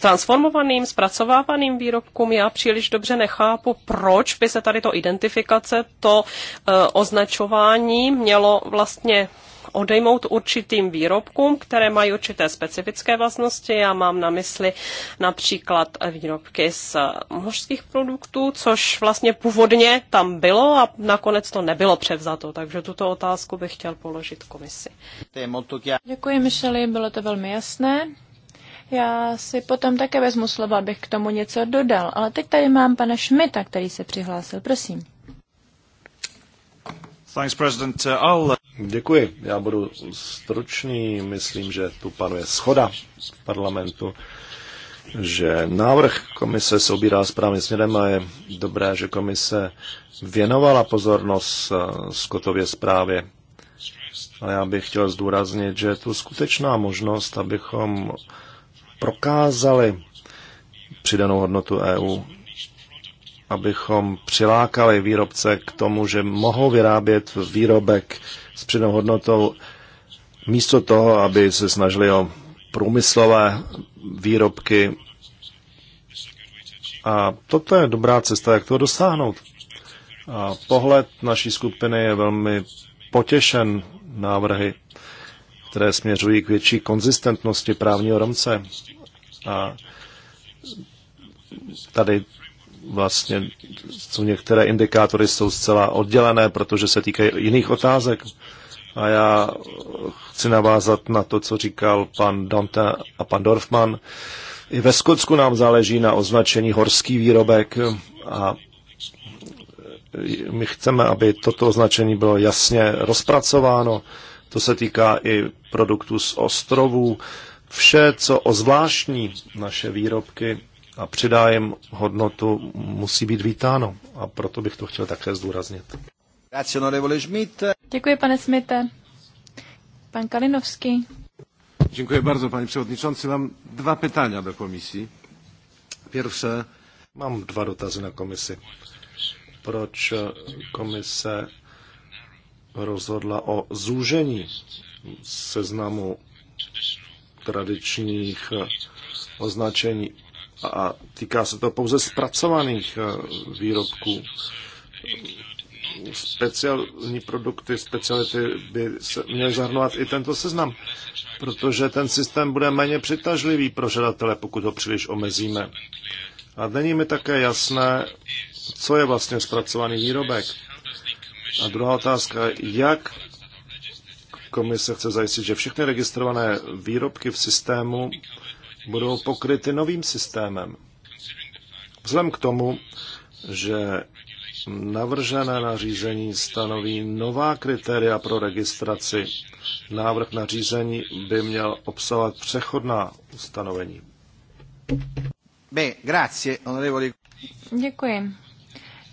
transformovaným, zpracovávaným výrobkům. Já příliš dobře nechápu, proč by se tady to identifikace, to eh, označování mělo vlastně odejmout určitým výrobkům, které mají určité specifické vlastnosti. Já mám na mysli například výrobky z mořských produktů, což vlastně původně tam bylo a nakonec to nebylo převzato. Takže tuto otázku bych chtěl položit komisi. Děkuji, Michely, bylo to velmi jasné. Já si potom také vezmu slova, abych k tomu něco dodal, ale teď tady mám pana Šmita, který se přihlásil. Prosím. Uh, uh, Děkuji. Já budu stručný. Myslím, že tu panuje schoda z parlamentu, že návrh komise se obírá správným směrem a je dobré, že komise věnovala pozornost uh, Skotově zprávě. Ale já bych chtěl zdůraznit, že je tu skutečná možnost, abychom prokázali přidanou hodnotu EU abychom přilákali výrobce k tomu, že mohou vyrábět výrobek s přidanou hodnotou, místo toho, aby se snažili o průmyslové výrobky. A toto je dobrá cesta, jak toho dosáhnout. A pohled naší skupiny je velmi potěšen návrhy, které směřují k větší konzistentnosti právního rámce. A tady vlastně jsou některé indikátory jsou zcela oddělené, protože se týkají jiných otázek. A já chci navázat na to, co říkal pan Dante a pan Dorfman. I ve Skotsku nám záleží na označení horský výrobek a my chceme, aby toto označení bylo jasně rozpracováno. To se týká i produktů z ostrovů. Vše, co ozvláštní naše výrobky, a přidá jim hodnotu, musí být vítáno. A proto bych to chtěl také zdůraznit. Děkuji, pane Smite. Pan Kalinovský. Dziękuję bardzo, panie przewodniczący. Mam dwa pytania do komisji. Pierwsze. Mam dwa dotazy na komisi. Proč komise rozhodla o zúžení seznamu tradičních označení a týká se to pouze zpracovaných eh, výrobků. Speciální produkty, speciality by se měly zahrnovat i tento seznam, protože ten systém bude méně přitažlivý pro žadatele, pokud ho příliš omezíme. A není mi také jasné, co je vlastně zpracovaný výrobek. A druhá otázka, jak komise chce zajistit, že všechny registrované výrobky v systému budou pokryty novým systémem. Vzhledem k tomu, že navržené nařízení stanoví nová kritéria pro registraci, návrh nařízení by měl obsahovat přechodná ustanovení. Děkuji.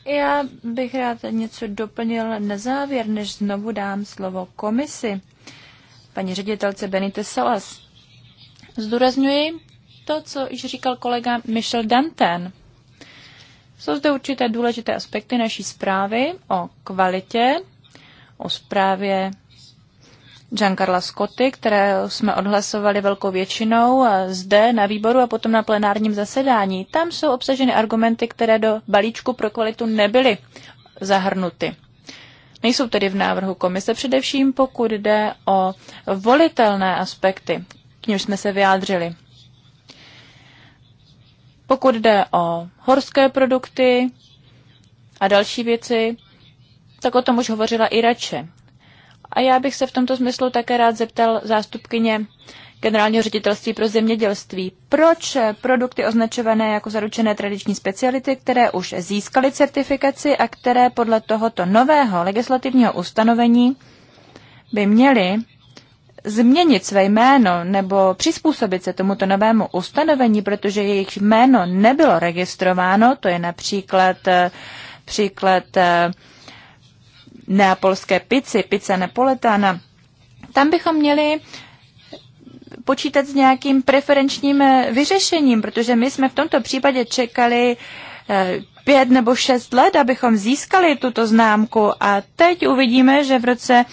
Já bych rád něco doplnil na závěr, než znovu dám slovo komisi. Paní ředitelce Benite Salas. Zdůrazňuji to, co již říkal kolega Michel Danten. Jsou zde určité důležité aspekty naší zprávy o kvalitě, o zprávě Giancarla Scotty, které jsme odhlasovali velkou většinou zde na výboru a potom na plenárním zasedání. Tam jsou obsaženy argumenty, které do balíčku pro kvalitu nebyly zahrnuty. Nejsou tedy v návrhu komise především, pokud jde o volitelné aspekty k němž jsme se vyjádřili. Pokud jde o horské produkty a další věci, tak o tom už hovořila i Rače. A já bych se v tomto smyslu také rád zeptal zástupkyně generálního ředitelství pro zemědělství. Proč produkty označované jako zaručené tradiční speciality, které už získaly certifikaci a které podle tohoto nového legislativního ustanovení by měly změnit své jméno nebo přizpůsobit se tomuto novému ustanovení, protože jejich jméno nebylo registrováno, to je například eh, příklad eh, neapolské pici, pizza napoletana, tam bychom měli počítat s nějakým preferenčním eh, vyřešením, protože my jsme v tomto případě čekali pět nebo šest let, abychom získali tuto známku a teď uvidíme, že v roce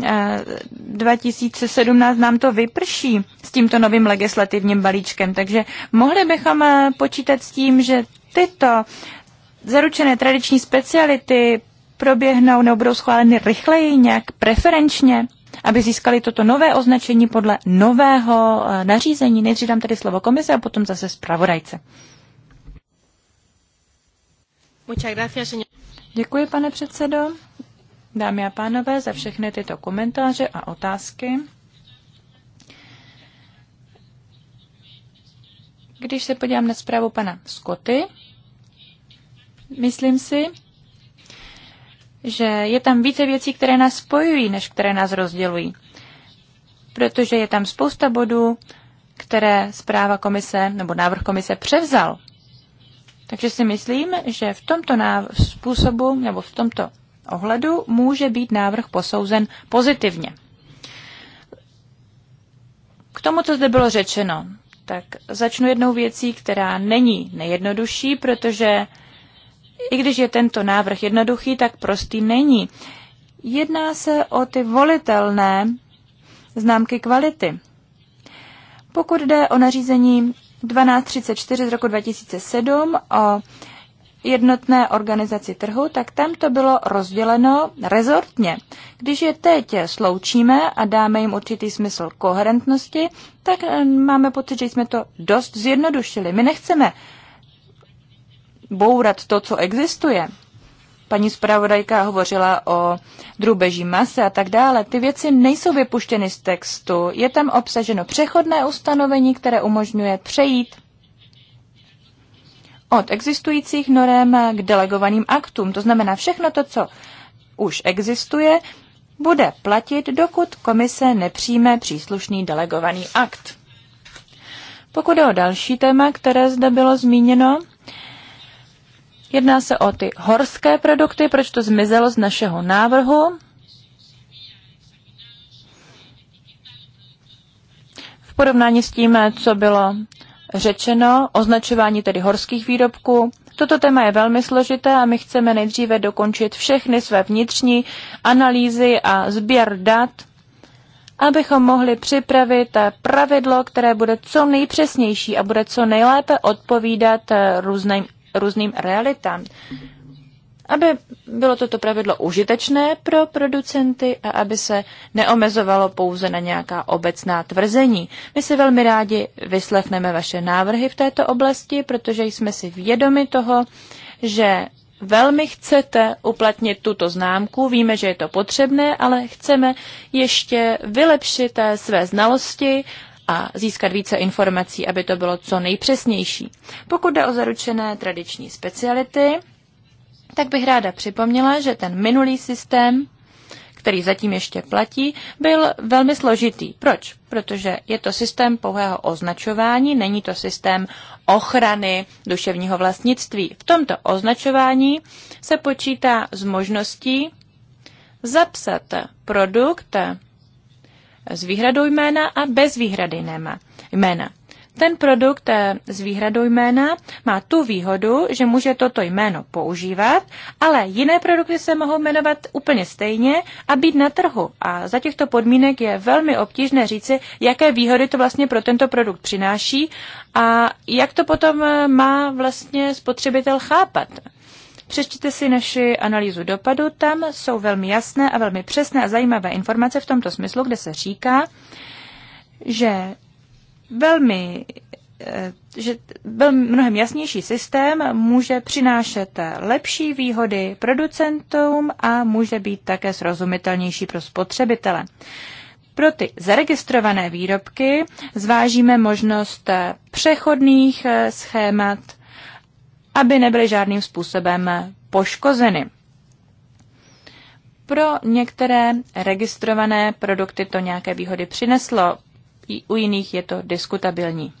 2017 eh, nám to vyprší s tímto novým legislativním balíčkem. Takže mohli bychom eh, počítat s tím, že tyto zaručené tradiční speciality proběhnou nebo budou schváleny rychleji, nějak preferenčně, aby získali toto nové označení podle nového eh, nařízení. Nejdřív dám tady slovo komise a potom zase zpravodajce. Děkuji, pane předsedo dámy a pánové, za všechny tyto komentáře a otázky. Když se podívám na zprávu pana Skoty, myslím si, že je tam více věcí, které nás spojují, než které nás rozdělují. Protože je tam spousta bodů, které zpráva komise nebo návrh komise převzal. Takže si myslím, že v tomto způsobu nebo v tomto ohledu může být návrh posouzen pozitivně. K tomu, co zde bylo řečeno, tak začnu jednou věcí, která není nejjednodušší, protože i když je tento návrh jednoduchý, tak prostý není. Jedná se o ty volitelné známky kvality. Pokud jde o nařízení 1234 z roku 2007 o jednotné organizaci trhu, tak tam to bylo rozděleno rezortně. Když je teď sloučíme a dáme jim určitý smysl koherentnosti, tak eh, máme pocit, že jsme to dost zjednodušili. My nechceme bourat to, co existuje. Paní zpravodajka hovořila o drůbeží mase a tak dále. Ty věci nejsou vypuštěny z textu. Je tam obsaženo přechodné ustanovení, které umožňuje přejít od existujících norem k delegovaným aktům. To znamená, všechno to, co už existuje, bude platit, dokud komise nepřijme příslušný delegovaný akt. Pokud je o další téma, které zde bylo zmíněno, jedná se o ty horské produkty, proč to zmizelo z našeho návrhu. V porovnání s tím, co bylo řečeno, označování tedy horských výrobků. Toto téma je velmi složité a my chceme nejdříve dokončit všechny své vnitřní analýzy a sběr dat, abychom mohli připravit pravidlo, které bude co nejpřesnější a bude co nejlépe odpovídat různým, různým realitám aby bylo toto pravidlo užitečné pro producenty a aby se neomezovalo pouze na nějaká obecná tvrzení. My si velmi rádi vyslechneme vaše návrhy v této oblasti, protože jsme si vědomi toho, že velmi chcete uplatnit tuto známku, víme, že je to potřebné, ale chceme ještě vylepšit eh, své znalosti a získat více informací, aby to bylo co nejpřesnější. Pokud jde o zaručené tradiční speciality, tak bych ráda připomněla, že ten minulý systém, který zatím ještě platí, byl velmi složitý. Proč? Protože je to systém pouhého označování, není to systém ochrany duševního vlastnictví. V tomto označování se počítá s možností zapsat produkt s výhradou jména a bez výhrady jména. Ten produkt eh, s výhradou jména má tu výhodu, že může toto jméno používat, ale jiné produkty se mohou jmenovat úplně stejně a být na trhu. A za těchto podmínek je velmi obtížné říci, jaké výhody to vlastně pro tento produkt přináší a jak to potom eh, má vlastně spotřebitel chápat. Přečtěte si naši analýzu dopadu, tam jsou velmi jasné a velmi přesné a zajímavé informace v tomto smyslu, kde se říká, že velmi eh, že byl mnohem jasnější systém může přinášet lepší výhody producentům a může být také srozumitelnější pro spotřebitele. Pro ty zaregistrované výrobky zvážíme možnost přechodných eh, schémat, aby nebyly žádným způsobem poškozeny. Pro některé registrované produkty to nějaké výhody přineslo, u jiných je to diskutabilní.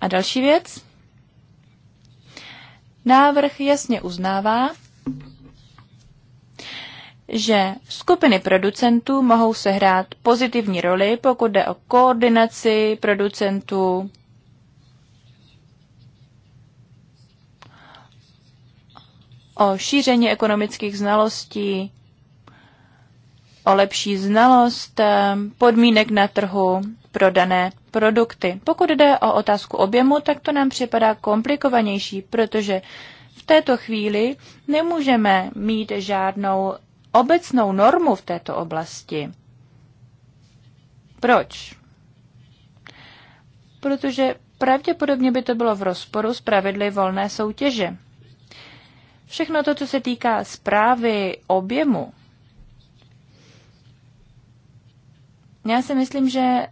A další věc. Návrh jasně uznává, že skupiny producentů mohou sehrát pozitivní roli, pokud jde o koordinaci producentů, o šíření ekonomických znalostí o lepší znalost eh, podmínek na trhu pro dané produkty. Pokud jde o otázku objemu, tak to nám připadá komplikovanější, protože v této chvíli nemůžeme mít žádnou obecnou normu v této oblasti. Proč? Protože pravděpodobně by to bylo v rozporu s pravidly volné soutěže. Všechno to, co se týká zprávy objemu, Já si myslím, že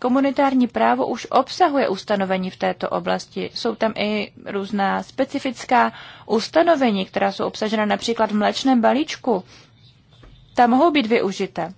komunitární právo už obsahuje ustanovení v této oblasti. Jsou tam i různá specifická ustanovení, která jsou obsažena například v mlečném balíčku. Ta mohou být využita.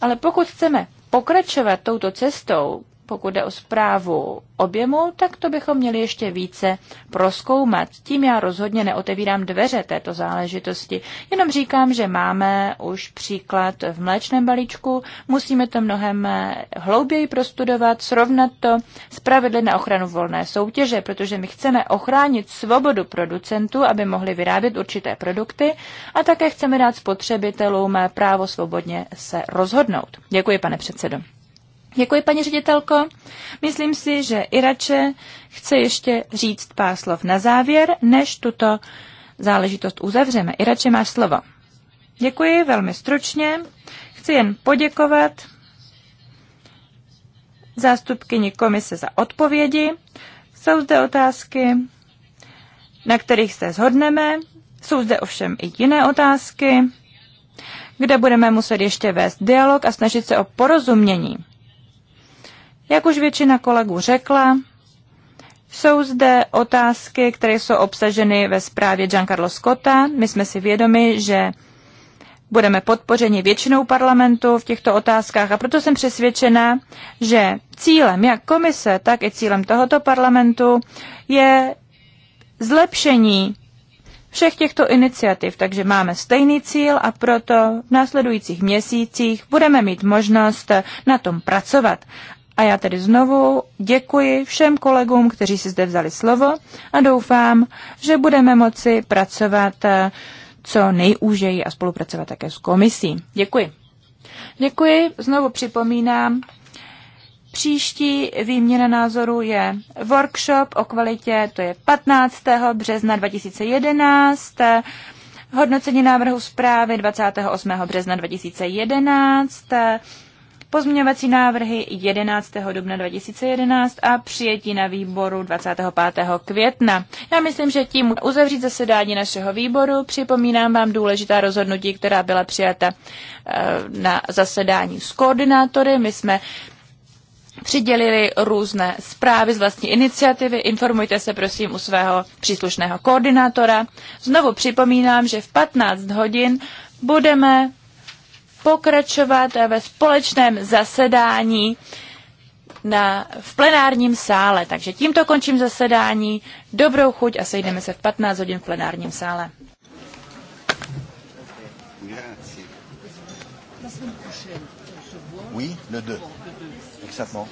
Ale pokud chceme pokračovat touto cestou, pokud jde o zprávu objemu, tak to bychom měli ještě více proskoumat. Tím já rozhodně neotevírám dveře této záležitosti, jenom říkám, že máme už příklad v mléčném balíčku, musíme to mnohem hlouběji prostudovat, srovnat to s pravidly na ochranu volné soutěže, protože my chceme ochránit svobodu producentů, aby mohli vyrábět určité produkty a také chceme dát spotřebitelům právo svobodně se rozhodnout. Děkuji, pane předsedo. Děkuji, paní ředitelko. Myslím si, že Irače chce ještě říct pár slov na závěr, než tuto záležitost uzavřeme. Irače, máš slovo. Děkuji, velmi stručně. Chci jen poděkovat zástupkyni komise za odpovědi. Jsou zde otázky, na kterých se shodneme. Jsou zde ovšem i jiné otázky, kde budeme muset ještě vést dialog a snažit se o porozumění. Jak už většina kolegů řekla, jsou zde otázky, které jsou obsaženy ve zprávě Giancarlo Scotta. My jsme si vědomi, že budeme podpořeni většinou parlamentu v těchto otázkách a proto jsem přesvědčena, že cílem jak komise, tak i cílem tohoto parlamentu je zlepšení všech těchto iniciativ. Takže máme stejný cíl a proto v následujících měsících budeme mít možnost na tom pracovat. A já tedy znovu děkuji všem kolegům, kteří si zde vzali slovo a doufám, že budeme moci pracovat eh, co nejúžeji a spolupracovat také s komisí. Děkuji. Děkuji, znovu připomínám, Příští výměna názorů je workshop o kvalitě, to je 15. března 2011, hodnocení návrhu zprávy 28. března 2011, Pozměňovací návrhy 11. dubna 2011 a přijetí na výboru 25. května. Já myslím, že tím uzavřít zasedání našeho výboru. Připomínám vám důležitá rozhodnutí, která byla přijata eh, na zasedání s koordinátory. My jsme přidělili různé zprávy z vlastní iniciativy. Informujte se prosím u svého příslušného koordinátora. Znovu připomínám, že v 15 hodin budeme pokračovat ve společném zasedání na, v plenárním sále. Takže tímto končím zasedání. Dobrou chuť a sejdeme se v 15 hodin v plenárním sále. Oui, le 2. Exactement.